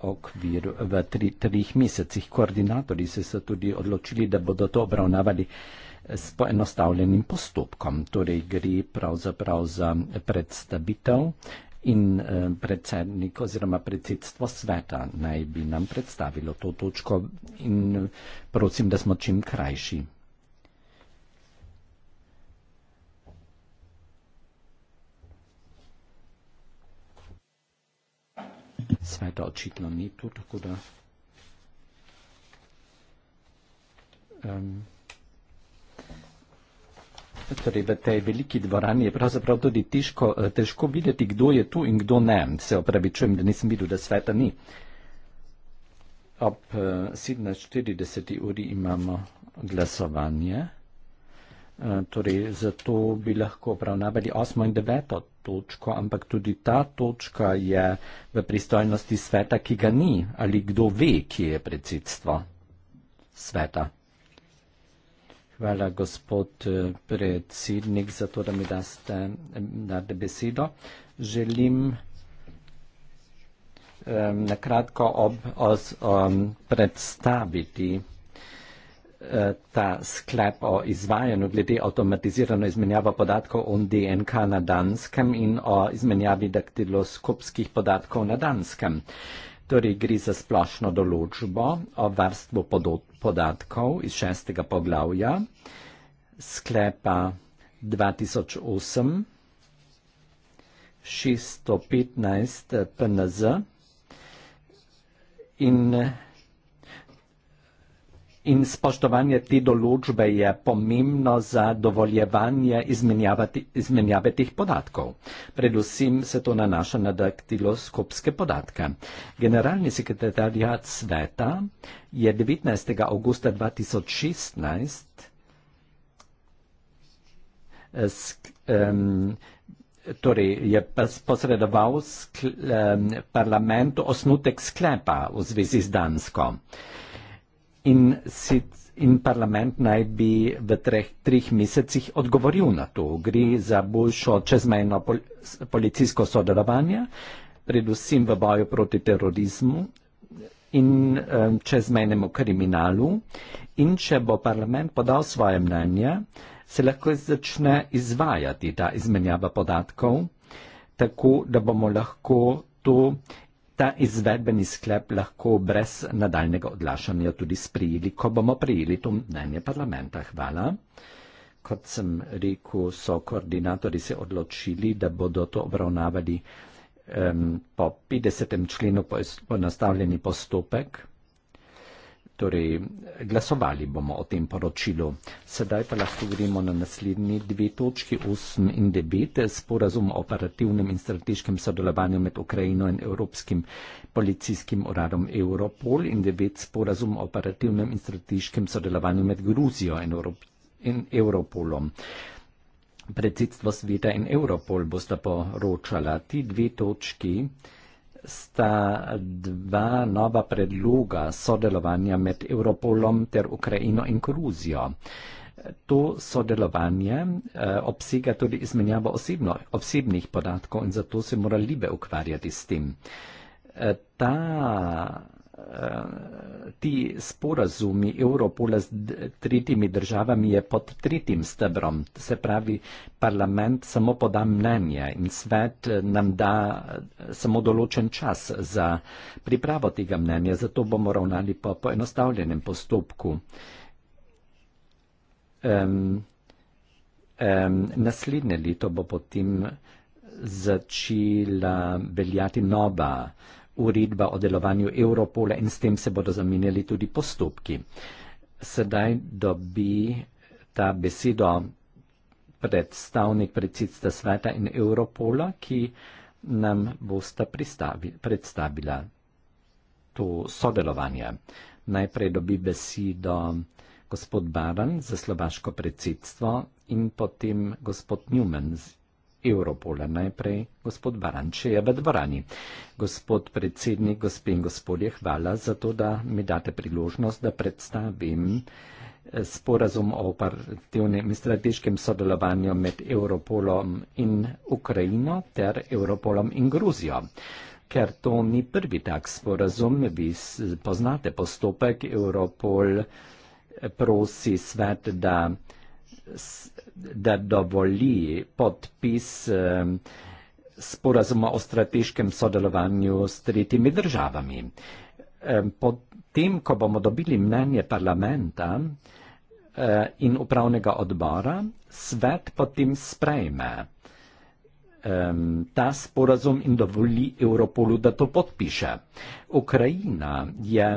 okviru v tri, trih mesecih. Koordinatorji so se tudi odločili, da bodo to obravnavali s poenostavljenim postopkom. Torej gre pravzaprav za predstavitev in eh, predsednik oziroma predsedstvo sveta naj bi nam predstavilo to točko in eh, prosim, da smo čim krajši. Sveta očitno ni tu, tako da um, torej v tej veliki dvorani je pravzaprav tudi težko, eh, težko videti, kdo je tu in kdo ne. Se opravičujem, da nisem videl, da sveta ni. Ob uh, eh, 47. uri imamo glasovanje. Eh, torej zato bi lahko obravnavali osmo in deveto točko, ampak tudi ta točka je v pristojnosti sveta, ki ga ni. Ali kdo ve, kje je predsedstvo sveta? Hvala, gospod eh, predsednik, za to, da mi daste, eh, daste besedo. Želim um, nakratko ob, os, um, predstaviti Eh, ta sklep o izvajanju glede avtomatizirano izmenjavo podatkov on DNK na Danskem in o izmenjavi daktiloskopskih podatkov na Danskem. Torej gre za splošno določbo o varstvu podatkov iz šestega poglavja sklepa 2008 615 PNZ in In spoštovanje te določbe je pomembno za dovoljevanje izmenjave teh podatkov. Predvsem se to nanaša na daktiloskopske podatke. Generalni sekretarjat sveta je 19. augusta 2016 Torej je posredoval skl, eh, parlamentu osnutek sklepa v zvezi z Dansko. Eh, in, sit, in parlament naj bi v treh, trih mesecih odgovoril na to. Gre za boljšo čezmejno pol, policijsko sodelovanje, predvsem v boju proti terorizmu in um, čezmejnemu kriminalu. In če bo parlament podal svoje mnenje, se lahko začne izvajati ta izmenjava podatkov, tako da bomo lahko to ta izvedbeni sklep lahko brez nadaljnega odlašanja tudi sprijeli, ko bomo prijeli to mnenje parlamenta. Hvala. Kot sem rekel, so koordinatori se odločili, da bodo to obravnavali um, po 50. členu poenostavljeni postopek. Torej, glasovali bomo o tem poročilu. Sedaj pa lahko gremo na naslednji dve točki, 8 in 9, sporazum o operativnem in strateškem sodelovanju med Ukrajino in Evropskim policijskim uradom Europol in 9, sporazum o operativnem in strateškem sodelovanju med Gruzijo in, Evrop in Europolom. Predsedstvo sveta in Europol bosta poročala ti dve točki sta dva nova predloga sodelovanja med Europolom ter Ukrajino in Gruzijo. To sodelovanje eh, obsega tudi izmenjavo osebno, osebnih podatkov in zato se mora Libe ukvarjati s tem. Eh, ta Eh, ti sporazumi Evropola s tretjimi državami je pod tretjim stebrom, se pravi, parlament samo poda mnenje in svet eh, nam da eh, samo določen čas za pripravo tega mnenja, zato bomo ravnali po poenostavljenem postopku. Um, um, naslednje leto bo potem začela veljati noba uredba o delovanju Evropola in s tem se bodo zamenjali tudi postopki. Sedaj dobi ta besedo predstavnik predsedstva sveta in Evropola, ki nam bosta predstavila to sodelovanje. Najprej dobi besedo gospod Baran za slovaško predsedstvo in potem gospod Newman Evropole najprej, gospod Baranče je v dvorani. Gospod predsednik, gospe in gospodje, hvala za to, da mi date priložnost, da predstavim eh, sporazum o operativnem in strateškem sodelovanju med Evropolom in Ukrajino ter Evropolom in Gruzijo. Ker to ni prvi tak sporazum, vi poznate postopek, Evropol eh, prosi svet, da da dovoli podpis sporazuma o strateškem sodelovanju s tretjimi državami. Potem, ko bomo dobili mnenje parlamenta eh, in upravnega odbora, svet potem sprejme ta sporazum in dovoli Europolu, da to podpiše. Ukrajina je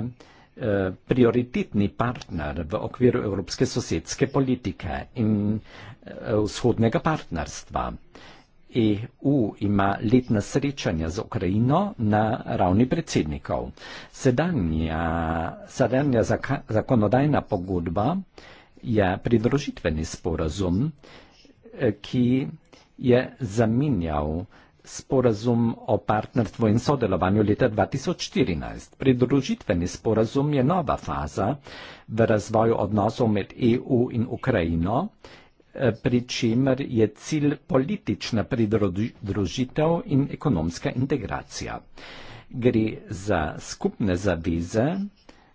prioritetni partner v okviru evropske sosedske politike in eh, vzhodnega partnerstva. EU ima letna srečanja z Ukrajino na ravni predsednikov. Sedanja, sedanja zakonodajna pogodba je pridružitveni sporazum, eh, ki je zamenjal sporazum o partnerstvu in sodelovanju leta 2014. Pridružitveni sporazum je nova faza v razvoju odnosov med EU in Ukrajino, eh, pri čemer je cilj politična pridružitev in ekonomska integracija. Gre za skupne zaveze,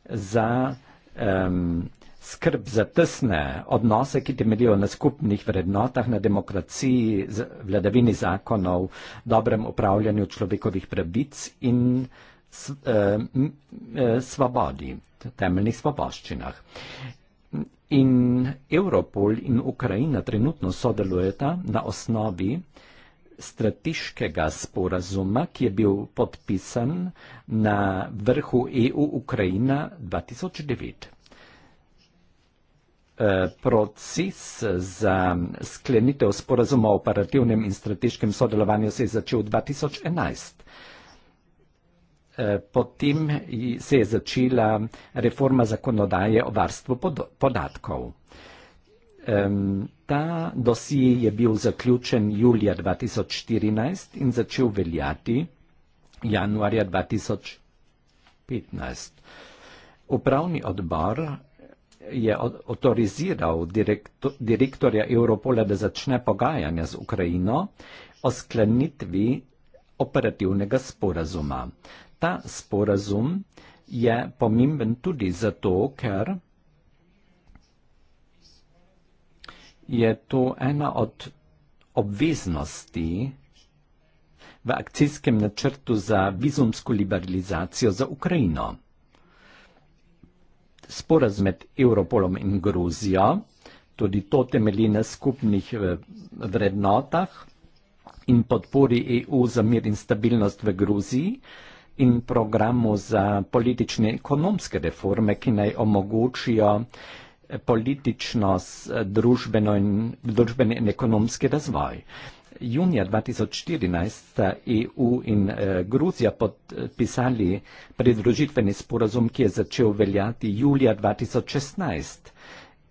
za um, skrb za tesne odnose, ki temeljijo na skupnih vrednotah, na demokraciji, vladavini zakonov, dobrem upravljanju človekovih pravic in eh, eh, svobodi, temeljnih svoboščinah. In Europol in Ukrajina trenutno sodelujeta na osnovi strateškega sporazuma, ki je bil podpisan na vrhu EU-Ukrajina 2009. Eh, proces za sklenitev sporazuma o operativnem in strateškem sodelovanju se je začel 2011. Eh, potem se je začela reforma zakonodaje o varstvu podatkov. Ta dosije je bil zaključen julija 2014 in začel veljati januarja 2015. Upravni odbor je autoriziral direktor, direktorja Europola, da začne pogajanja z Ukrajino o sklenitvi operativnega sporazuma. Ta sporazum je pomemben tudi zato, ker je to ena od obveznosti v akcijskem načrtu za vizumsko liberalizacijo za Ukrajino sporazum med Europolom in Gruzijo, tudi to temelji na skupnih eh, vrednotah in podpori EU za mir in stabilnost v Gruziji in programu za politične in ekonomske reforme, ki naj omogočijo eh, politično, eh, družbeno in, družbeni in ekonomski razvoj junija 2014 sta EU in uh, Gruzija podpisali pridružitveni sporazum, ki je začel veljati julija 2016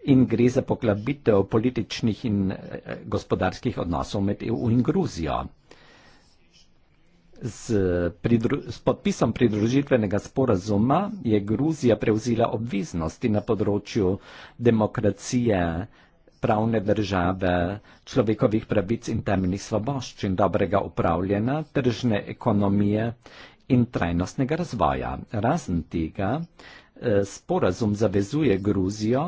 in gre za poklabitev političnih in uh, gospodarskih odnosov med EU in Gruzijo. Z, pridru, z podpisom pridružitvenega sporazuma je Gruzija prevzela obveznosti na področju demokracije, pravne države, človekovih pravic in temeljnih svoboščin, dobrega upravljanja, tržne ekonomije in trajnostnega razvoja. Razen tega, eh, sporazum zavezuje Gruzijo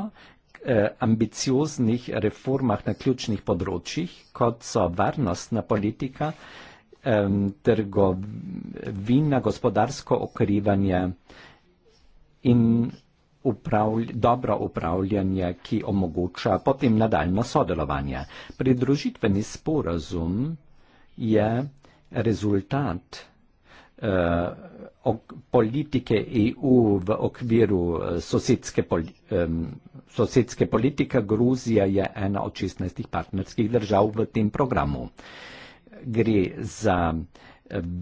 k eh, ambicioznih reformah na ključnih področjih, kot so varnostna politika, trgovina, gospodarsko okrivanje in upravlj, dobro upravljanje, ki omogoča potem nadaljno sodelovanje. Pridružitveni sporazum je rezultat eh, politike EU v okviru eh, sosedske, poli, eh, sosedske politike. Gruzija je ena od 16 partnerskih držav v tem programu. Gre za eh,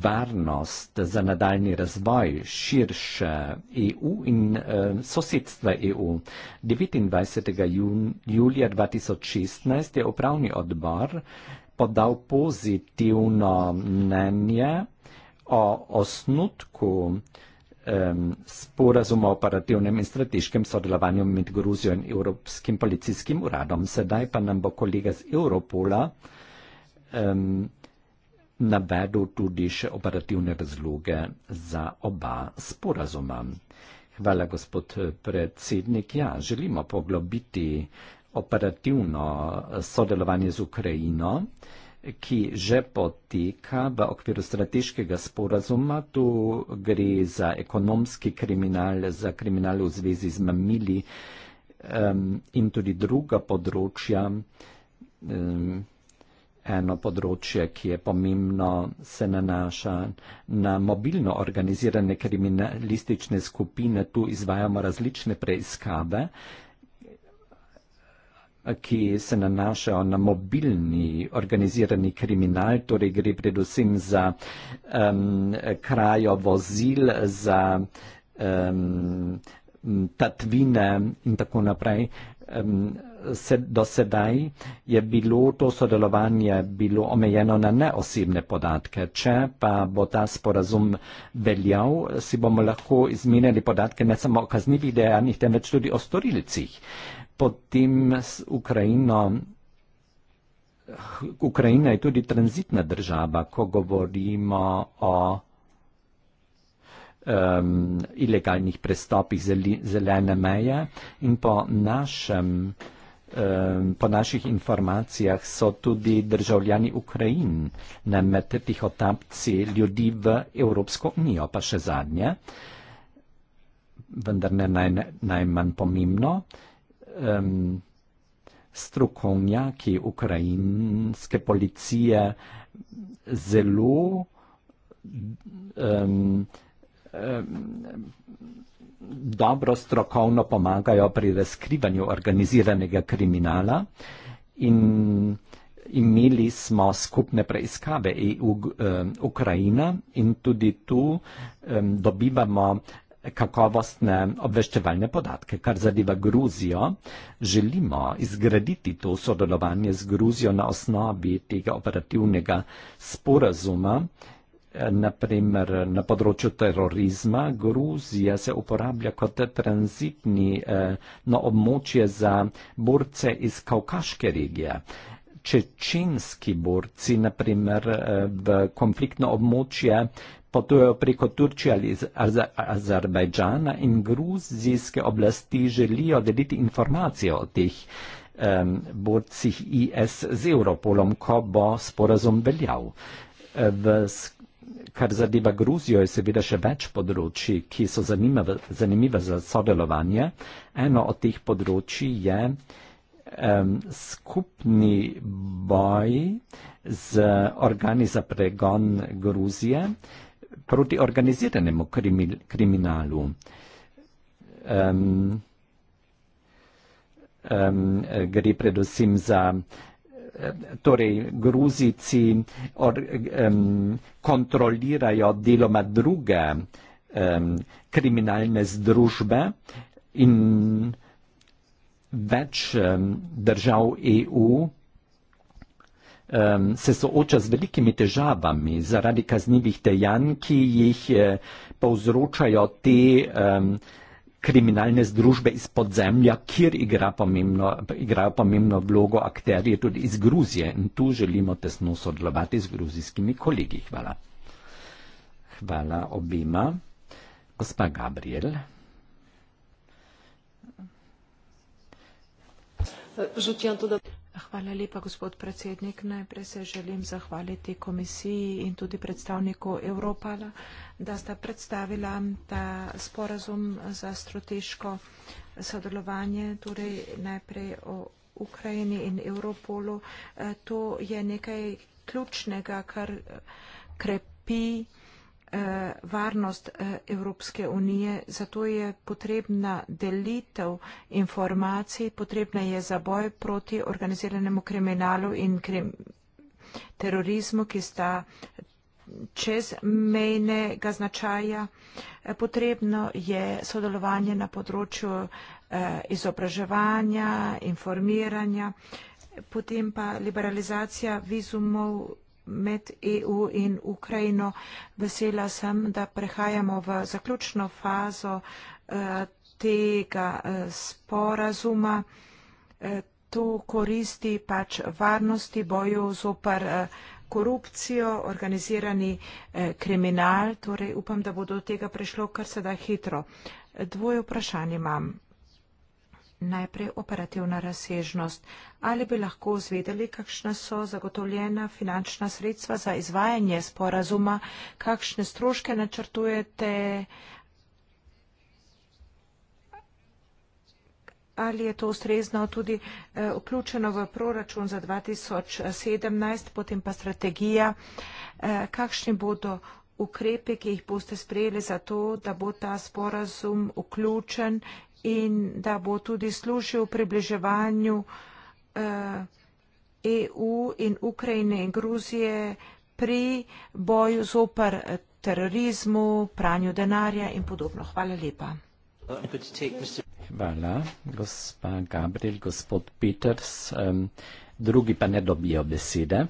varnost, za nadaljni razvoj širše EU in eh, sosedstva EU. 29. julija 2016 je upravni odbor podal pozitivno mnenje o osnutku sporazuma o operativnem in strateškem sodelovanju med Gruzijo in Evropskim policijskim uradom. Sedaj pa nam bo kolega z Europola um, navedel tudi še operativne razloge za oba sporazuma. Hvala, gospod predsednik. Ja, želimo poglobiti operativno sodelovanje z Ukrajino, ki že poteka v okviru strateškega sporazuma. Tu gre za ekonomski kriminal, za kriminal v zvezi z mamili um, in tudi druga področja. Um, eno področje, ki je pomembno, se nanaša na mobilno organizirane kriminalistične skupine. Tu izvajamo različne preiskave, ki se nanašajo na mobilni organizirani kriminal, torej gre predvsem za um, krajo vozil, za um, tatvine in tako naprej se, do sedaj je bilo to sodelovanje bilo omejeno na neosebne podatke. Če pa bo ta sporazum veljal, si bomo lahko izmenjali podatke ne samo o kaznivih dejanjih, temveč tudi o storilcih. Potem s Ukrajino. Ukrajina je tudi tranzitna država, ko govorimo o um, ilegalnih prestopih zelene meje in po našem um, Po naših informacijah so tudi državljani Ukrajin na metetih otapci ljudi v Evropsko unijo, pa še zadnje, vendar ne naj, najmanj pomembno. Um, strokovnjaki ukrajinske policije zelo um, dobro strokovno pomagajo pri razkrivanju organiziranega kriminala in imeli smo skupne preiskave EU, Ukrajina in tudi tu dobivamo kakovostne obveščevalne podatke. Kar zadeva Gruzijo, želimo izgraditi to sodelovanje z Gruzijo na osnovi tega operativnega sporazuma, na primer na področju terorizma, Gruzija se uporablja kot tranzitni no, območje za borce iz Kaukaške regije. Čečinski borci, na primer, eh, v konfliktno območje potujejo preko Turčije ali Azerbajdžana in gruzijske oblasti želijo deliti informacije o teh um, borcih IS z Europolom, ko bo sporazum veljal. Eh, v Kar zadeva Gruzijo, je seveda še več področji, ki so zanimive, zanimive za sodelovanje. Eno od teh področji je um, skupni boj z organi za pregon Gruzije proti organiziranemu krimi, kriminalu. Um, um, gre predvsem za torej Gruzici or, um, kontrolirajo deloma druge um, kriminalne združbe in več um, držav EU um, se sooča z velikimi težavami zaradi kaznivih dejanj, ki jih uh, povzročajo te um, kriminalne združbe iz podzemlja, kjer igra pomembno, igrajo pomembno vlogo akterije tudi iz Gruzije. In tu želimo tesno sodelovati z gruzijskimi kolegi. Hvala. Hvala obima. Gospa Gabriel. Žutijo tudi. Hvala lepa, gospod predsednik. Najprej se želim zahvaliti komisiji in tudi predstavniku Evropala, da sta predstavila ta sporazum za strateško sodelovanje, torej najprej o Ukrajini in Evropolu. To je nekaj ključnega, kar krepi Eh, varnost eh, Evropske unije, zato je potrebna delitev informacij, potrebna je zaboj proti organiziranemu kriminalu in krim, terorizmu, ki sta čez mejnega značaja. Eh, potrebno je sodelovanje na področju izobraževanja, informiranja, potem pa liberalizacija vizumov med EU in Ukrajino. Vesela sem, da prehajamo v zaključno fazo eh, tega eh, sporazuma. Eh, tu koristi pač varnosti boju zopar korupcijo, organizirani kriminal, torej upam, da bo do tega prišlo kar se da hitro. Dvoje vprašanje imam najprej operativna razsežnost. Ali bi lahko izvedeli, kakšna so zagotovljena finančna sredstva za izvajanje sporazuma, kakšne stroške načrtujete, ali je to ustrezno tudi eh, vključeno v proračun za 2017, potem pa strategija, eh, kakšni bodo ukrepe, ki jih boste sprejeli za to, da bo ta sporazum vključen in da bo tudi služil približevanju EU eh, e in Ukrajine in Gruzije pri boju zoper terorizmu, pranju denarja in podobno. Hvala lepa. Hvala, gospa Gabriel, gospod Peters. Um, drugi pa ne dobijo besede.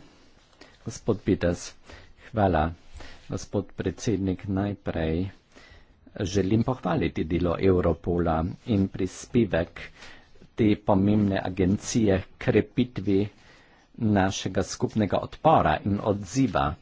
Gospod Peters, hvala. Gospod predsednik, najprej želim pohvaliti delo Europola in prispevek te pomembne agencije krepitvi našega skupnega odpora in odziva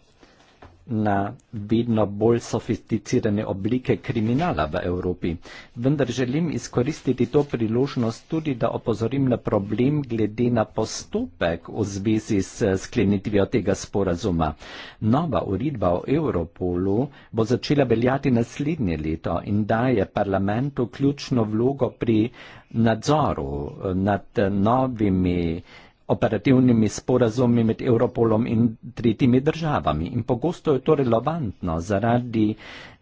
na vedno bolj sofisticirane oblike kriminala v Evropi. Vendar želim izkoristiti to priložnost tudi, da opozorim na problem glede na postopek v zvezi s sklenitvijo tega sporazuma. Nova uredba o Europolu bo začela veljati naslednje leto in daje parlamentu ključno vlogo pri nadzoru nad novimi operativnimi sporazumi med Europolom in tretjimi državami. In pogosto je to relevantno zaradi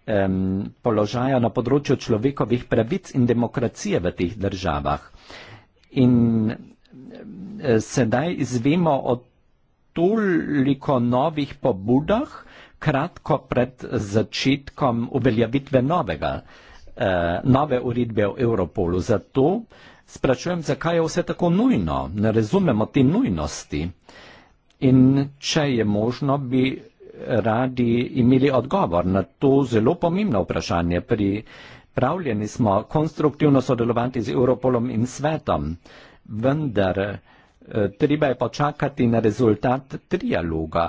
um, položaja na področju človekovih pravic in demokracije v teh državah. In sedaj izvemo o toliko novih pobudah, kratko pred začetkom uveljavitve novega, uh, nove uredbe o Europolu. Zato sprašujem, zakaj je vse tako nujno, ne razumemo te nujnosti. In če je možno, bi radi imeli odgovor na to zelo pomembno vprašanje. Pripravljeni smo konstruktivno sodelovati z Europolom in svetom, vendar eh, treba je počakati na rezultat trialoga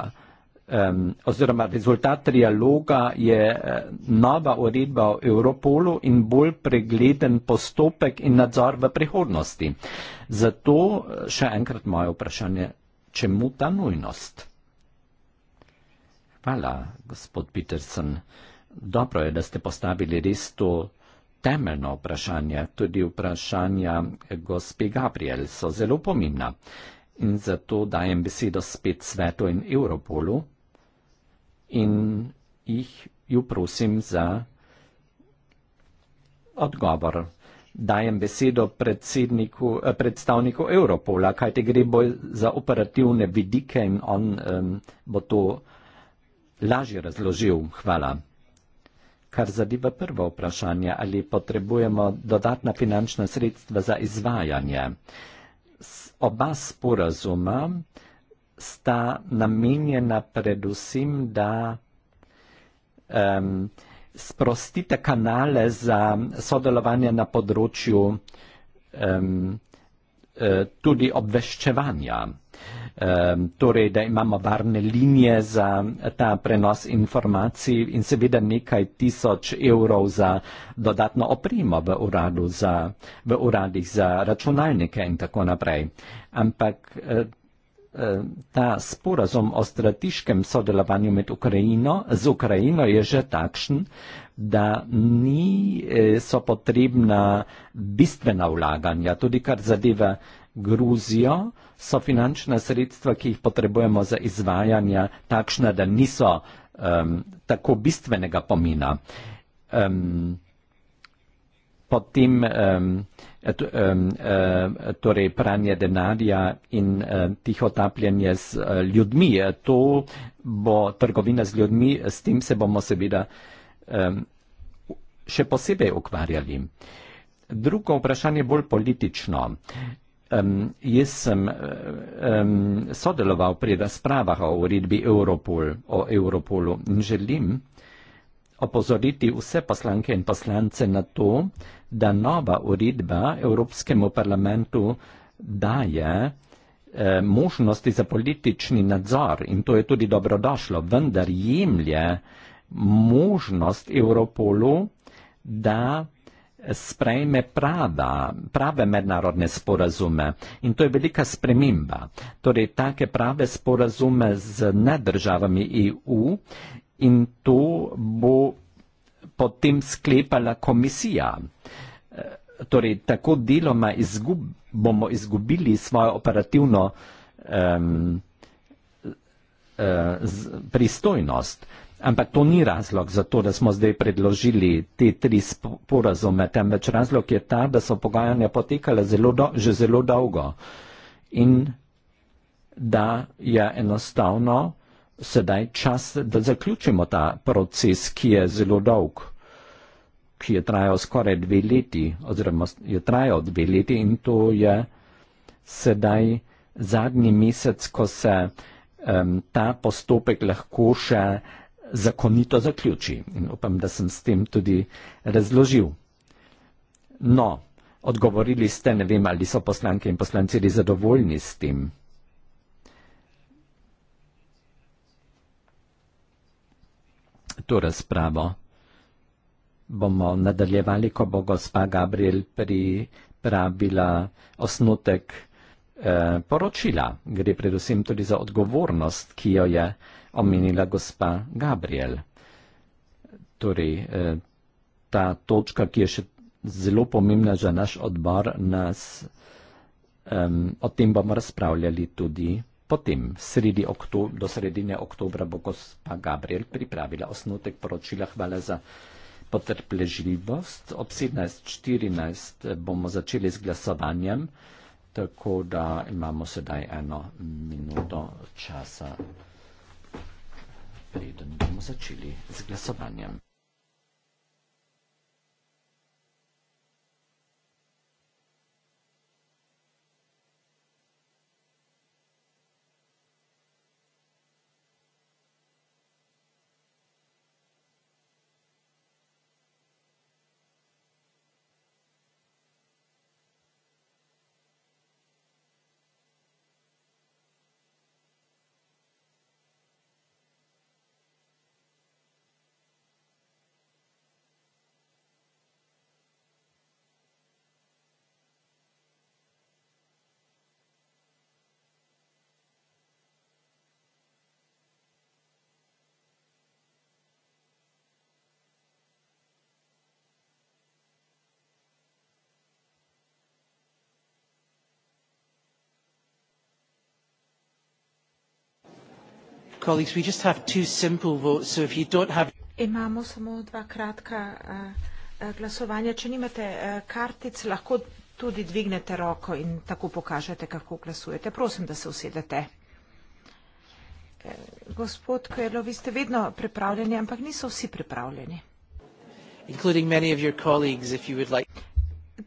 um, oziroma rezultat trialoga je eh, nova uredba o Europolu in bolj pregleden postopek in nadzor v prihodnosti. Zato eh, še enkrat moje vprašanje, čemu ta nujnost? Hvala, gospod Peterson. Dobro je, da ste postavili res to temeljno vprašanje. Tudi vprašanja gospe Gabriel so zelo pomembna. In zato dajem besedo spet svetu in Europolu in jih ju prosim za odgovor. Dajem besedo predsedniku, eh, predstavniku Europola, kaj te gre bolj za operativne vidike in on um, bo to lažje razložil. Hvala. Kar zadeva prvo vprašanje, ali potrebujemo dodatna finančna sredstva za izvajanje. Oba sporazuma sta namenjena predvsem, da um, sprostite kanale za sodelovanje na področju um, tudi obveščevanja. Um, torej, da imamo varne linije za ta prenos informacij in seveda nekaj tisoč evrov za dodatno opremo v, uradu za, v uradih za računalnike in tako naprej. Ampak e, E, ta sporazum o strateškem sodelovanju med Ukrajino, z Ukrajino je že takšen, da ni e, so potrebna bistvena vlaganja, tudi kar zadeva Gruzijo, so finančna sredstva, ki jih potrebujemo za izvajanja, takšna, da niso um, tako bistvenega pomena. Um, potem um, Eh, eh, torej pranje denarja in eh, tiho tapljanje z ljudmi. To bo trgovina z ljudmi, s tem se bomo seveda še posebej ukvarjali. Drugo vprašanje, bolj politično. Um, jaz sem um, sodeloval pri razpravah o uredbi Europol, o Europolu in želim, opozoriti vse poslanke in poslance na to, da nova uredba Evropskemu parlamentu daje eh, možnosti za politični nadzor in to je tudi dobrodošlo, vendar jemlje možnost Evropolu, da sprejme prava, prave mednarodne sporazume. In to je velika sprememba. Torej, take prave sporazume z nedržavami EU in to bo potem sklepala komisija. Eh, torej, tako deloma izgub, bomo izgubili svojo operativno um, uh, z, pristojnost. Ampak to ni razlog za to, da smo zdaj predložili te tri sporazume, temveč razlog je ta, da so pogajanja potekala zelo do, že zelo dolgo in da je enostavno sedaj čas, da zaključimo ta proces, ki je zelo dolg, ki je trajal skoraj dve leti, oziroma je trajal dve leti in to je sedaj zadnji mesec, ko se um, ta postopek lahko še zakonito zaključi. In upam, da sem s tem tudi razložil. No, odgovorili ste, ne vem, ali so poslanke in poslanci res zadovoljni s tem. to razpravo. Bomo nadaljevali, ko bo gospa Gabriel pripravila osnutek eh, poročila. Gre predvsem tudi za odgovornost, ki jo je omenila gospa Gabriel. Torej, eh, ta točka, ki je še zelo pomembna za naš odbor, nas, eh, o tem bomo razpravljali tudi. Potem, sredi oktober, do sredine oktobra, bo gospa Gabriel pripravila osnutek poročila. Hvala za potrpležljivost. Ob 17.14 bomo začeli z glasovanjem, tako da imamo sedaj eno minuto časa, preden bomo začeli z glasovanjem. colleagues, we just have two simple votes, so if you don't have... Imamo samo dva kratka eh, eh, glasovanja. Če nimate eh, kartic, lahko tudi dvignete roko in tako pokažete, kako glasujete. Prosim, da se usedete. Gospod Kojelo, vi ste vedno pripravljeni, ampak niso vsi pripravljeni. Including many of your colleagues, if you would like...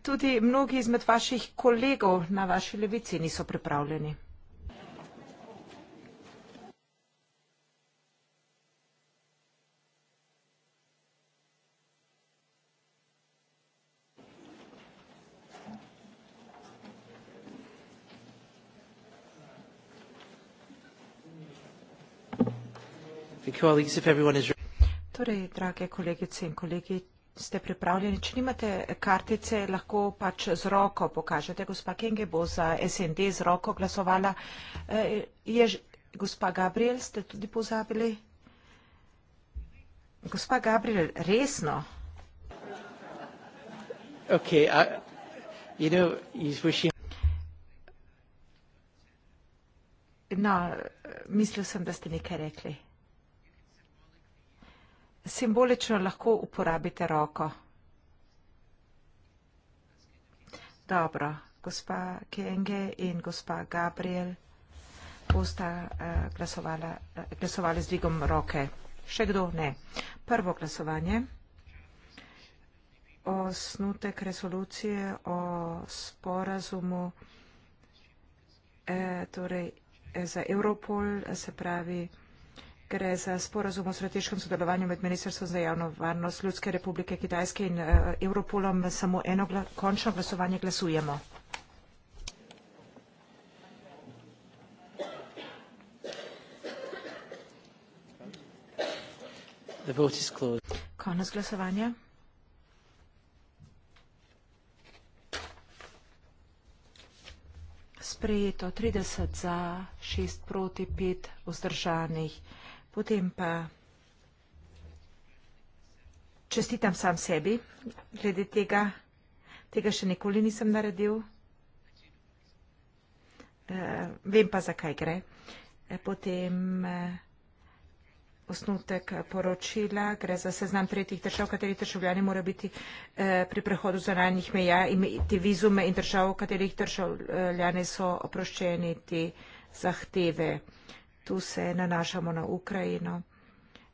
Tudi mnogi izmed vaših kolegov na vaši levici niso pripravljeni. Torej, drage kolegice in kolegi, ste pripravljeni. Če nimate kartice, lahko pač z roko pokažete. Gospa Kenge bo za SND z roko glasovala. Eh, je, gospa Gabriel, ste tudi pozabili? Gospa Gabriel, resno? Ok, I, you know, he's wishing... No, mislil sem, da ste nekaj rekli simbolično lahko uporabite roko. Dobro, gospa Kenge in gospa Gabriel bosta uh, glasovali uh, z dvigom roke. Še kdo ne? Prvo glasovanje. Osnutek resolucije o sporazumu eh, torej, eh, za Europol, se pravi gre za sporazum o strateškem sodelovanju med Ministrstvom za javno varnost Ljudske republike Kitajske in uh, Europolom. Samo eno gla končno glasovanje glasujemo. The vote is closed. Konec glasovanja. Sprejeto 30 za, 6 proti, 5 vzdržanih. Potem pa čestitam sam sebi, glede tega, tega še nikoli nisem naredil. Eh, vem pa, zakaj gre. Eh, potem eh, osnutek poročila, gre za seznam tretjih držav, katerih državljani mora biti pri prehodu zonalnih meja, imeti vizume in držav, katerih državljani so oproščeni te zahteve. Tu se nanašamo na Ukrajino.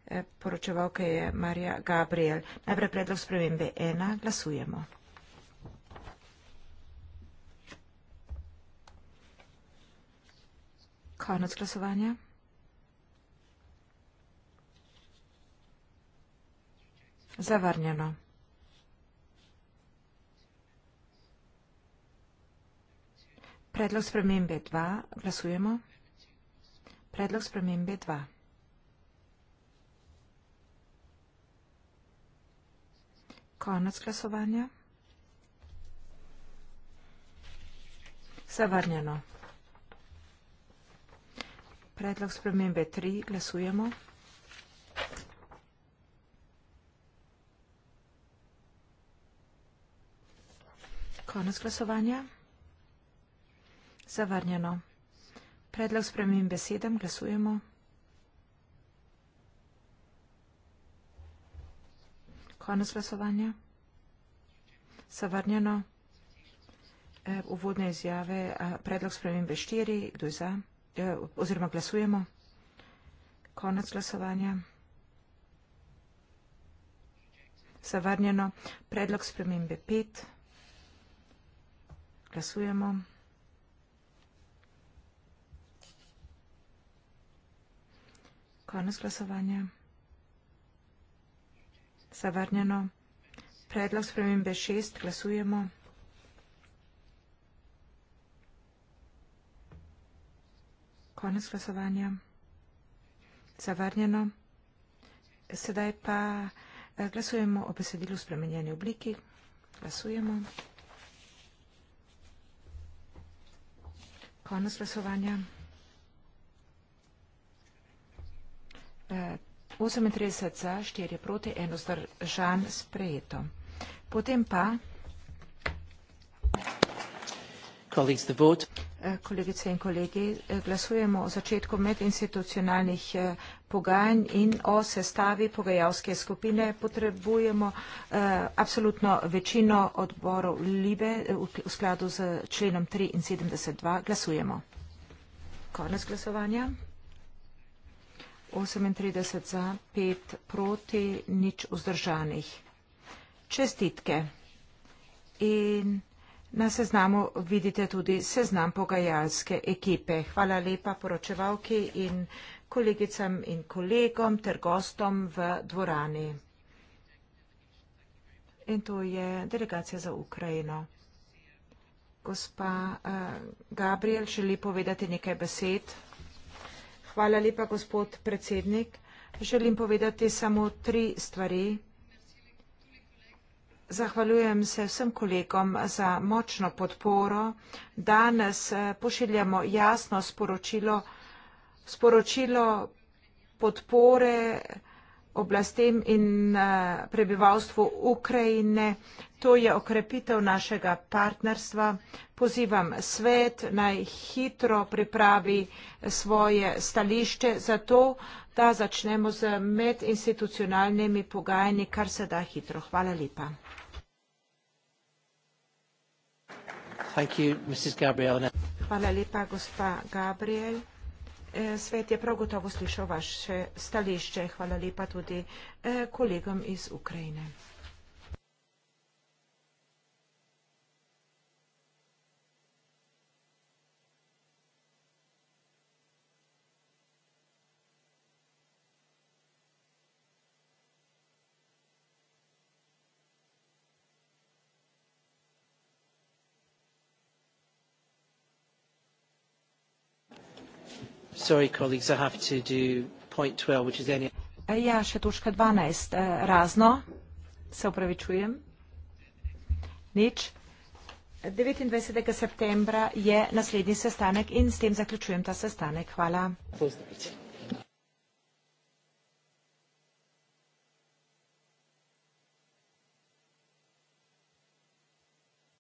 E, poročevalka je Marija Gabriel. Najprej predlog spremembe ena. Glasujemo. Konec glasovanja. Zavrnjeno. Predlog spremembe 2. Glasujemo. Predlog spremembe 2. Konec glasovanja. Zavrnjeno. Predlog spremembe 3. Glasujemo. Konec glasovanja. Zavrnjeno. Predlog spremem besedem glasujemo. Konec glasovanja. Savrnjeno. E, uvodne izjave. Predlog spremem bes štiri. Kdo je za? E, oziroma glasujemo. Konec glasovanja. Savrnjeno. Predlog spremem B5. Glasujemo. Konec glasovanja. Zavrnjeno. Predlog spremembe šest. Glasujemo. Konec glasovanja. Zavrnjeno. Sedaj pa eh, glasujemo o besedilu spremenjeni obliki. Glasujemo. Konec glasovanja. 38 eh, za, 4 proti, eno zdržan sprejeto. Potem pa... Eh, kolegice in kolegi, eh, glasujemo o začetku medinstitucionalnih pogajanj in o sestavi pogajalske skupine. Potrebujemo apsolutno večino odborov Libe v skladu z členom 73.2. Glasujemo. Konec glasovanja. 38 za, 5 proti, nič vzdržanih. Čestitke. In na seznamu vidite tudi seznam pogajalske ekipe. Hvala lepa poročevalki in kolegicam in kolegom ter gostom v dvorani. In to je delegacija za Ukrajino. Gospa eh, Gabriel želi povedati nekaj besed. Hvala lepa. Hvala lepa, gospod predsednik. Želim povedati samo tri stvari. Zahvaljujem se vsem kolegom za močno podporo. Danes eh, pošiljamo jasno sporočilo, sporočilo podpore oblastem in eh, prebivalstvu Ukrajine. To je okrepitev našega partnerstva. Pozivam svet naj hitro pripravi svoje stališče za to, da začnemo z medinstitucionalnimi pogajanji, kar se da hitro. Hvala lepa. Hvala lepa, gospa Gabriel. Eh, svet je prav gotovo slišal vaše stališče. Hvala lepa tudi eh, kolegom iz Ukrajine. sorry colleagues, I have to do point 12, which is any... E, ja, še točka 12. E, razno, se upravičujem. Nič. 29. septembra je naslednji sestanek in s tem zaključujem ta sestanek. Hvala. Pozdravite.